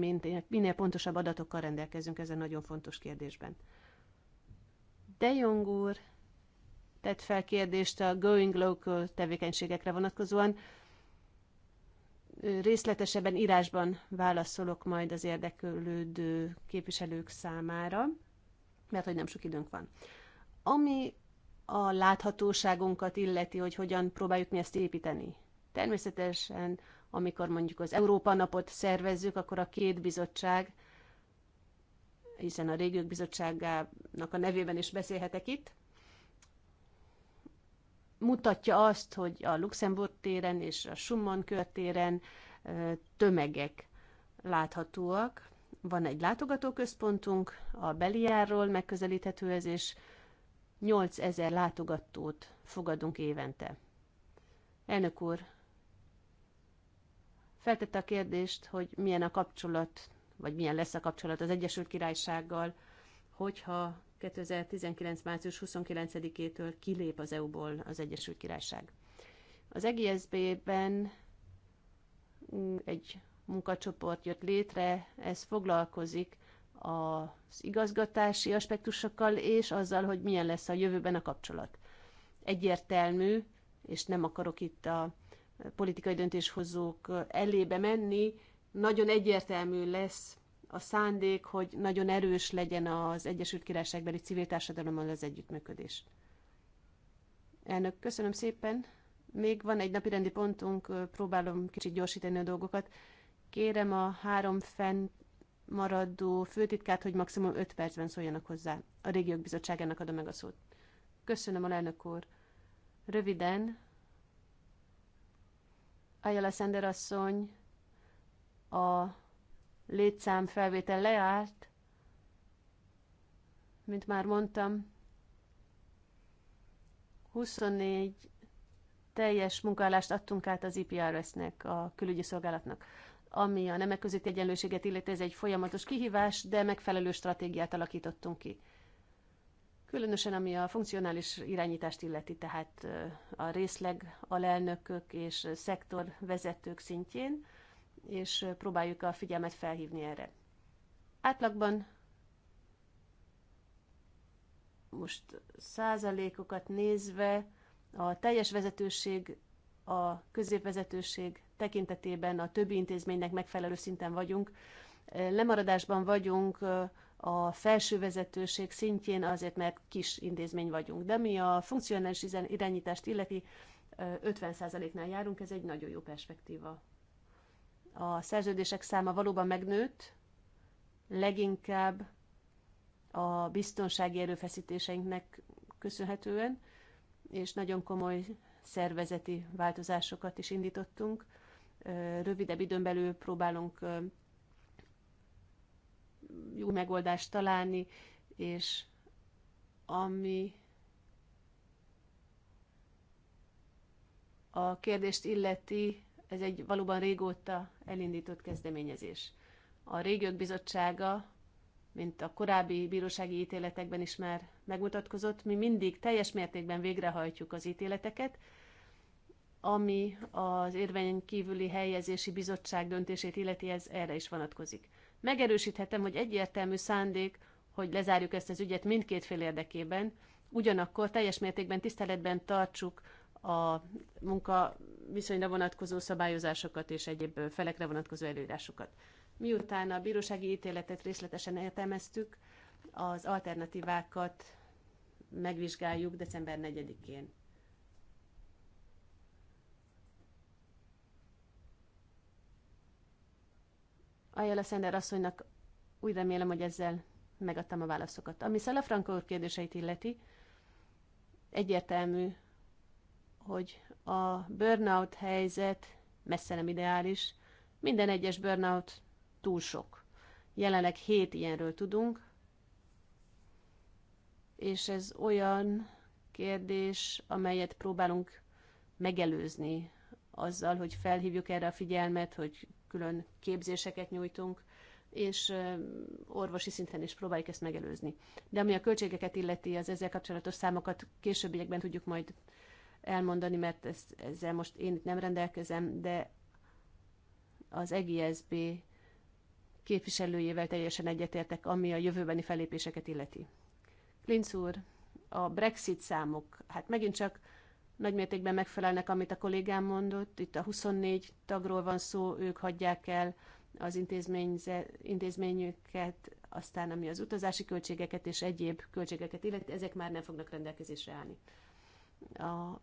minél pontosabb adatokkal rendelkezünk ezen nagyon fontos kérdésben. De Jong úr tett fel kérdést a Going Local tevékenységekre vonatkozóan részletesebben írásban válaszolok majd az érdeklődő képviselők számára, mert hogy nem sok időnk van. Ami a láthatóságunkat illeti, hogy hogyan próbáljuk mi ezt építeni. Természetesen, amikor mondjuk az Európa napot szervezzük, akkor a két bizottság, hiszen a régiók bizottságának a nevében is beszélhetek itt, mutatja azt, hogy a Luxemburg téren és a Schumann körtéren tömegek láthatóak. Van egy látogatóközpontunk, a Beliárról megközelíthető ez, és 8000 látogatót fogadunk évente. Elnök úr, feltette a kérdést, hogy milyen a kapcsolat, vagy milyen lesz a kapcsolat az Egyesült Királysággal, hogyha 2019. március 29-től kilép az EU-ból az Egyesült Királyság. Az EGSB-ben mm, egy munkacsoport jött létre, ez foglalkozik az igazgatási aspektusokkal és azzal, hogy milyen lesz a jövőben a kapcsolat. Egyértelmű, és nem akarok itt a politikai döntéshozók elébe menni, nagyon egyértelmű lesz a szándék, hogy nagyon erős legyen az Egyesült Királyságbeli civil társadalommal az együttműködés. Elnök, köszönöm szépen. Még van egy napi rendi pontunk, próbálom kicsit gyorsítani a dolgokat. Kérem a három fenn maradó főtitkát, hogy maximum 5 percben szóljanak hozzá. A régiók bizottságának adom meg a szót. Köszönöm a elnök úr. Röviden, Ayala Szender asszony a létszámfelvétel leállt, mint már mondtam, 24 teljes munkálást adtunk át az IPRS-nek, a külügyi szolgálatnak. Ami a nemek közötti egyenlőséget illeti, ez egy folyamatos kihívás, de megfelelő stratégiát alakítottunk ki. Különösen ami a funkcionális irányítást illeti, tehát a részleg alelnökök és szektorvezetők szintjén, és próbáljuk a figyelmet felhívni erre. Átlagban most százalékokat nézve a teljes vezetőség, a középvezetőség tekintetében a többi intézménynek megfelelő szinten vagyunk. Lemaradásban vagyunk a felső vezetőség szintjén azért, mert kis intézmény vagyunk. De mi a funkcionális irányítást illeti, 50%-nál járunk, ez egy nagyon jó perspektíva a szerződések száma valóban megnőtt, leginkább a biztonsági erőfeszítéseinknek köszönhetően, és nagyon komoly szervezeti változásokat is indítottunk. Rövidebb időn belül próbálunk jó megoldást találni, és ami a kérdést illeti, ez egy valóban régóta elindított kezdeményezés. A Régiók Bizottsága, mint a korábbi bírósági ítéletekben is már megmutatkozott, mi mindig teljes mértékben végrehajtjuk az ítéleteket, ami az érvényen kívüli helyezési bizottság döntését illeti, ez erre is vonatkozik. Megerősíthetem, hogy egyértelmű szándék, hogy lezárjuk ezt az ügyet mindkét fél érdekében, ugyanakkor teljes mértékben tiszteletben tartsuk a munka viszonyra vonatkozó szabályozásokat és egyéb felekre vonatkozó előírásokat. Miután a bírósági ítéletet részletesen értelmeztük, az alternatívákat megvizsgáljuk december 4-én. Ajala Szender asszonynak úgy remélem, hogy ezzel megadtam a válaszokat. Ami Szalafrankó úr kérdéseit illeti, egyértelmű hogy a burnout helyzet messze nem ideális. Minden egyes burnout túl sok. Jelenleg hét ilyenről tudunk, és ez olyan kérdés, amelyet próbálunk megelőzni azzal, hogy felhívjuk erre a figyelmet, hogy külön képzéseket nyújtunk, és orvosi szinten is próbáljuk ezt megelőzni. De ami a költségeket illeti, az ezzel kapcsolatos számokat későbbiekben tudjuk majd elmondani, mert ezt, ezzel most én itt nem rendelkezem, de az EGSB képviselőjével teljesen egyetértek, ami a jövőbeni felépéseket illeti. Klinc úr, a Brexit számok, hát megint csak nagymértékben megfelelnek, amit a kollégám mondott. Itt a 24 tagról van szó, ők hagyják el az intézményüket, aztán ami az utazási költségeket és egyéb költségeket illeti, ezek már nem fognak rendelkezésre állni. A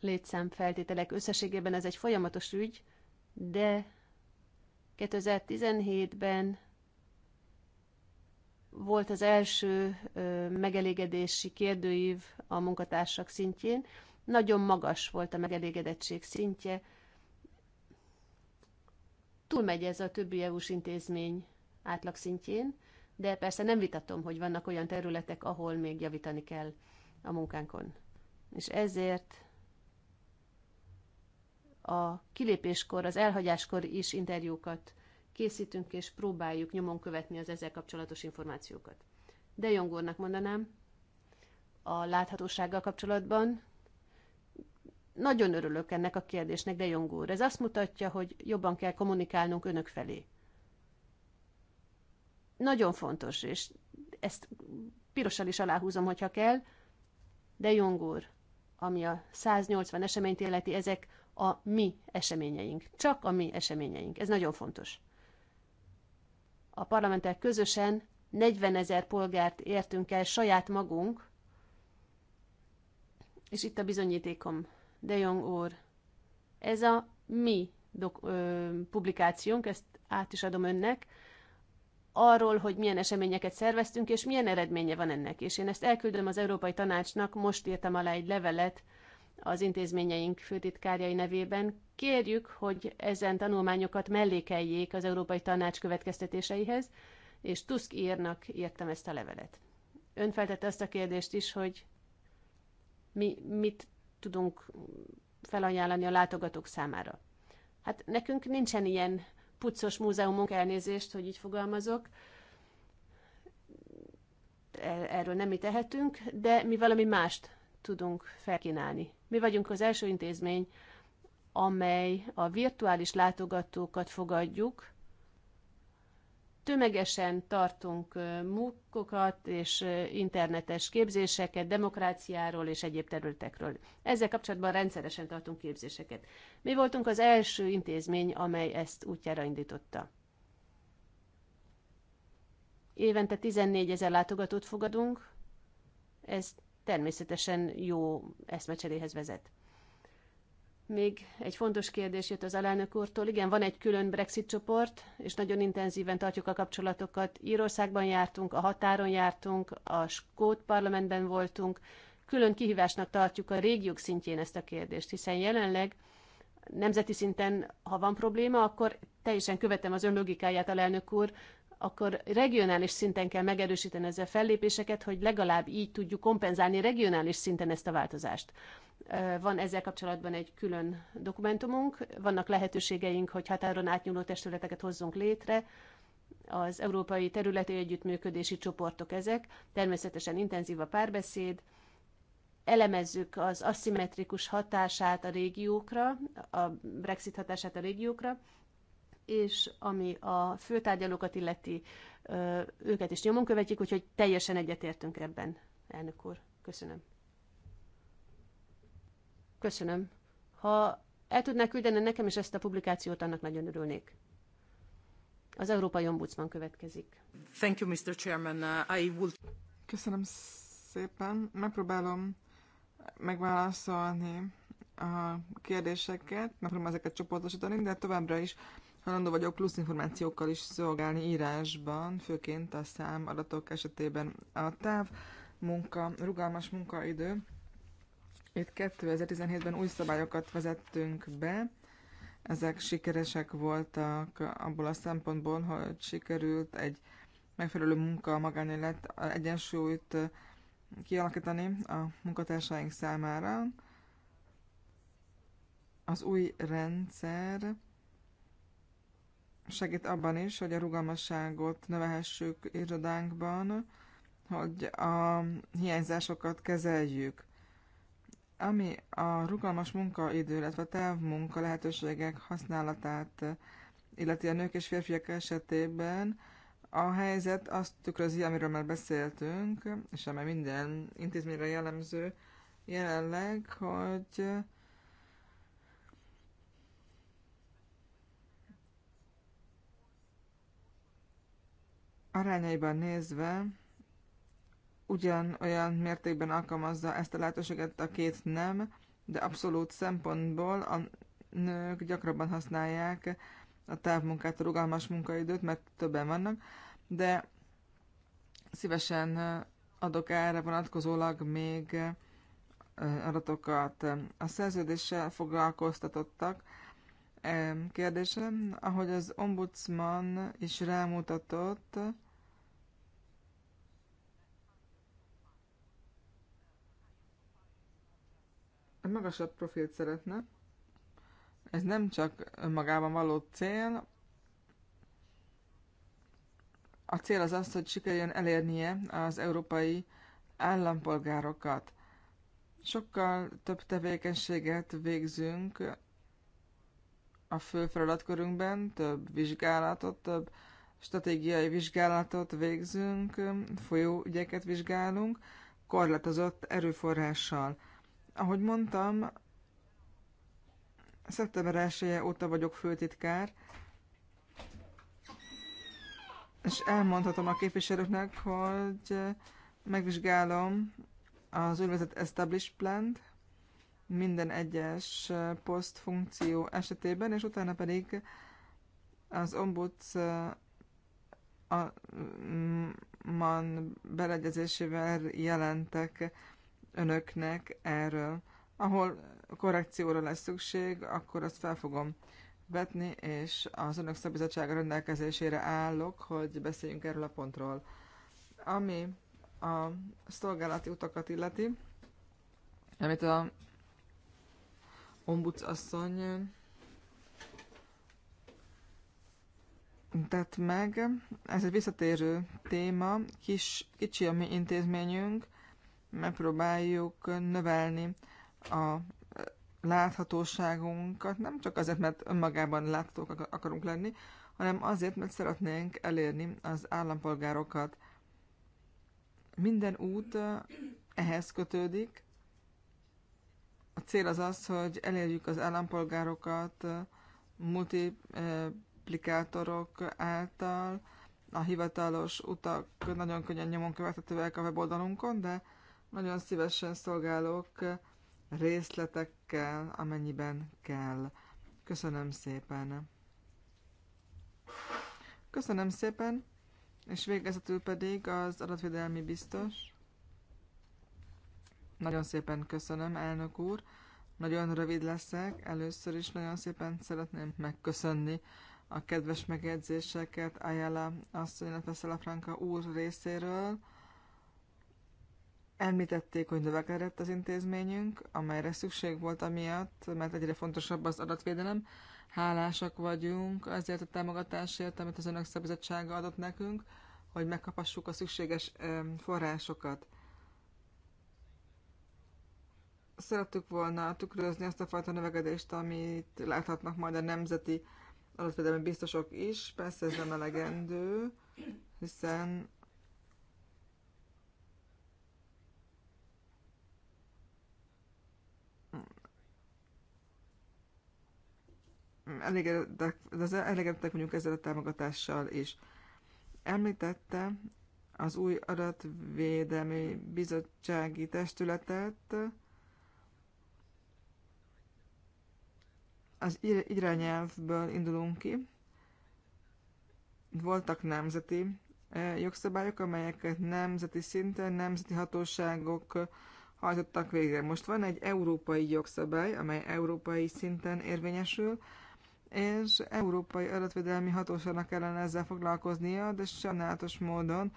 létszámfeltételek összességében ez egy folyamatos ügy, de 2017-ben volt az első megelégedési kérdőív a munkatársak szintjén. Nagyon magas volt a megelégedettség szintje. Túlmegy ez a többi EU-s intézmény átlag szintjén, de persze nem vitatom, hogy vannak olyan területek, ahol még javítani kell a munkánkon. És ezért a kilépéskor, az elhagyáskor is interjúkat készítünk, és próbáljuk nyomon követni az ezzel kapcsolatos információkat. De Jongornak mondanám, a láthatósággal kapcsolatban nagyon örülök ennek a kérdésnek, de Jong úr, ez azt mutatja, hogy jobban kell kommunikálnunk önök felé. Nagyon fontos, és ezt pirossal is aláhúzom, hogyha kell, de Jong úr, ami a 180 eseményt életi, ezek a mi eseményeink. Csak a mi eseményeink. Ez nagyon fontos. A parlamentek közösen 40 ezer polgárt értünk el saját magunk, és itt a bizonyítékom, De Jong úr, ez a mi dok- ö, publikációnk, ezt át is adom önnek, arról, hogy milyen eseményeket szerveztünk, és milyen eredménye van ennek. És én ezt elküldöm az Európai Tanácsnak, most írtam alá egy levelet az intézményeink főtitkárjai nevében kérjük, hogy ezen tanulmányokat mellékeljék az Európai Tanács következtetéseihez, és Tusk írnak írtam ezt a levelet. Ön feltette azt a kérdést is, hogy mi mit tudunk felajánlani a látogatók számára. Hát nekünk nincsen ilyen puccos múzeumunk elnézést, hogy így fogalmazok, e-, erről nem mi tehetünk, de mi valami mást tudunk felkínálni. Mi vagyunk az első intézmény, amely a virtuális látogatókat fogadjuk, tömegesen tartunk munkokat és internetes képzéseket demokráciáról és egyéb területekről. Ezzel kapcsolatban rendszeresen tartunk képzéseket. Mi voltunk az első intézmény, amely ezt útjára indította. Évente 14 ezer látogatót fogadunk, Ez természetesen jó eszmecseréhez vezet. Még egy fontos kérdés jött az alelnök úrtól. Igen, van egy külön Brexit csoport, és nagyon intenzíven tartjuk a kapcsolatokat. Írországban jártunk, a határon jártunk, a Skót parlamentben voltunk. Külön kihívásnak tartjuk a régiók szintjén ezt a kérdést, hiszen jelenleg nemzeti szinten, ha van probléma, akkor teljesen követem az ön logikáját, alelnök úr, akkor regionális szinten kell megerősíteni ezzel fellépéseket, hogy legalább így tudjuk kompenzálni regionális szinten ezt a változást. Van ezzel kapcsolatban egy külön dokumentumunk, vannak lehetőségeink, hogy határon átnyúló testületeket hozzunk létre, az európai területi együttműködési csoportok ezek, természetesen intenzív a párbeszéd, elemezzük az aszimmetrikus hatását a régiókra, a Brexit hatását a régiókra, és ami a főtárgyalókat illeti, őket is nyomon követjük, úgyhogy teljesen egyetértünk ebben, elnök úr. Köszönöm. Köszönöm. Ha el tudná küldeni nekem is ezt a publikációt, annak nagyon örülnék. Az Európai Ombudsman következik. Thank you, Mr. Chairman. Uh, I will... Köszönöm szépen. Megpróbálom megválaszolni a kérdéseket, megpróbálom ezeket csoportosítani, de továbbra is Halandó vagyok plusz információkkal is szolgálni írásban, főként a számadatok esetében a táv munka, rugalmas munkaidő. Itt 2017-ben új szabályokat vezettünk be, ezek sikeresek voltak abból a szempontból, hogy sikerült egy megfelelő munka magánélet egyensúlyt kialakítani a munkatársaink számára. Az új rendszer segít abban is, hogy a rugalmasságot növelhessük irodánkban, hogy a hiányzásokat kezeljük. Ami a rugalmas munkaidő, illetve távmunka lehetőségek használatát illeti a nők és férfiak esetében, a helyzet azt tükrözi, amiről már beszéltünk, és amely minden intézményre jellemző jelenleg, hogy arányaiban nézve ugyanolyan mértékben alkalmazza ezt a lehetőséget, a két nem, de abszolút szempontból a nők gyakrabban használják a távmunkát, a rugalmas munkaidőt, mert többen vannak, de szívesen adok erre vonatkozólag még adatokat. A szerződéssel foglalkoztatottak kérdésem. Ahogy az ombudsman is rámutatott, egy magasabb profilt szeretne. Ez nem csak önmagában való cél, a cél az az, hogy sikerüljön elérnie az európai állampolgárokat. Sokkal több tevékenységet végzünk a fő feladatkörünkben, több vizsgálatot, több stratégiai vizsgálatot végzünk, folyóügyeket vizsgálunk, korlátozott erőforrással. Ahogy mondtam, szeptember 1 -e óta vagyok főtitkár, és elmondhatom a képviselőknek, hogy megvizsgálom az úgynevezett established plant, minden egyes poszt funkció esetében, és utána pedig az ombuds a mm, man beleegyezésével jelentek önöknek erről. Ahol korrekcióra lesz szükség, akkor azt fel fogom vetni, és az önök szabizottsága rendelkezésére állok, hogy beszéljünk erről a pontról. Ami a szolgálati utakat illeti, amit a ombudsasszony tett meg. Ez egy visszatérő téma, kis, kicsi a mi intézményünk, megpróbáljuk növelni a láthatóságunkat, nem csak azért, mert önmagában láthatók akarunk lenni, hanem azért, mert szeretnénk elérni az állampolgárokat. Minden út ehhez kötődik, a cél az az, hogy elérjük az állampolgárokat multiplikátorok által, a hivatalos utak nagyon könnyen nyomon követhetőek a weboldalunkon, de nagyon szívesen szolgálok részletekkel, amennyiben kell. Köszönöm szépen! Köszönöm szépen, és végezetül pedig az adatvédelmi biztos. Nagyon szépen köszönöm, elnök úr. Nagyon rövid leszek. Először is nagyon szépen szeretném megköszönni a kedves megjegyzéseket Ayala asszony, illetve Szelafranka úr részéről. Említették, hogy növekedett az intézményünk, amelyre szükség volt amiatt, mert egyre fontosabb az adatvédelem. Hálásak vagyunk azért a támogatásért, amit az önök szabizottsága adott nekünk, hogy megkapassuk a szükséges forrásokat szerettük volna tükrözni azt a fajta növekedést, amit láthatnak majd a nemzeti adatvédelmi biztosok is. Persze ez nem elegendő, hiszen elégedettek, vagyunk ezzel a támogatással is. Említette az új adatvédelmi bizottsági testületet, Az irányelvből indulunk ki. Voltak nemzeti eh, jogszabályok, amelyeket nemzeti szinten nemzeti hatóságok eh, hajtottak végre. Most van egy európai jogszabály, amely európai szinten érvényesül, és európai adatvédelmi hatóságnak kellene ezzel foglalkoznia, de sajnálatos módon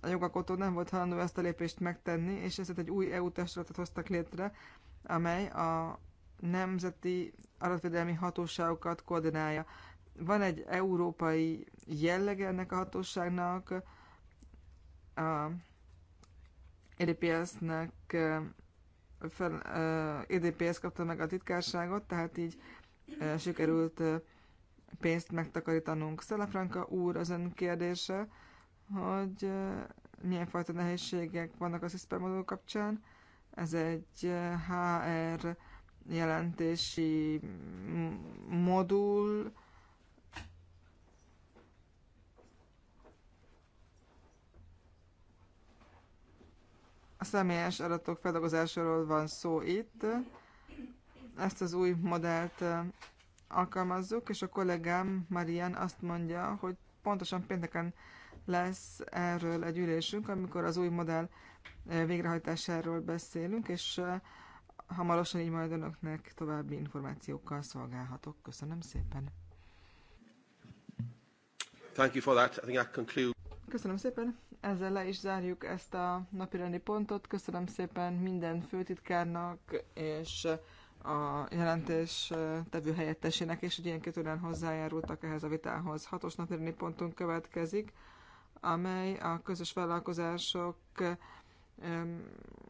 a jogalkotó nem volt hajlandó ezt a lépést megtenni, és ezért egy új EU testületet hoztak létre, amely a nemzeti adatvédelmi hatóságokat koordinálja. Van egy európai jellege ennek a hatóságnak, a EDPS-nek fel, EDPS kapta meg a titkárságot, tehát így sikerült pénzt megtakarítanunk. franka úr az ön kérdése, hogy milyen fajta nehézségek vannak a CISPER kapcsán. Ez egy HR jelentési modul, a személyes adatok feldolgozásáról van szó itt. Ezt az új modellt alkalmazzuk, és a kollégám Marian azt mondja, hogy pontosan pénteken lesz erről egy ülésünk, amikor az új modell végrehajtásáról beszélünk, és hamarosan így majd önöknek további információkkal szolgálhatok. Köszönöm szépen. Thank you for that. I think I conclude... Köszönöm szépen. Ezzel le is zárjuk ezt a napirendi pontot. Köszönöm szépen minden főtitkárnak és a jelentés tevő helyettesének, és hogy ilyen kitűnően hozzájárultak ehhez a vitához. Hatos napirendi pontunk következik, amely a közös vállalkozások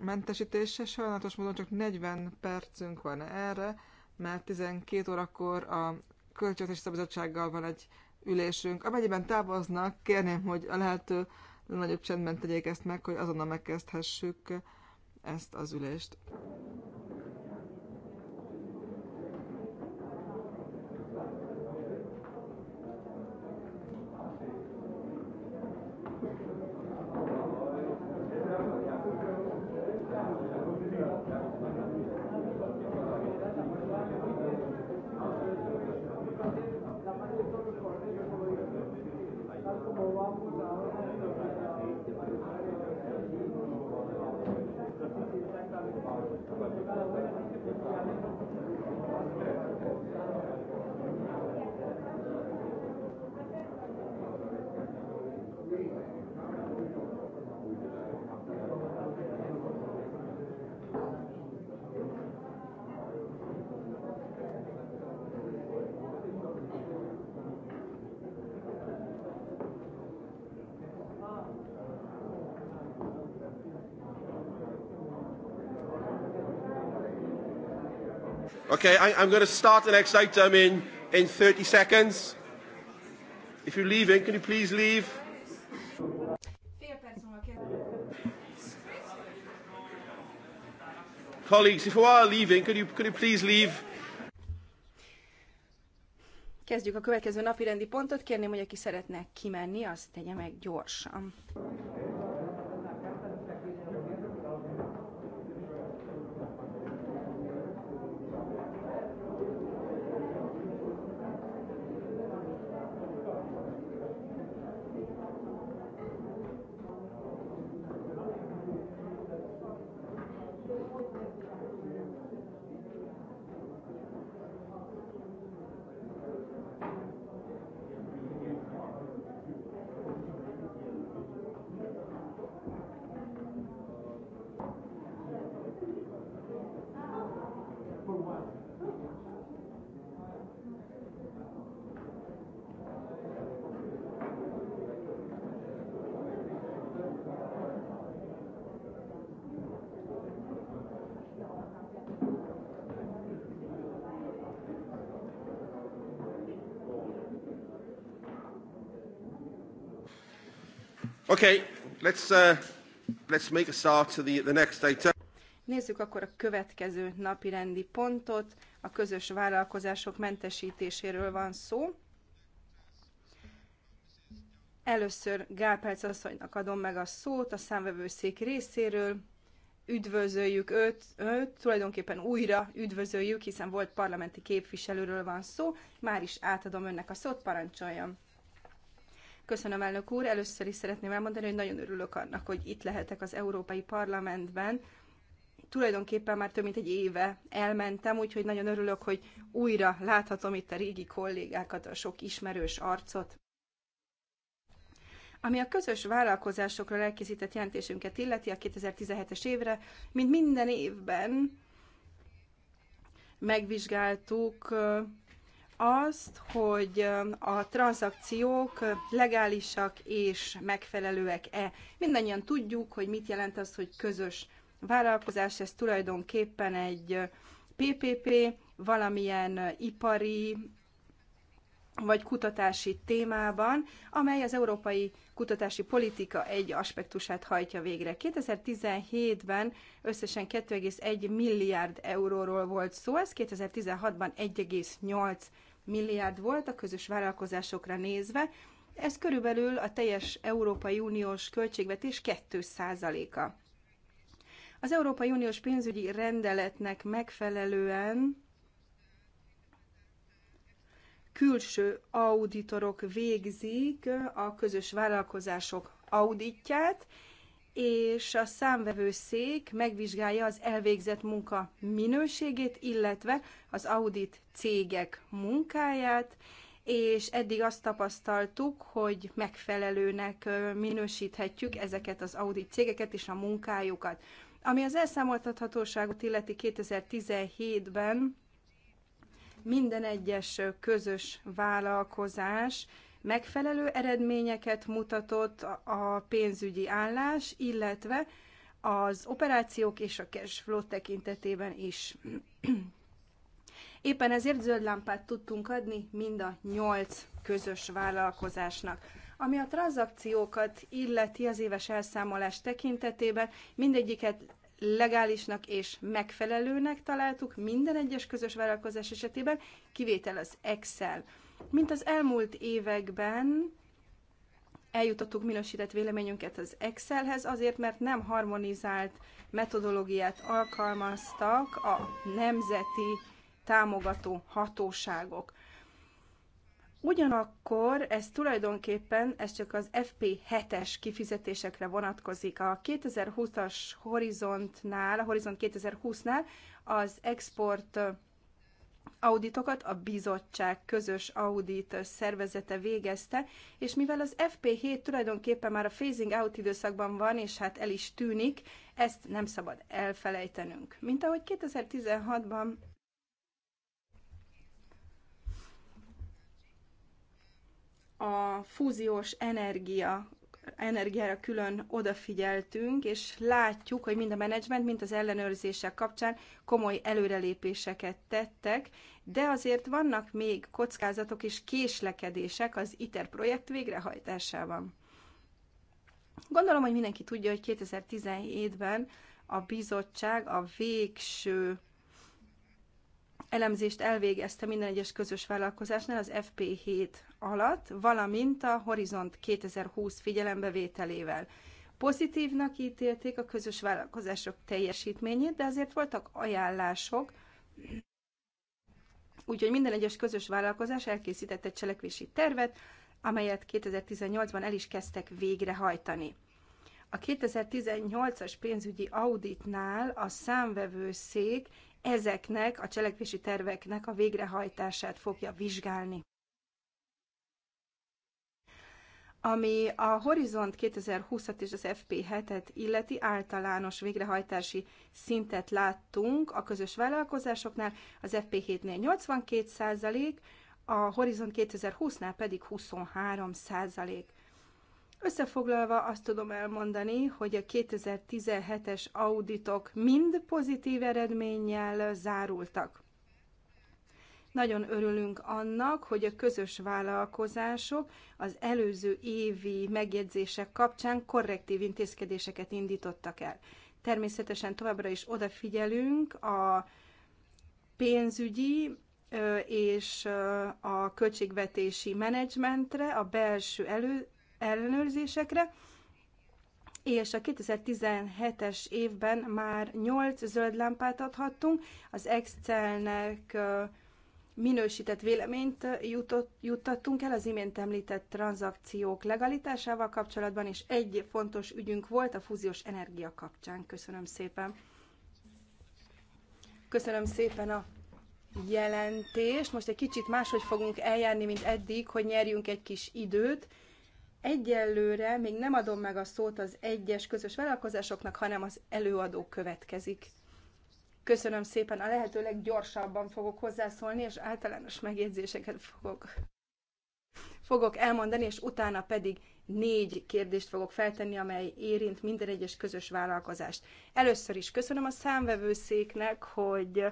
mentesítése. Sajnálatos módon csak 40 percünk van erre, mert 12 órakor a Költségvetési Szabadsággal van egy ülésünk. Amennyiben távoznak, kérném, hogy a lehető nagyobb csendben tegyék ezt meg, hogy azonnal megkezdhessük ezt az ülést. Okay, I, I'm going to start the next item in, in 30 seconds. If you're leaving, can you please leave? Colleagues, if you are leaving, could you, could you please leave? Kezdjük a következő napi rendi pontot. Kérném, hogy aki szeretne kimenni, azt tegye meg gyorsan. Okay, let's, uh, let's make a start to the, the next item. Nézzük akkor a következő napi rendi pontot. A közös vállalkozások mentesítéséről van szó. Először Gálperc asszonynak adom meg a szót a számvevőszék részéről. Üdvözöljük őt, őt, tulajdonképpen újra üdvözöljük, hiszen volt parlamenti képviselőről van szó. Már is átadom önnek a szót, parancsoljam. Köszönöm, elnök úr. Először is szeretném elmondani, hogy nagyon örülök annak, hogy itt lehetek az Európai Parlamentben. Tulajdonképpen már több mint egy éve elmentem, úgyhogy nagyon örülök, hogy újra láthatom itt a régi kollégákat, a sok ismerős arcot. Ami a közös vállalkozásokról elkészített jelentésünket illeti a 2017-es évre, mint minden évben megvizsgáltuk azt, hogy a tranzakciók legálisak és megfelelőek-e. Mindannyian tudjuk, hogy mit jelent az, hogy közös vállalkozás, ez tulajdonképpen egy PPP, valamilyen ipari vagy kutatási témában, amely az európai kutatási politika egy aspektusát hajtja végre. 2017-ben összesen 2,1 milliárd euróról volt szó, ez 2016-ban 1,8 milliárd volt a közös vállalkozásokra nézve, ez körülbelül a teljes Európai Uniós költségvetés 2%-a. Az Európai Uniós pénzügyi rendeletnek megfelelően külső auditorok végzik a közös vállalkozások auditját, és a számvevőszék megvizsgálja az elvégzett munka minőségét, illetve az audit cégek munkáját, és eddig azt tapasztaltuk, hogy megfelelőnek minősíthetjük ezeket az audit cégeket és a munkájukat. Ami az elszámoltathatóságot illeti 2017-ben minden egyes közös vállalkozás megfelelő eredményeket mutatott a pénzügyi állás, illetve az operációk és a cash flow tekintetében is. Éppen ezért zöld lámpát tudtunk adni mind a nyolc közös vállalkozásnak. Ami a tranzakciókat illeti az éves elszámolás tekintetében, mindegyiket legálisnak és megfelelőnek találtuk minden egyes közös vállalkozás esetében, kivétel az Excel. Mint az elmúlt években eljutottuk minősített véleményünket az Excelhez, azért mert nem harmonizált metodológiát alkalmaztak a nemzeti támogató hatóságok. Ugyanakkor ez tulajdonképpen, ez csak az FP7-es kifizetésekre vonatkozik. A 2020-as horizontnál, a horizont 2020-nál az export auditokat a bizottság közös audit szervezete végezte, és mivel az FP7 tulajdonképpen már a phasing out időszakban van, és hát el is tűnik, ezt nem szabad elfelejtenünk. Mint ahogy 2016-ban a fúziós energia energiára külön odafigyeltünk, és látjuk, hogy mind a menedzsment, mind az ellenőrzések kapcsán komoly előrelépéseket tettek, de azért vannak még kockázatok és késlekedések az ITER projekt végrehajtásában. Gondolom, hogy mindenki tudja, hogy 2017-ben a bizottság a végső elemzést elvégezte minden egyes közös vállalkozásnál az FP7 alatt, valamint a Horizont 2020 figyelembevételével. Pozitívnak ítélték a közös vállalkozások teljesítményét, de azért voltak ajánlások, úgyhogy minden egyes közös vállalkozás elkészített egy cselekvési tervet, amelyet 2018-ban el is kezdtek végrehajtani. A 2018-as pénzügyi auditnál a számvevőszék ezeknek a cselekvési terveknek a végrehajtását fogja vizsgálni. Ami a Horizont 2020-at és az FP7-et illeti általános végrehajtási szintet láttunk a közös vállalkozásoknál, az FP7-nél 82 százalék, a Horizont 2020-nál pedig 23 százalék. Összefoglalva azt tudom elmondani, hogy a 2017-es auditok mind pozitív eredménnyel zárultak. Nagyon örülünk annak, hogy a közös vállalkozások az előző évi megjegyzések kapcsán korrektív intézkedéseket indítottak el. Természetesen továbbra is odafigyelünk a pénzügyi és a költségvetési menedzsmentre, a belső elő, ellenőrzésekre, és a 2017-es évben már 8 zöld lámpát adhattunk, az Excelnek minősített véleményt jutott, juttattunk el az imént említett tranzakciók legalitásával kapcsolatban, és egy fontos ügyünk volt a fúziós energia kapcsán. Köszönöm szépen. Köszönöm szépen a jelentést. Most egy kicsit máshogy fogunk eljárni, mint eddig, hogy nyerjünk egy kis időt Egyelőre még nem adom meg a szót az egyes közös vállalkozásoknak, hanem az előadó következik. Köszönöm szépen, a lehető leggyorsabban fogok hozzászólni, és általános megjegyzéseket fogok, fogok elmondani, és utána pedig négy kérdést fogok feltenni, amely érint minden egyes közös vállalkozást. Először is köszönöm a számvevőszéknek, hogy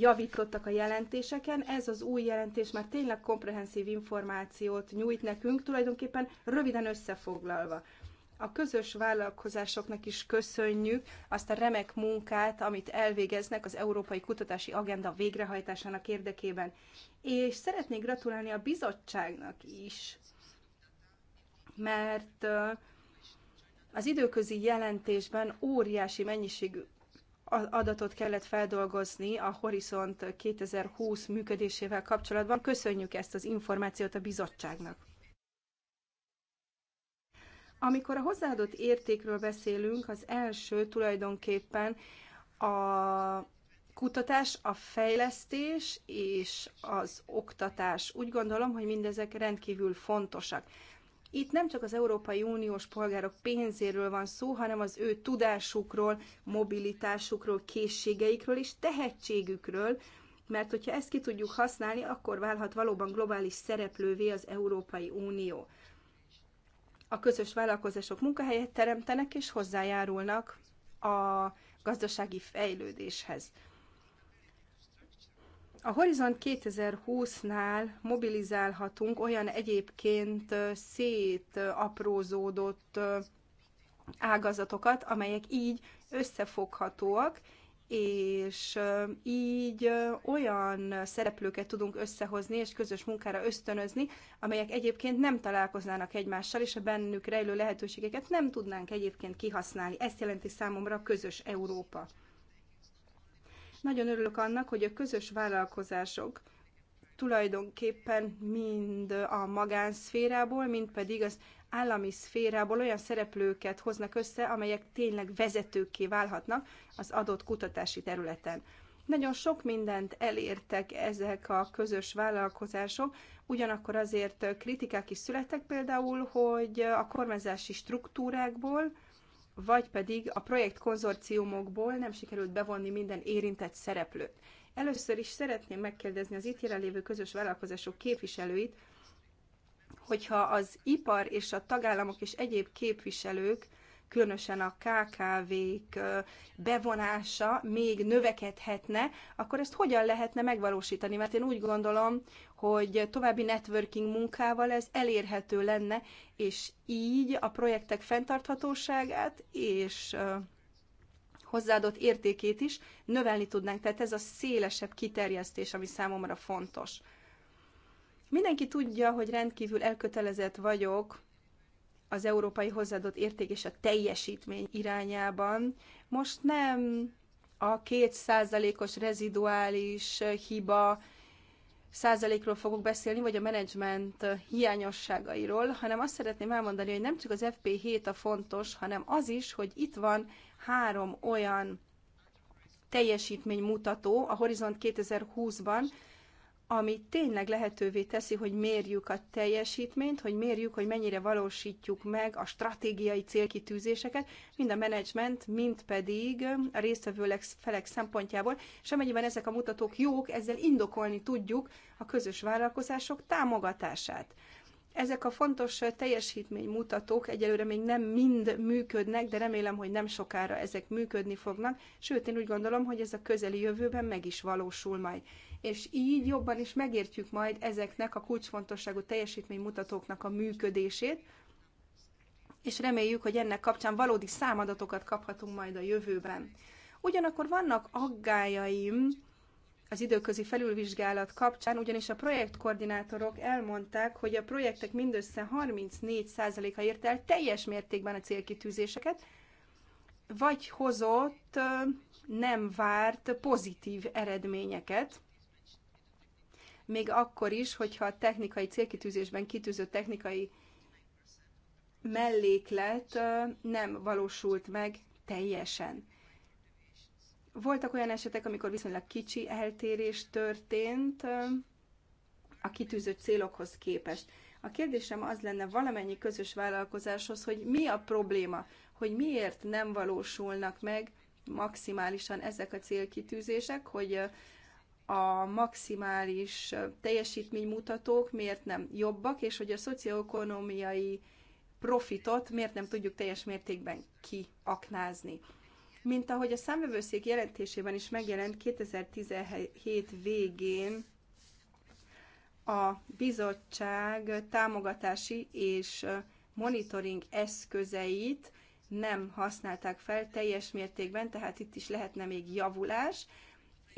javítottak a jelentéseken. Ez az új jelentés már tényleg komprehenszív információt nyújt nekünk, tulajdonképpen röviden összefoglalva. A közös vállalkozásoknak is köszönjük azt a remek munkát, amit elvégeznek az Európai Kutatási Agenda végrehajtásának érdekében. És szeretnék gratulálni a bizottságnak is, mert az időközi jelentésben óriási mennyiségű adatot kellett feldolgozni a Horizont 2020 működésével kapcsolatban. Köszönjük ezt az információt a bizottságnak. Amikor a hozzáadott értékről beszélünk, az első tulajdonképpen a kutatás, a fejlesztés és az oktatás. Úgy gondolom, hogy mindezek rendkívül fontosak. Itt nem csak az Európai Uniós polgárok pénzéről van szó, hanem az ő tudásukról, mobilitásukról, készségeikről és tehetségükről, mert hogyha ezt ki tudjuk használni, akkor válhat valóban globális szereplővé az Európai Unió. A közös vállalkozások munkahelyet teremtenek és hozzájárulnak a gazdasági fejlődéshez. A Horizont 2020-nál mobilizálhatunk olyan egyébként szétaprózódott ágazatokat, amelyek így összefoghatóak, és így olyan szereplőket tudunk összehozni és közös munkára ösztönözni, amelyek egyébként nem találkoznának egymással, és a bennük rejlő lehetőségeket nem tudnánk egyébként kihasználni. Ezt jelenti számomra a közös Európa. Nagyon örülök annak, hogy a közös vállalkozások tulajdonképpen mind a magánszférából, mind pedig az állami szférából olyan szereplőket hoznak össze, amelyek tényleg vezetőkké válhatnak az adott kutatási területen. Nagyon sok mindent elértek ezek a közös vállalkozások, ugyanakkor azért kritikák is születtek például, hogy a kormányzási struktúrákból vagy pedig a projekt konzorciumokból nem sikerült bevonni minden érintett szereplőt. Először is szeretném megkérdezni az itt jelenlévő közös vállalkozások képviselőit, hogyha az ipar és a tagállamok és egyéb képviselők különösen a KKV-k bevonása még növekedhetne, akkor ezt hogyan lehetne megvalósítani? Mert én úgy gondolom, hogy további networking munkával ez elérhető lenne, és így a projektek fenntarthatóságát és hozzáadott értékét is növelni tudnánk. Tehát ez a szélesebb kiterjesztés, ami számomra fontos. Mindenki tudja, hogy rendkívül elkötelezett vagyok az európai hozzáadott érték és a teljesítmény irányában. Most nem a két százalékos reziduális hiba százalékról fogok beszélni, vagy a menedzsment hiányosságairól, hanem azt szeretném elmondani, hogy nem csak az FP7 a fontos, hanem az is, hogy itt van három olyan teljesítménymutató a Horizont 2020-ban, ami tényleg lehetővé teszi, hogy mérjük a teljesítményt, hogy mérjük, hogy mennyire valósítjuk meg a stratégiai célkitűzéseket, mind a menedzsment, mind pedig a résztvevő felek szempontjából, és amennyiben ezek a mutatók jók, ezzel indokolni tudjuk a közös vállalkozások támogatását. Ezek a fontos teljesítménymutatók egyelőre még nem mind működnek, de remélem, hogy nem sokára ezek működni fognak, sőt, én úgy gondolom, hogy ez a közeli jövőben meg is valósul majd és így jobban is megértjük majd ezeknek a kulcsfontosságú teljesítménymutatóknak a működését, és reméljük, hogy ennek kapcsán valódi számadatokat kaphatunk majd a jövőben. Ugyanakkor vannak aggájaim az időközi felülvizsgálat kapcsán, ugyanis a projektkoordinátorok elmondták, hogy a projektek mindössze 34%-a ért el teljes mértékben a célkitűzéseket, vagy hozott nem várt pozitív eredményeket még akkor is, hogyha a technikai célkitűzésben kitűzött technikai melléklet nem valósult meg teljesen. Voltak olyan esetek, amikor viszonylag kicsi eltérés történt a kitűzött célokhoz képest. A kérdésem az lenne valamennyi közös vállalkozáshoz, hogy mi a probléma, hogy miért nem valósulnak meg maximálisan ezek a célkitűzések, hogy a maximális teljesítménymutatók miért nem jobbak, és hogy a szocioekonomiai profitot miért nem tudjuk teljes mértékben kiaknázni. Mint ahogy a számvevőszék jelentésében is megjelent 2017 végén, a bizottság támogatási és monitoring eszközeit nem használták fel teljes mértékben, tehát itt is lehetne még javulás,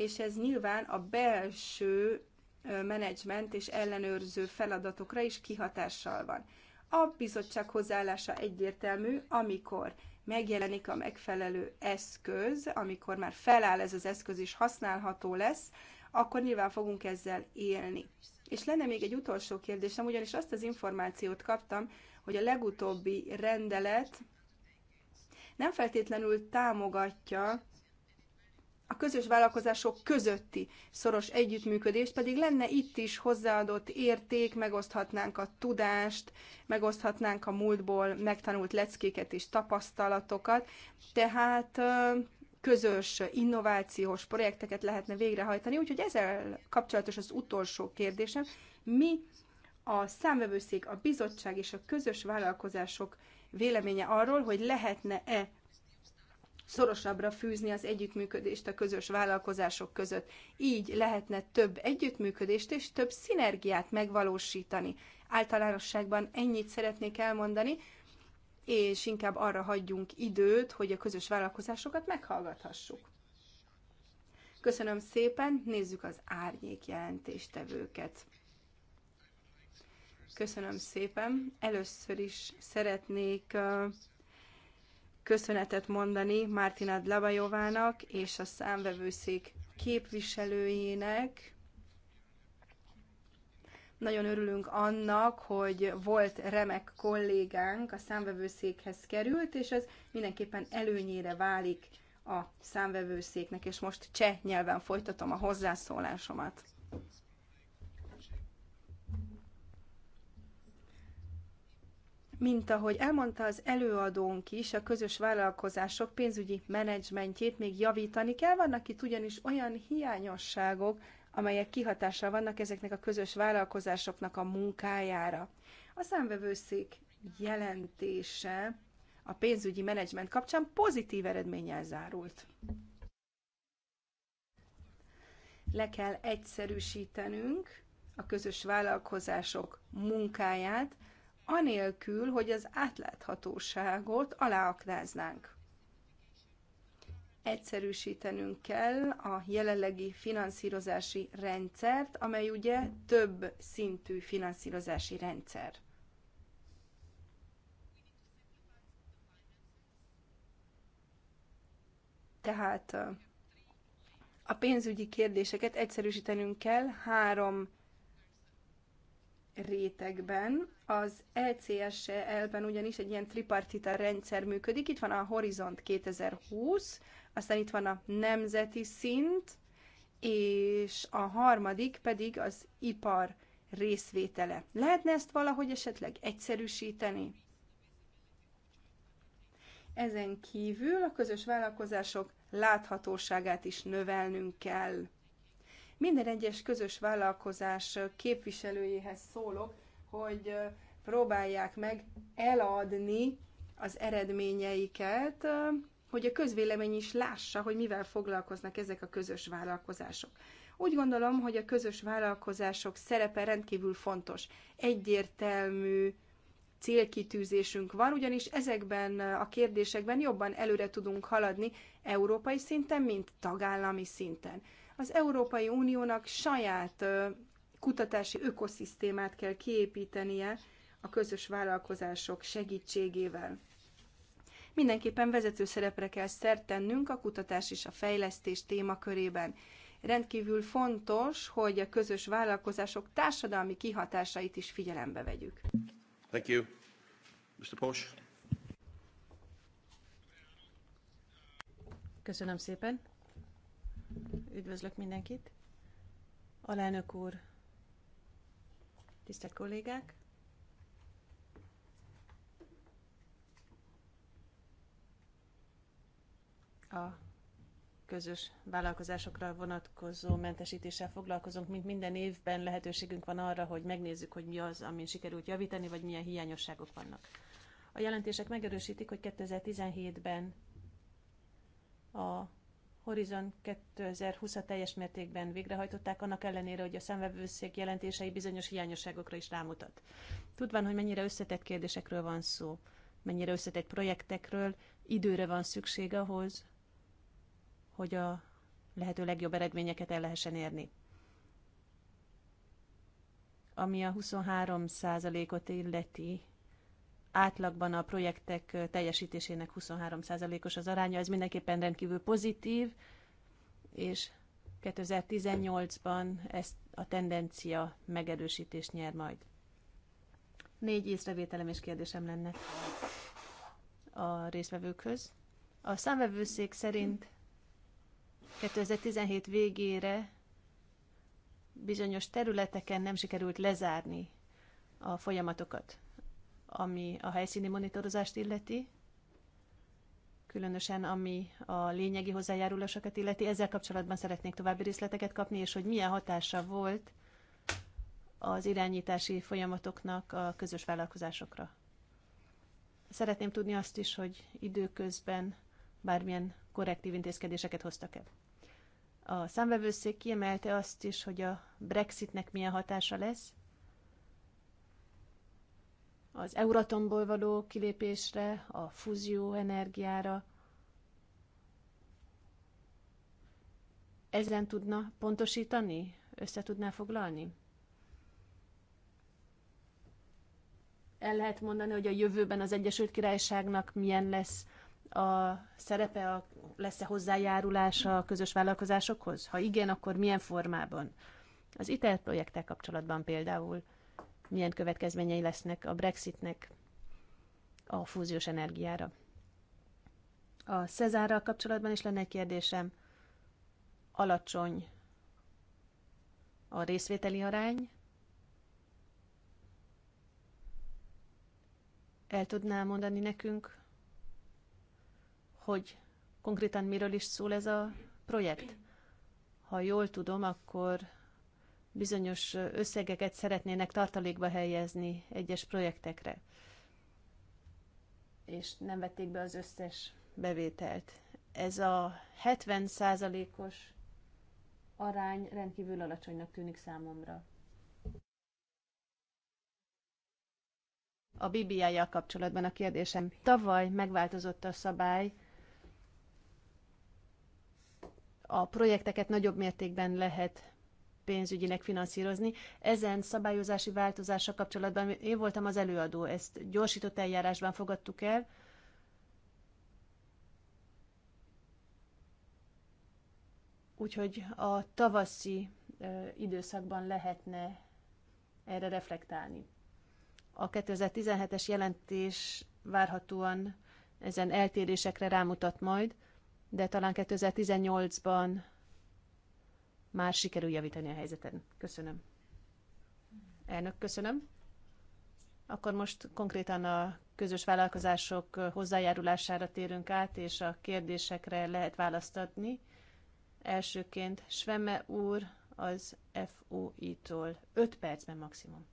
és ez nyilván a belső menedzsment és ellenőrző feladatokra is kihatással van. A bizottság hozzáállása egyértelmű, amikor megjelenik a megfelelő eszköz, amikor már feláll ez az eszköz és használható lesz, akkor nyilván fogunk ezzel élni. És lenne még egy utolsó kérdésem, ugyanis azt az információt kaptam, hogy a legutóbbi rendelet nem feltétlenül támogatja a közös vállalkozások közötti szoros együttműködést, pedig lenne itt is hozzáadott érték, megoszthatnánk a tudást, megoszthatnánk a múltból megtanult leckéket és tapasztalatokat, tehát közös innovációs projekteket lehetne végrehajtani, úgyhogy ezzel kapcsolatos az utolsó kérdésem, mi a számvevőszék, a bizottság és a közös vállalkozások véleménye arról, hogy lehetne-e szorosabbra fűzni az együttműködést a közös vállalkozások között. Így lehetne több együttműködést és több szinergiát megvalósítani. Általánosságban ennyit szeretnék elmondani, és inkább arra hagyjunk időt, hogy a közös vállalkozásokat meghallgathassuk. Köszönöm szépen, nézzük az árnyék jelentéstevőket. Köszönöm szépen. Először is szeretnék köszönetet mondani Martina Dlabajovának és a számvevőszék képviselőjének. Nagyon örülünk annak, hogy volt remek kollégánk a számvevőszékhez került, és ez mindenképpen előnyére válik a számvevőszéknek, és most cseh nyelven folytatom a hozzászólásomat. Mint ahogy elmondta az előadónk is, a közös vállalkozások pénzügyi menedzsmentjét még javítani kell, vannak itt ugyanis olyan hiányosságok, amelyek kihatással vannak ezeknek a közös vállalkozásoknak a munkájára. A számvevőszék jelentése a pénzügyi menedzsment kapcsán pozitív eredménnyel zárult. Le kell egyszerűsítenünk a közös vállalkozások munkáját, anélkül, hogy az átláthatóságot aláaknáznánk. Egyszerűsítenünk kell a jelenlegi finanszírozási rendszert, amely ugye több szintű finanszírozási rendszer. Tehát a pénzügyi kérdéseket egyszerűsítenünk kell három rétegben. Az e e lcsl ben ugyanis egy ilyen tripartita rendszer működik. Itt van a Horizont 2020, aztán itt van a nemzeti szint, és a harmadik pedig az ipar részvétele. Lehetne ezt valahogy esetleg egyszerűsíteni? Ezen kívül a közös vállalkozások láthatóságát is növelnünk kell. Minden egyes közös vállalkozás képviselőjéhez szólok, hogy próbálják meg eladni az eredményeiket, hogy a közvélemény is lássa, hogy mivel foglalkoznak ezek a közös vállalkozások. Úgy gondolom, hogy a közös vállalkozások szerepe rendkívül fontos. Egyértelmű célkitűzésünk van, ugyanis ezekben a kérdésekben jobban előre tudunk haladni európai szinten, mint tagállami szinten. Az Európai Uniónak saját kutatási ökoszisztémát kell kiépítenie a közös vállalkozások segítségével. Mindenképpen vezető szerepre kell szert tennünk a kutatás és a fejlesztés témakörében. Rendkívül fontos, hogy a közös vállalkozások társadalmi kihatásait is figyelembe vegyük. Thank you. Mr. Posh. Köszönöm szépen. Üdvözlök mindenkit. Alelnök úr, tisztelt kollégák! A közös vállalkozásokra vonatkozó mentesítéssel foglalkozunk, mint minden évben lehetőségünk van arra, hogy megnézzük, hogy mi az, amin sikerült javítani, vagy milyen hiányosságok vannak. A jelentések megerősítik, hogy 2017-ben a Horizon 2020-a teljes mértékben végrehajtották, annak ellenére, hogy a szemvevőszék jelentései bizonyos hiányosságokra is rámutat. Tudván, hogy mennyire összetett kérdésekről van szó, mennyire összetett projektekről, időre van szükség ahhoz, hogy a lehető legjobb eredményeket el lehessen érni. Ami a 23%-ot illeti, átlagban a projektek teljesítésének 23%-os az aránya, ez mindenképpen rendkívül pozitív, és 2018-ban ezt a tendencia megerősítést nyer majd. Négy észrevételem és kérdésem lenne a részvevőkhöz. A számvevőszék szerint 2017 végére bizonyos területeken nem sikerült lezárni a folyamatokat ami a helyszíni monitorozást illeti, különösen ami a lényegi hozzájárulásokat illeti. Ezzel kapcsolatban szeretnék további részleteket kapni, és hogy milyen hatása volt az irányítási folyamatoknak a közös vállalkozásokra. Szeretném tudni azt is, hogy időközben bármilyen korrektív intézkedéseket hoztak el. A számvevőszék kiemelte azt is, hogy a Brexitnek milyen hatása lesz, az Euratomból való kilépésre, a fúzió energiára. Ezen tudna pontosítani? Össze tudná foglalni? El lehet mondani, hogy a jövőben az Egyesült Királyságnak milyen lesz a szerepe, a, lesz-e hozzájárulása a közös vállalkozásokhoz? Ha igen, akkor milyen formában? Az ITER projektek kapcsolatban például milyen következményei lesznek a Brexitnek a fúziós energiára. A Cezárral kapcsolatban is lenne egy kérdésem. Alacsony a részvételi arány. El tudná mondani nekünk, hogy konkrétan miről is szól ez a projekt? Ha jól tudom, akkor bizonyos összegeket szeretnének tartalékba helyezni egyes projektekre, és nem vették be az összes bevételt. Ez a 70%-os arány rendkívül alacsonynak tűnik számomra. A BBI-jal kapcsolatban a kérdésem. Tavaly megváltozott a szabály, a projekteket nagyobb mértékben lehet pénzügyileg finanszírozni. Ezen szabályozási változása kapcsolatban én voltam az előadó, ezt gyorsított eljárásban fogadtuk el. Úgyhogy a tavaszi időszakban lehetne erre reflektálni. A 2017-es jelentés várhatóan ezen eltérésekre rámutat majd, de talán 2018-ban már sikerül javítani a helyzeten. Köszönöm. Elnök, köszönöm. Akkor most konkrétan a közös vállalkozások hozzájárulására térünk át, és a kérdésekre lehet választ adni. Elsőként Svemme úr az FOI-tól. 5 percben maximum.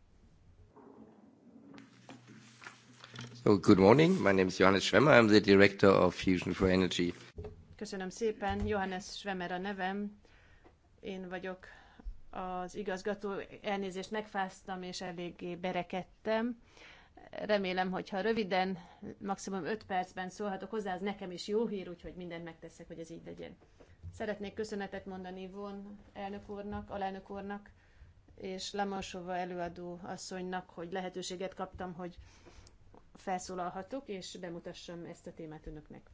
So, good morning. My name is Johannes Schwemmer. I'm the director of Fusion for Energy. Köszönöm szépen. Johannes Schwemmer a nevem. Én vagyok az igazgató, elnézést megfáztam, és eléggé berekedtem. Remélem, hogy ha röviden, maximum 5 percben szólhatok hozzá, az nekem is jó hír, úgyhogy mindent megteszek, hogy ez így legyen. Szeretnék köszönetet mondani von elnök úrnak, alelnök úrnak, és Lamosova előadó asszonynak, hogy lehetőséget kaptam, hogy felszólalhatok, és bemutassam ezt a témát önöknek.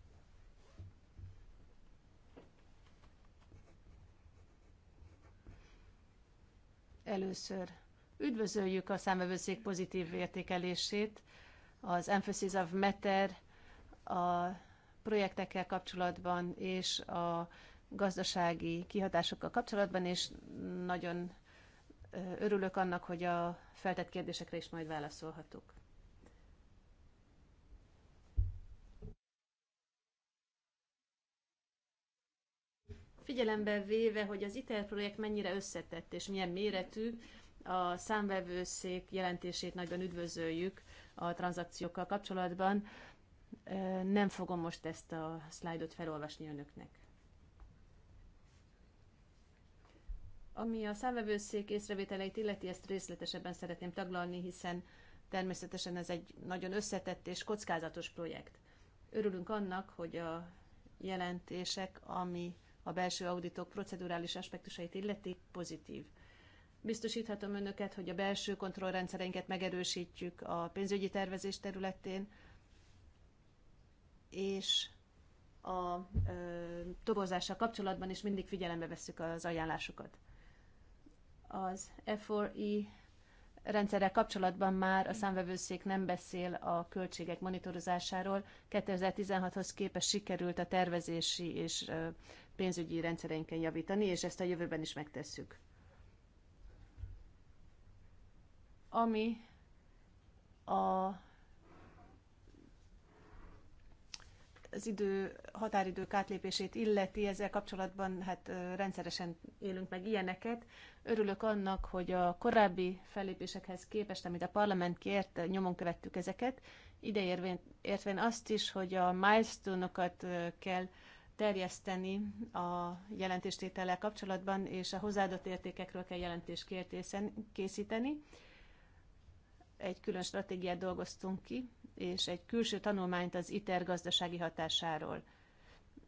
Először üdvözöljük a számvevőszék pozitív értékelését, az Emphasis of Matter a projektekkel kapcsolatban és a gazdasági kihatásokkal kapcsolatban, és nagyon örülök annak, hogy a feltett kérdésekre is majd válaszolhatok. figyelembe véve, hogy az ITER projekt mennyire összetett és milyen méretű, a számvevőszék jelentését nagyon üdvözöljük a tranzakciókkal kapcsolatban. Nem fogom most ezt a szlájdot felolvasni önöknek. Ami a számvevőszék észrevételeit illeti, ezt részletesebben szeretném taglalni, hiszen természetesen ez egy nagyon összetett és kockázatos projekt. Örülünk annak, hogy a jelentések, ami a belső auditok procedurális aspektusait illeti, pozitív. Biztosíthatom önöket, hogy a belső kontrollrendszereinket megerősítjük a pénzügyi tervezés területén, és a ö, toborzással kapcsolatban is mindig figyelembe veszük az ajánlásokat. Az F4E rendszerrel kapcsolatban már a számvevőszék nem beszél a költségek monitorozásáról. 2016-hoz képest sikerült a tervezési és pénzügyi rendszereinken javítani, és ezt a jövőben is megtesszük. Ami a az idő, határidők átlépését illeti, ezzel kapcsolatban hát rendszeresen élünk meg ilyeneket. Örülök annak, hogy a korábbi fellépésekhez képest, amit a parlament kért, nyomon követtük ezeket, Ideértve értvén azt is, hogy a milestone-okat kell terjeszteni a jelentéstétellel kapcsolatban, és a hozzáadott értékekről kell jelentést készíteni. Egy külön stratégiát dolgoztunk ki, és egy külső tanulmányt az ITER gazdasági hatásáról.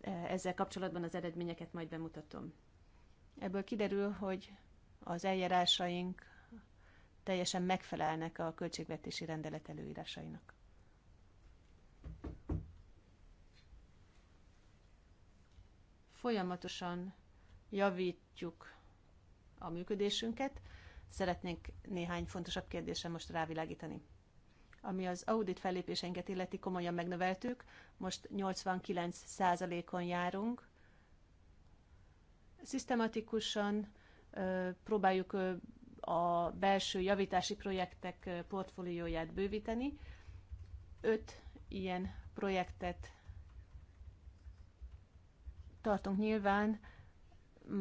E, ezzel kapcsolatban az eredményeket majd bemutatom. Ebből kiderül, hogy az eljárásaink teljesen megfelelnek a költségvetési rendelet előírásainak. folyamatosan javítjuk a működésünket. Szeretnénk néhány fontosabb kérdésre most rávilágítani. Ami az audit fellépéseinket illeti, komolyan megnöveltük, most 89%-on járunk. Szisztematikusan ö, próbáljuk ö, a belső javítási projektek portfólióját bővíteni. Öt ilyen projektet tartunk nyilván.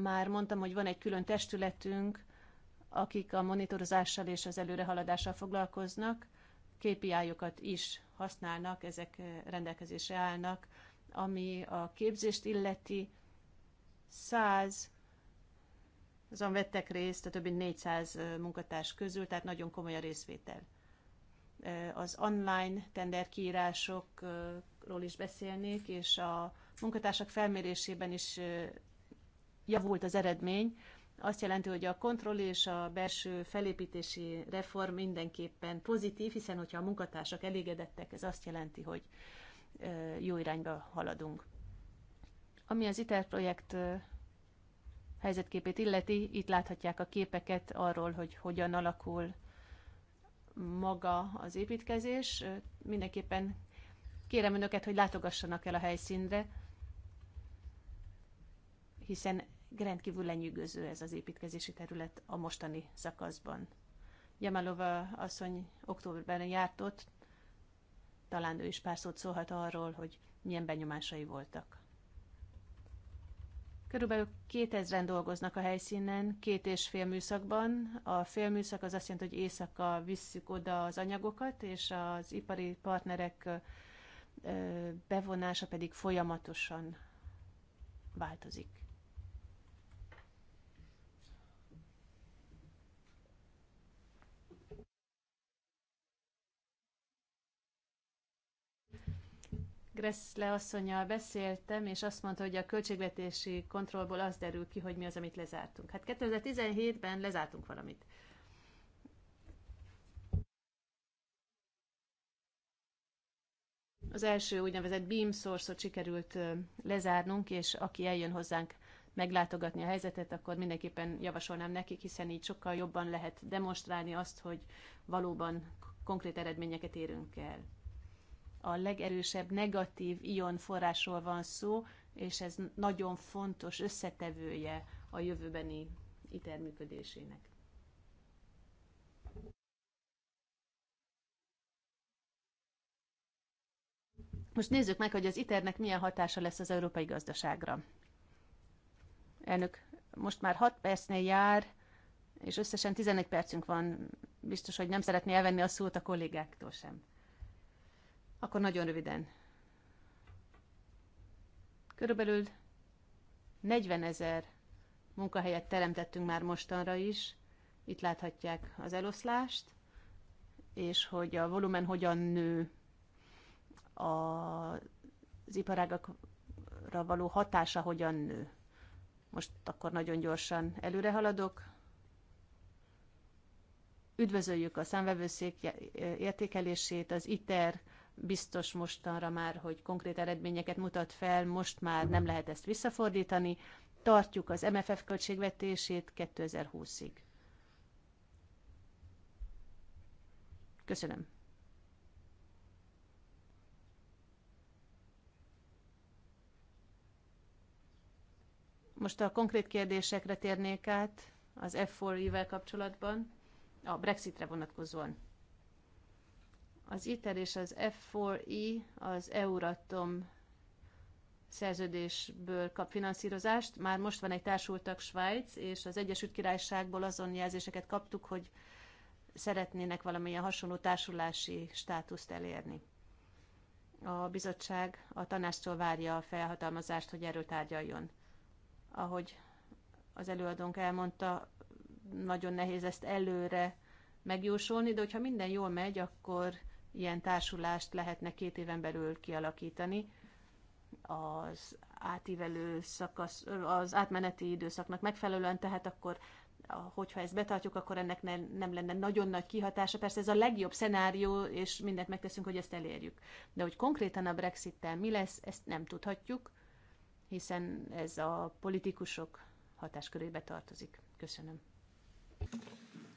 Már mondtam, hogy van egy külön testületünk, akik a monitorozással és az előrehaladással foglalkoznak, kpi is használnak, ezek eh, rendelkezésre állnak, ami a képzést illeti, 100 azon vettek részt a többi 400 eh, munkatárs közül, tehát nagyon komoly a részvétel. Eh, az online tenderkiírásokról is beszélnék, és a munkatársak felmérésében is javult az eredmény. Azt jelenti, hogy a kontroll és a belső felépítési reform mindenképpen pozitív, hiszen hogyha a munkatársak elégedettek, ez azt jelenti, hogy jó irányba haladunk. Ami az ITER projekt helyzetképét illeti, itt láthatják a képeket arról, hogy hogyan alakul maga az építkezés. Mindenképpen kérem önöket, hogy látogassanak el a helyszínre hiszen rendkívül lenyűgöző ez az építkezési terület a mostani szakaszban. Jamalova asszony októberben járt ott, talán ő is pár szót szólhat arról, hogy milyen benyomásai voltak. Körülbelül 2000-en dolgoznak a helyszínen, két és fél műszakban. A fél műszak az azt jelenti, hogy éjszaka visszük oda az anyagokat, és az ipari partnerek bevonása pedig folyamatosan változik. Gressle asszonyjal beszéltem, és azt mondta, hogy a költségvetési kontrollból az derül ki, hogy mi az, amit lezártunk. Hát 2017-ben lezártunk valamit. Az első úgynevezett beam source sikerült lezárnunk, és aki eljön hozzánk meglátogatni a helyzetet, akkor mindenképpen javasolnám nekik, hiszen így sokkal jobban lehet demonstrálni azt, hogy valóban konkrét eredményeket érünk el a legerősebb negatív ion forrásról van szó, és ez nagyon fontos összetevője a jövőbeni ITER működésének. Most nézzük meg, hogy az iternek milyen hatása lesz az európai gazdaságra. Elnök, most már 6 percnél jár, és összesen 11 percünk van. Biztos, hogy nem szeretné elvenni a szót a kollégáktól sem. Akkor nagyon röviden. Körülbelül 40 ezer munkahelyet teremtettünk már mostanra is. Itt láthatják az eloszlást, és hogy a volumen hogyan nő az iparágakra való hatása hogyan nő. Most akkor nagyon gyorsan előre haladok. Üdvözöljük a számvevőszék értékelését, az ITER biztos mostanra már, hogy konkrét eredményeket mutat fel, most már nem lehet ezt visszafordítani. Tartjuk az MFF költségvetését 2020-ig. Köszönöm. Most a konkrét kérdésekre térnék át az F4-vel kapcsolatban, a Brexitre vonatkozóan. Az ITER és az F4I az Euratom szerződésből kap finanszírozást. Már most van egy társultak Svájc, és az Egyesült Királyságból azon jelzéseket kaptuk, hogy szeretnének valamilyen hasonló társulási státuszt elérni. A bizottság a tanástól várja a felhatalmazást, hogy erről tárgyaljon. Ahogy az előadónk elmondta, nagyon nehéz ezt előre megjósolni, de hogyha minden jól megy, akkor ilyen társulást lehetne két éven belül kialakítani. Az átívelő szakasz, az átmeneti időszaknak megfelelően, tehát akkor hogyha ezt betartjuk, akkor ennek ne, nem lenne nagyon nagy kihatása. Persze ez a legjobb szenárió, és mindent megteszünk, hogy ezt elérjük. De hogy konkrétan a Brexit-tel mi lesz, ezt nem tudhatjuk, hiszen ez a politikusok hatáskörébe tartozik. Köszönöm.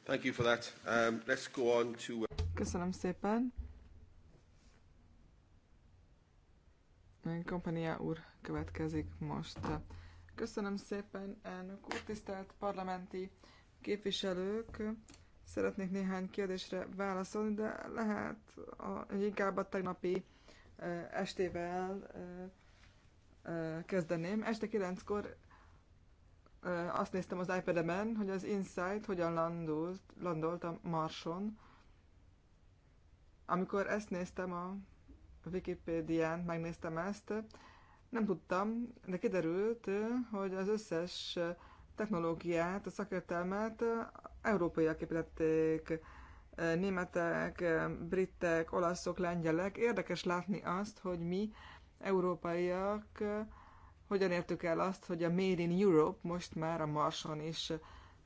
Thank you for that. Um, let's go on to... Köszönöm szépen. Kompania úr következik most. Köszönöm szépen, elnök úr, tisztelt parlamenti képviselők! Szeretnék néhány kérdésre válaszolni, de lehet a, inkább a tegnapi e, estével e, e, kezdeném. Este kilenckor azt néztem az iPad-emen, hogy az Insight hogyan landolt, landolt a Marson. Amikor ezt néztem a Wikipédián megnéztem ezt, nem tudtam, de kiderült, hogy az összes technológiát, a szakértelmet európaiak építették, németek, britek, olaszok, lengyelek. Érdekes látni azt, hogy mi, európaiak, hogyan értük el azt, hogy a Made in Europe most már a Marson is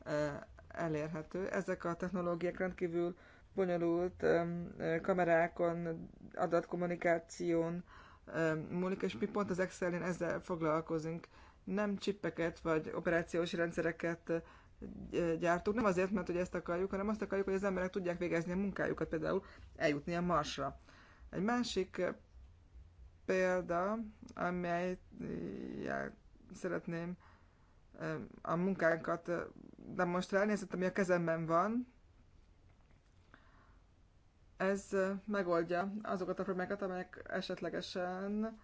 eh, elérhető. Ezek a technológiák rendkívül bonyolult kamerákon, adatkommunikáción múlik, és mi pont az excel ezzel foglalkozunk. Nem csippeket vagy operációs rendszereket gyártunk, nem azért, mert hogy ezt akarjuk, hanem azt akarjuk, hogy az emberek tudják végezni a munkájukat, például eljutni a Marsra. Egy másik példa, amelyet szeretném a munkánkat demonstrálni, ez ami a kezemben van, ez megoldja azokat a problémákat, amelyek esetlegesen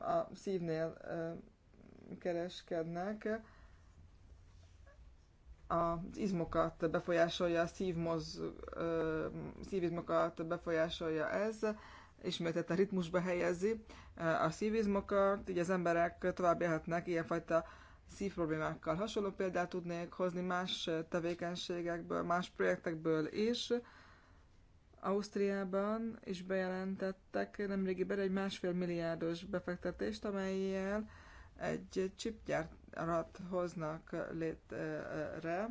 a szívnél kereskednek. Az izmokat befolyásolja, a szívmoz, szívizmokat befolyásolja ez, a ritmusba helyezi a szívizmokat, így az emberek tovább élhetnek ilyenfajta szívproblémákkal. Hasonló példát tudnék hozni más tevékenységekből, más projektekből is, Ausztriában is bejelentettek nemrégiben egy másfél milliárdos befektetést, amelyel egy chipgyárat hoznak létre.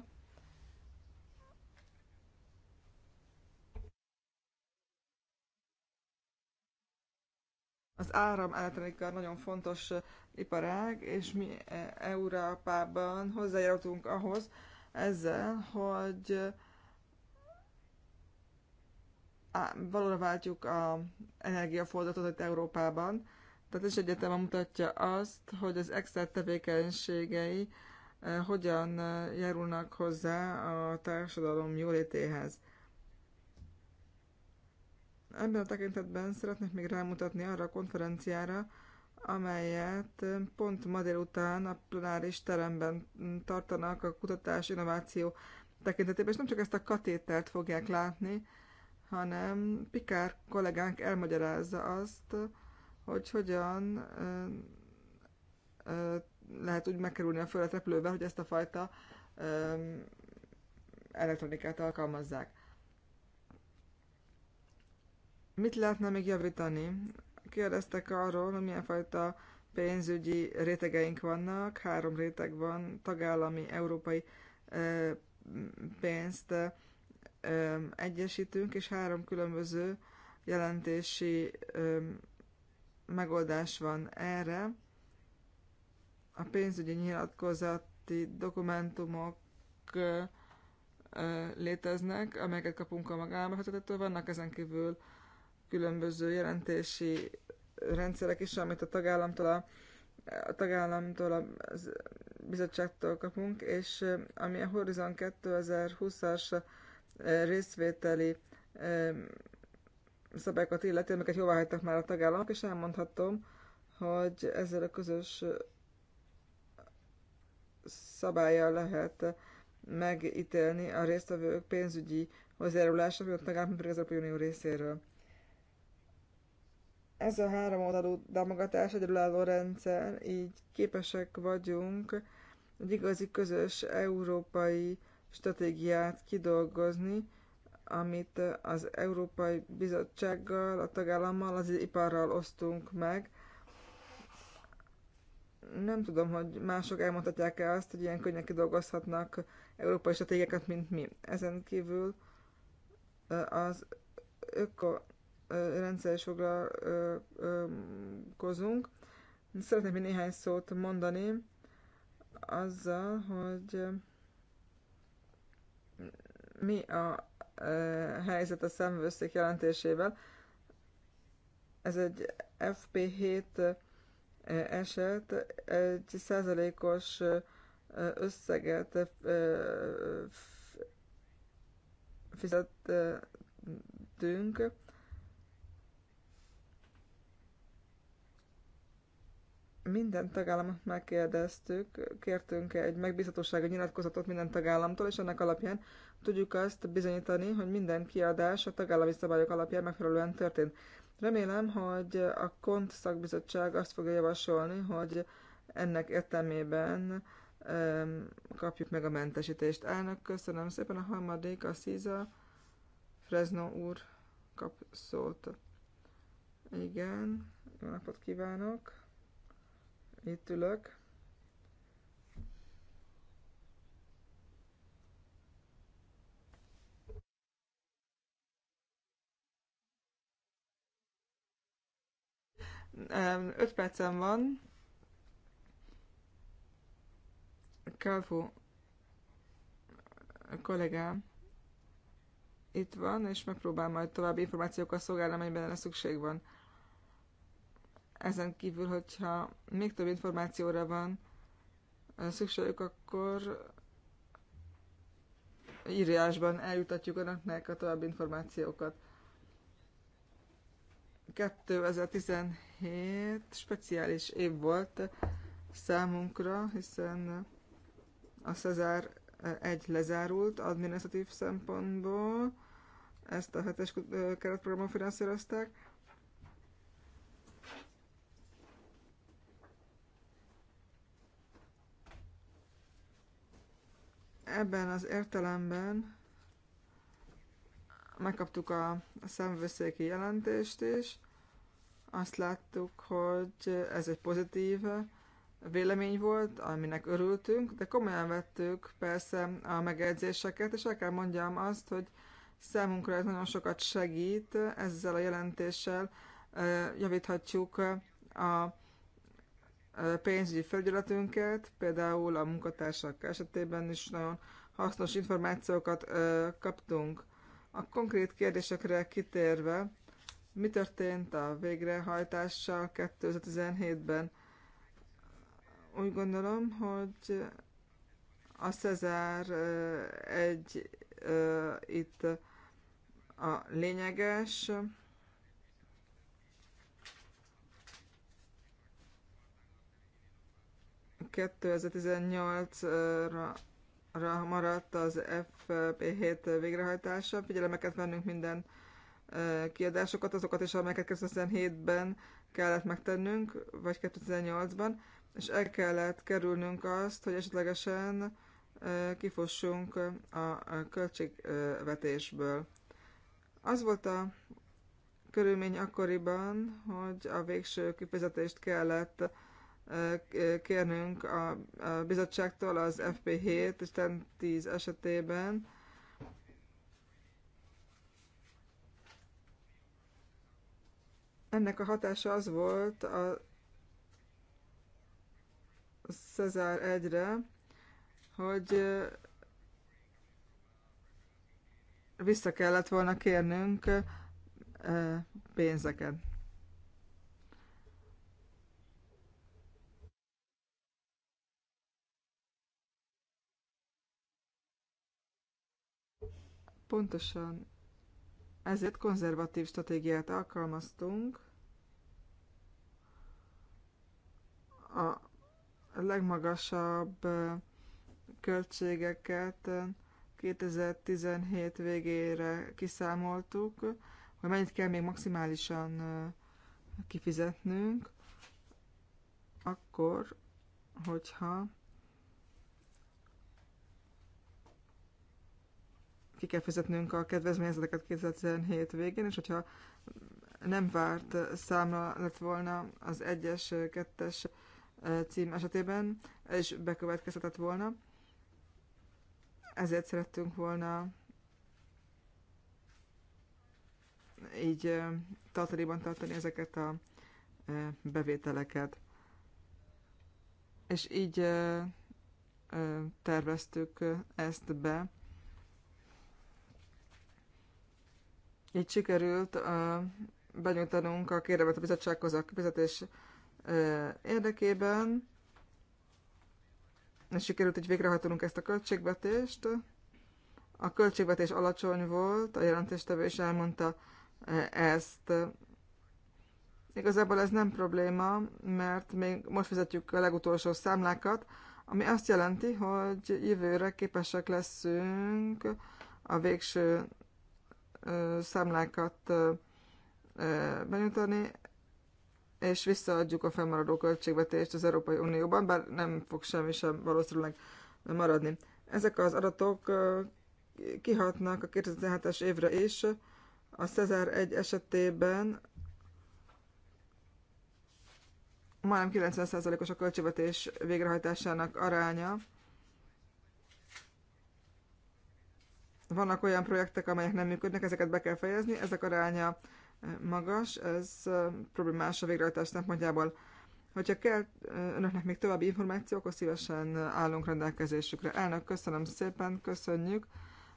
Az áram elektronika nagyon fontos iparág, és mi Európában hozzájárultunk ahhoz ezzel, hogy valóra váltjuk a energiafordulatot itt Európában. Tehát is egyetem mutatja azt, hogy az extra tevékenységei hogyan járulnak hozzá a társadalom jólétéhez. Ebben a tekintetben szeretnék még rámutatni arra a konferenciára, amelyet pont ma délután a plenáris teremben tartanak a kutatás, innováció tekintetében, és nem csak ezt a katétert fogják látni, hanem Pikár kollégánk elmagyarázza azt, hogy hogyan lehet úgy megkerülni a földet repülővel, hogy ezt a fajta elektronikát alkalmazzák. Mit lehetne még javítani? Kérdeztek arról, hogy milyen fajta pénzügyi rétegeink vannak. Három réteg van, tagállami, európai pénzt egyesítünk, és három különböző jelentési megoldás van erre. A pénzügyi nyilatkozati dokumentumok léteznek, amelyeket kapunk a magánbefektetőtől, vannak ezen kívül különböző jelentési rendszerek is, amit a tagállamtól, a, a tagállamtól, a bizottságtól kapunk, és ami a Horizon 2020-as részvételi szabályokat illeti, amiket jóvá hagytak már a tagállamok, és elmondhatom, hogy ezzel a közös szabálya lehet megítélni a résztvevők pénzügyi hozzájárulása, vagy a tagállamok pedig az Európai Unió részéről. Ez a három oldalú támogatás egyedülálló rendszer, így képesek vagyunk egy igazi közös európai stratégiát kidolgozni, amit az Európai Bizottsággal, a tagállammal, az iparral osztunk meg. Nem tudom, hogy mások elmondhatják-e azt, hogy ilyen könnyen kidolgozhatnak európai stratégiákat, mint mi. Ezen kívül az öko rendszer is foglalkozunk. Szeretném néhány szót mondani azzal, hogy mi a helyzet a szemvőszék jelentésével. Ez egy FP7 eset, egy százalékos összeget fizettünk. Minden tagállamot megkérdeztük, kértünk egy megbízhatósági nyilatkozatot minden tagállamtól, és ennek alapján tudjuk azt bizonyítani, hogy minden kiadás a tagállami szabályok alapján megfelelően történt. Remélem, hogy a KONT szakbizottság azt fogja javasolni, hogy ennek értelmében kapjuk meg a mentesítést. Elnök, köszönöm szépen. A harmadik, a Sziza Fresno úr kap szót. Igen, jó napot kívánok. Itt ülök. 5 percem van. kávó, kollégám itt van, és megpróbál majd további információkkal szolgálni, amennyiben erre szükség van. Ezen kívül, hogyha még több információra van szükségük, akkor írásban eljutatjuk önöknek a további információkat. 2017 2017 speciális év volt számunkra, hiszen a Cezár e, egy lezárult adminisztratív szempontból, ezt a hetes keretprogramon finanszírozták. Ebben az értelemben megkaptuk a szemvőszéki jelentést is, azt láttuk, hogy ez egy pozitív vélemény volt, aminek örültünk, de komolyan vettük persze a megjegyzéseket, és el kell mondjam azt, hogy számunkra ez nagyon sokat segít, ezzel a jelentéssel javíthatjuk a pénzügyi felügyeletünket, például a munkatársak esetében is nagyon hasznos információkat kaptunk. A konkrét kérdésekre kitérve, mi történt a végrehajtással 2017-ben? Úgy gondolom, hogy a Cezár egy itt a lényeges, ...2018-ra maradt az FP7 végrehajtása. Figyelemmeket vennünk minden kiadásokat, azokat is, amelyeket 2007-ben kellett megtennünk, vagy 2008-ban, és el kellett kerülnünk azt, hogy esetlegesen kifossunk a költségvetésből. Az volt a körülmény akkoriban, hogy a végső kifizetést kellett kérnünk a bizottságtól az FP7 és 10 esetében, Ennek a hatása az volt a Cezár egyre, hogy vissza kellett volna kérnünk pénzeket. Pontosan ezért konzervatív stratégiát alkalmaztunk. A legmagasabb költségeket 2017 végére kiszámoltuk, hogy mennyit kell még maximálisan kifizetnünk, akkor, hogyha ki kell fizetnünk a kedvezményezeteket 2017 végén, és hogyha nem várt számla lett volna az 1-es, 2-es cím esetében, és bekövetkezhetett volna. Ezért szerettünk volna így tartaléban tartani ezeket a bevételeket. És így terveztük ezt be Így sikerült a, benyújtanunk a kérelmet a bizottsághoz a uh, érdekében, és sikerült így végrehajtanunk ezt a költségvetést. A költségvetés alacsony volt, a jelentéstevő is elmondta ezt. Igazából ez nem probléma, mert még most fizetjük a legutolsó számlákat, ami azt jelenti, hogy jövőre képesek leszünk a végső számlákat benyújtani, és visszaadjuk a fennmaradó költségvetést az Európai Unióban, bár nem fog semmi sem valószínűleg maradni. Ezek az adatok kihatnak a 2017-es évre is. A Cezár 1 esetében majdnem 90%-os a költségvetés végrehajtásának aránya, Vannak olyan projektek, amelyek nem működnek, ezeket be kell fejezni, ezek aránya eh, magas, ez eh, problémás a végrehajtás szempontjából. Hogyha kell eh, önöknek még további információ, akkor szívesen állunk rendelkezésükre. Elnök, köszönöm szépen, köszönjük.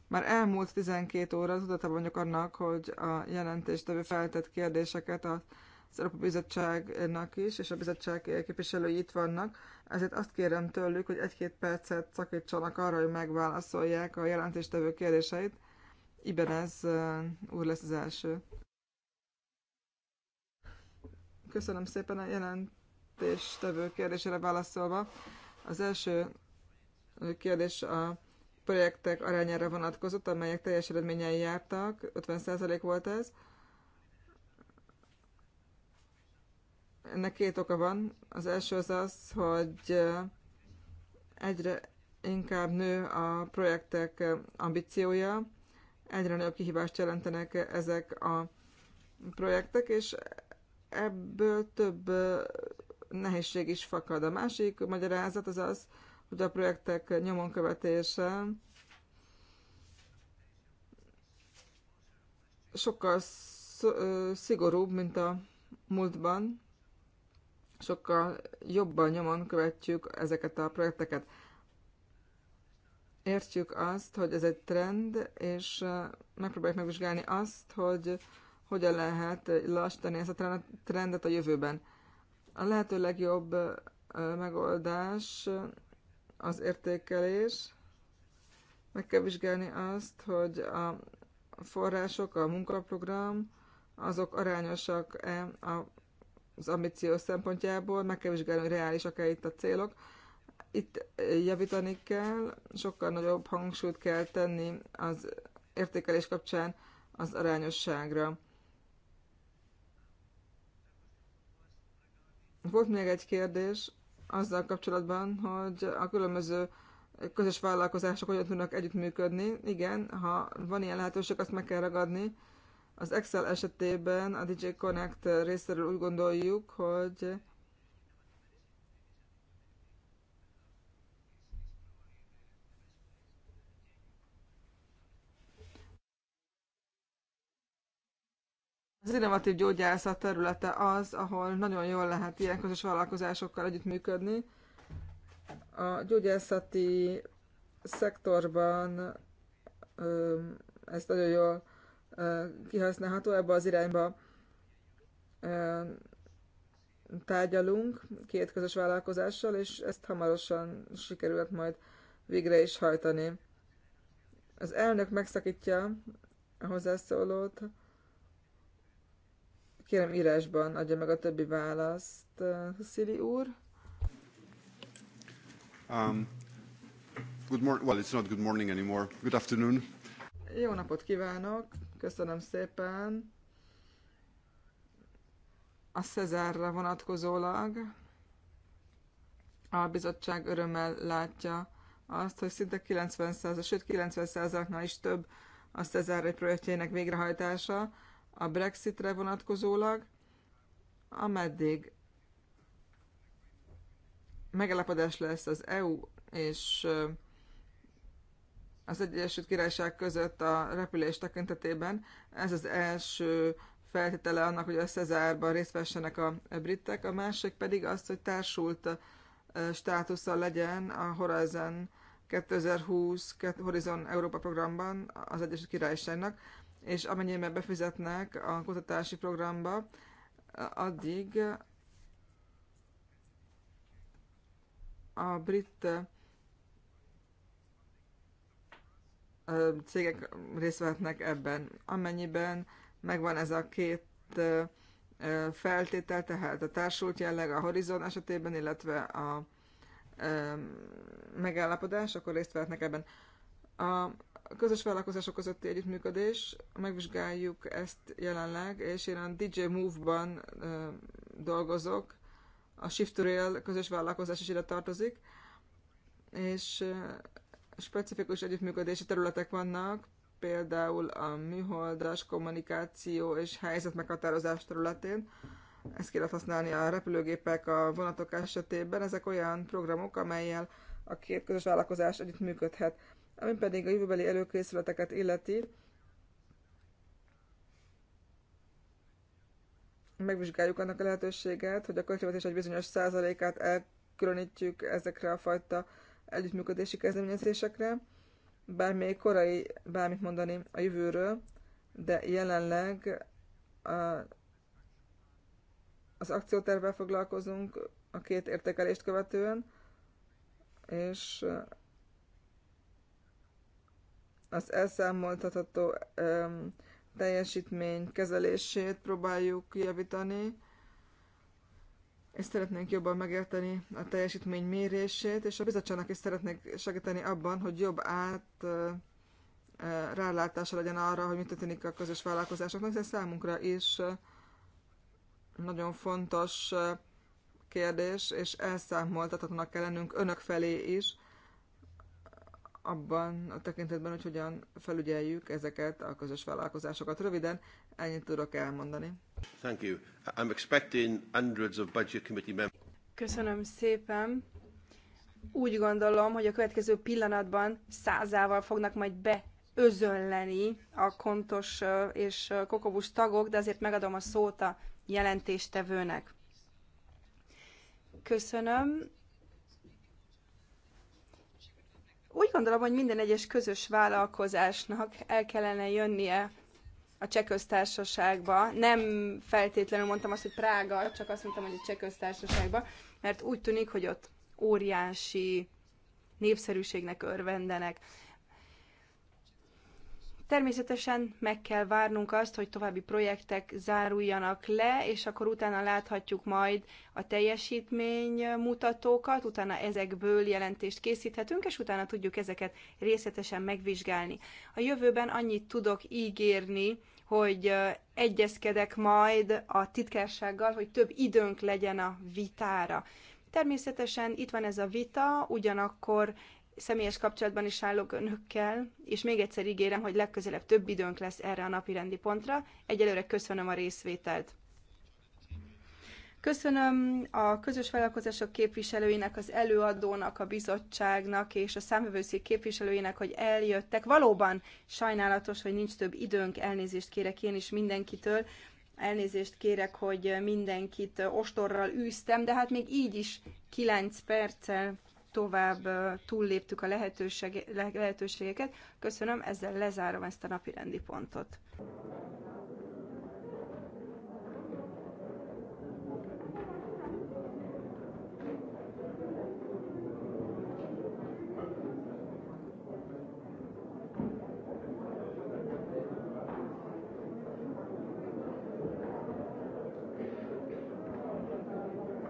Már elmúlt 12 óra, tudatában vagyok annak, hogy a jelentéstevő feltett kérdéseket a az Európa Bizottságnak is, és a bizottság képviselői itt vannak, ezért azt kérem tőlük, hogy egy-két percet szakítsanak arra, hogy megválaszolják a jelentéstevő kérdéseit. ez úr lesz az első. Köszönöm szépen a jelentéstevő kérdésére válaszolva. Az első kérdés a projektek arányára vonatkozott, amelyek teljes eredménnyel jártak, 50% volt ez, Ennek két oka van. Az első az az, hogy egyre inkább nő a projektek ambíciója, egyre nagyobb kihívást jelentenek ezek a projektek, és ebből több nehézség is fakad. A másik magyarázat az az, hogy a projektek nyomon követése sokkal szigorúbb, mint a múltban sokkal jobban nyomon követjük ezeket a projekteket. Értjük azt, hogy ez egy trend, és megpróbáljuk megvizsgálni azt, hogy hogyan lehet lassítani ezt a trendet a jövőben. A lehető legjobb megoldás az értékelés. Meg kell vizsgálni azt, hogy a források, a munkaprogram, azok arányosak-e a az ambíció szempontjából, meg kell vizsgálni, hogy reálisak-e itt a célok. Itt eh, javítani kell, sokkal nagyobb hangsúlyt kell tenni az értékelés kapcsán az arányosságra. Volt még egy kérdés azzal kapcsolatban, hogy a különböző közös vállalkozások hogyan tudnak együttműködni. Igen, ha van ilyen lehetőség, azt meg kell ragadni, az Excel esetében a DJ Connect részéről úgy gondoljuk, hogy Az innovatív gyógyászat területe az, ahol nagyon jól lehet ilyen közös vállalkozásokkal együttműködni. A gyógyászati szektorban ezt nagyon jól kihasználható, ebbe az irányba tárgyalunk két közös vállalkozással, és ezt hamarosan sikerült majd végre is hajtani. Az elnök megszakítja a hozzászólót. Kérem írásban adja meg a többi választ, Szili úr. Um, good morning, well it's not good morning anymore, good afternoon. Jó napot kívánok, Köszönöm szépen. A Cezárra vonatkozólag a bizottság örömmel látja azt, hogy szinte 90%, sőt 90%-nál is több a Cezárra projektjének végrehajtása a Brexitre vonatkozólag, ameddig megállapodás lesz az EU és az Egyesült Királyság között a repülés tekintetében. Ez az első feltétele annak, hogy a Cezárban részt vessenek a britek, a másik pedig az, hogy társult státusza legyen a Horizon 2020 Horizon Európa programban az Egyesült Királyságnak, és amennyiben befizetnek a kutatási programba, addig a brit cégek részt vehetnek ebben. Amennyiben megvan ez a két feltétel, tehát a társult jelleg a horizon esetében, illetve a megállapodás, akkor részt vehetnek ebben. A közös vállalkozások közötti együttműködés, megvizsgáljuk ezt jelenleg, és én a DJ Move-ban dolgozok, a Shift to Rail közös vállalkozás is ide tartozik, és specifikus együttműködési területek vannak, például a műholdas kommunikáció és helyzetmeghatározás területén. Ezt ki használni a repülőgépek, a vonatok esetében. Ezek olyan programok, amelyel a két közös vállalkozás együtt működhet. Ami pedig a jövőbeli előkészületeket illeti, megvizsgáljuk annak a lehetőséget, hogy a költségvetés egy bizonyos százalékát elkülönítjük ezekre a fajta együttműködési kezdeményezésekre, bár korai bármit mondani a jövőről, de jelenleg a, az akciótervvel foglalkozunk a két értékelést követően, és az elszámoltatható teljesítmény kezelését próbáljuk javítani, és szeretnénk jobban megérteni a teljesítmény mérését, és a bizottságnak is szeretnék segíteni abban, hogy jobb át rálátása legyen arra, hogy mit történik a közös vállalkozásoknak, ez számunkra is nagyon fontos kérdés, és elszámoltatatnak kell lennünk önök felé is, abban a tekintetben, hogy hogyan felügyeljük ezeket a közös vállalkozásokat. Röviden Ennyit tudok elmondani. Thank you. I'm expecting hundreds of budget committee members. Köszönöm szépen. Úgy gondolom, hogy a következő pillanatban százával fognak majd be özönleni a kontos és kokobus tagok, de azért megadom a szót a jelentéstevőnek. Köszönöm. Úgy gondolom, hogy minden egyes közös vállalkozásnak el kellene jönnie a cseh köztársaságba. Nem feltétlenül mondtam azt, hogy Prága, csak azt mondtam, hogy a cseh köztársaságba, mert úgy tűnik, hogy ott óriási népszerűségnek örvendenek. Természetesen meg kell várnunk azt, hogy további projektek záruljanak le, és akkor utána láthatjuk majd a teljesítmény mutatókat, utána ezekből jelentést készíthetünk, és utána tudjuk ezeket részletesen megvizsgálni. A jövőben annyit tudok ígérni, hogy egyezkedek majd a titkársággal, hogy több időnk legyen a vitára. Természetesen itt van ez a vita, ugyanakkor személyes kapcsolatban is állok önökkel, és még egyszer ígérem, hogy legközelebb több időnk lesz erre a napirendi pontra. Egyelőre köszönöm a részvételt. Köszönöm a közös vállalkozások képviselőinek, az előadónak, a bizottságnak és a számövőszék képviselőinek, hogy eljöttek. Valóban sajnálatos, hogy nincs több időnk, elnézést kérek én is mindenkitől. Elnézést kérek, hogy mindenkit ostorral űztem, de hát még így is 9 perccel tovább túlléptük a lehetőségeket. Köszönöm, ezzel lezárom ezt a napi rendi pontot.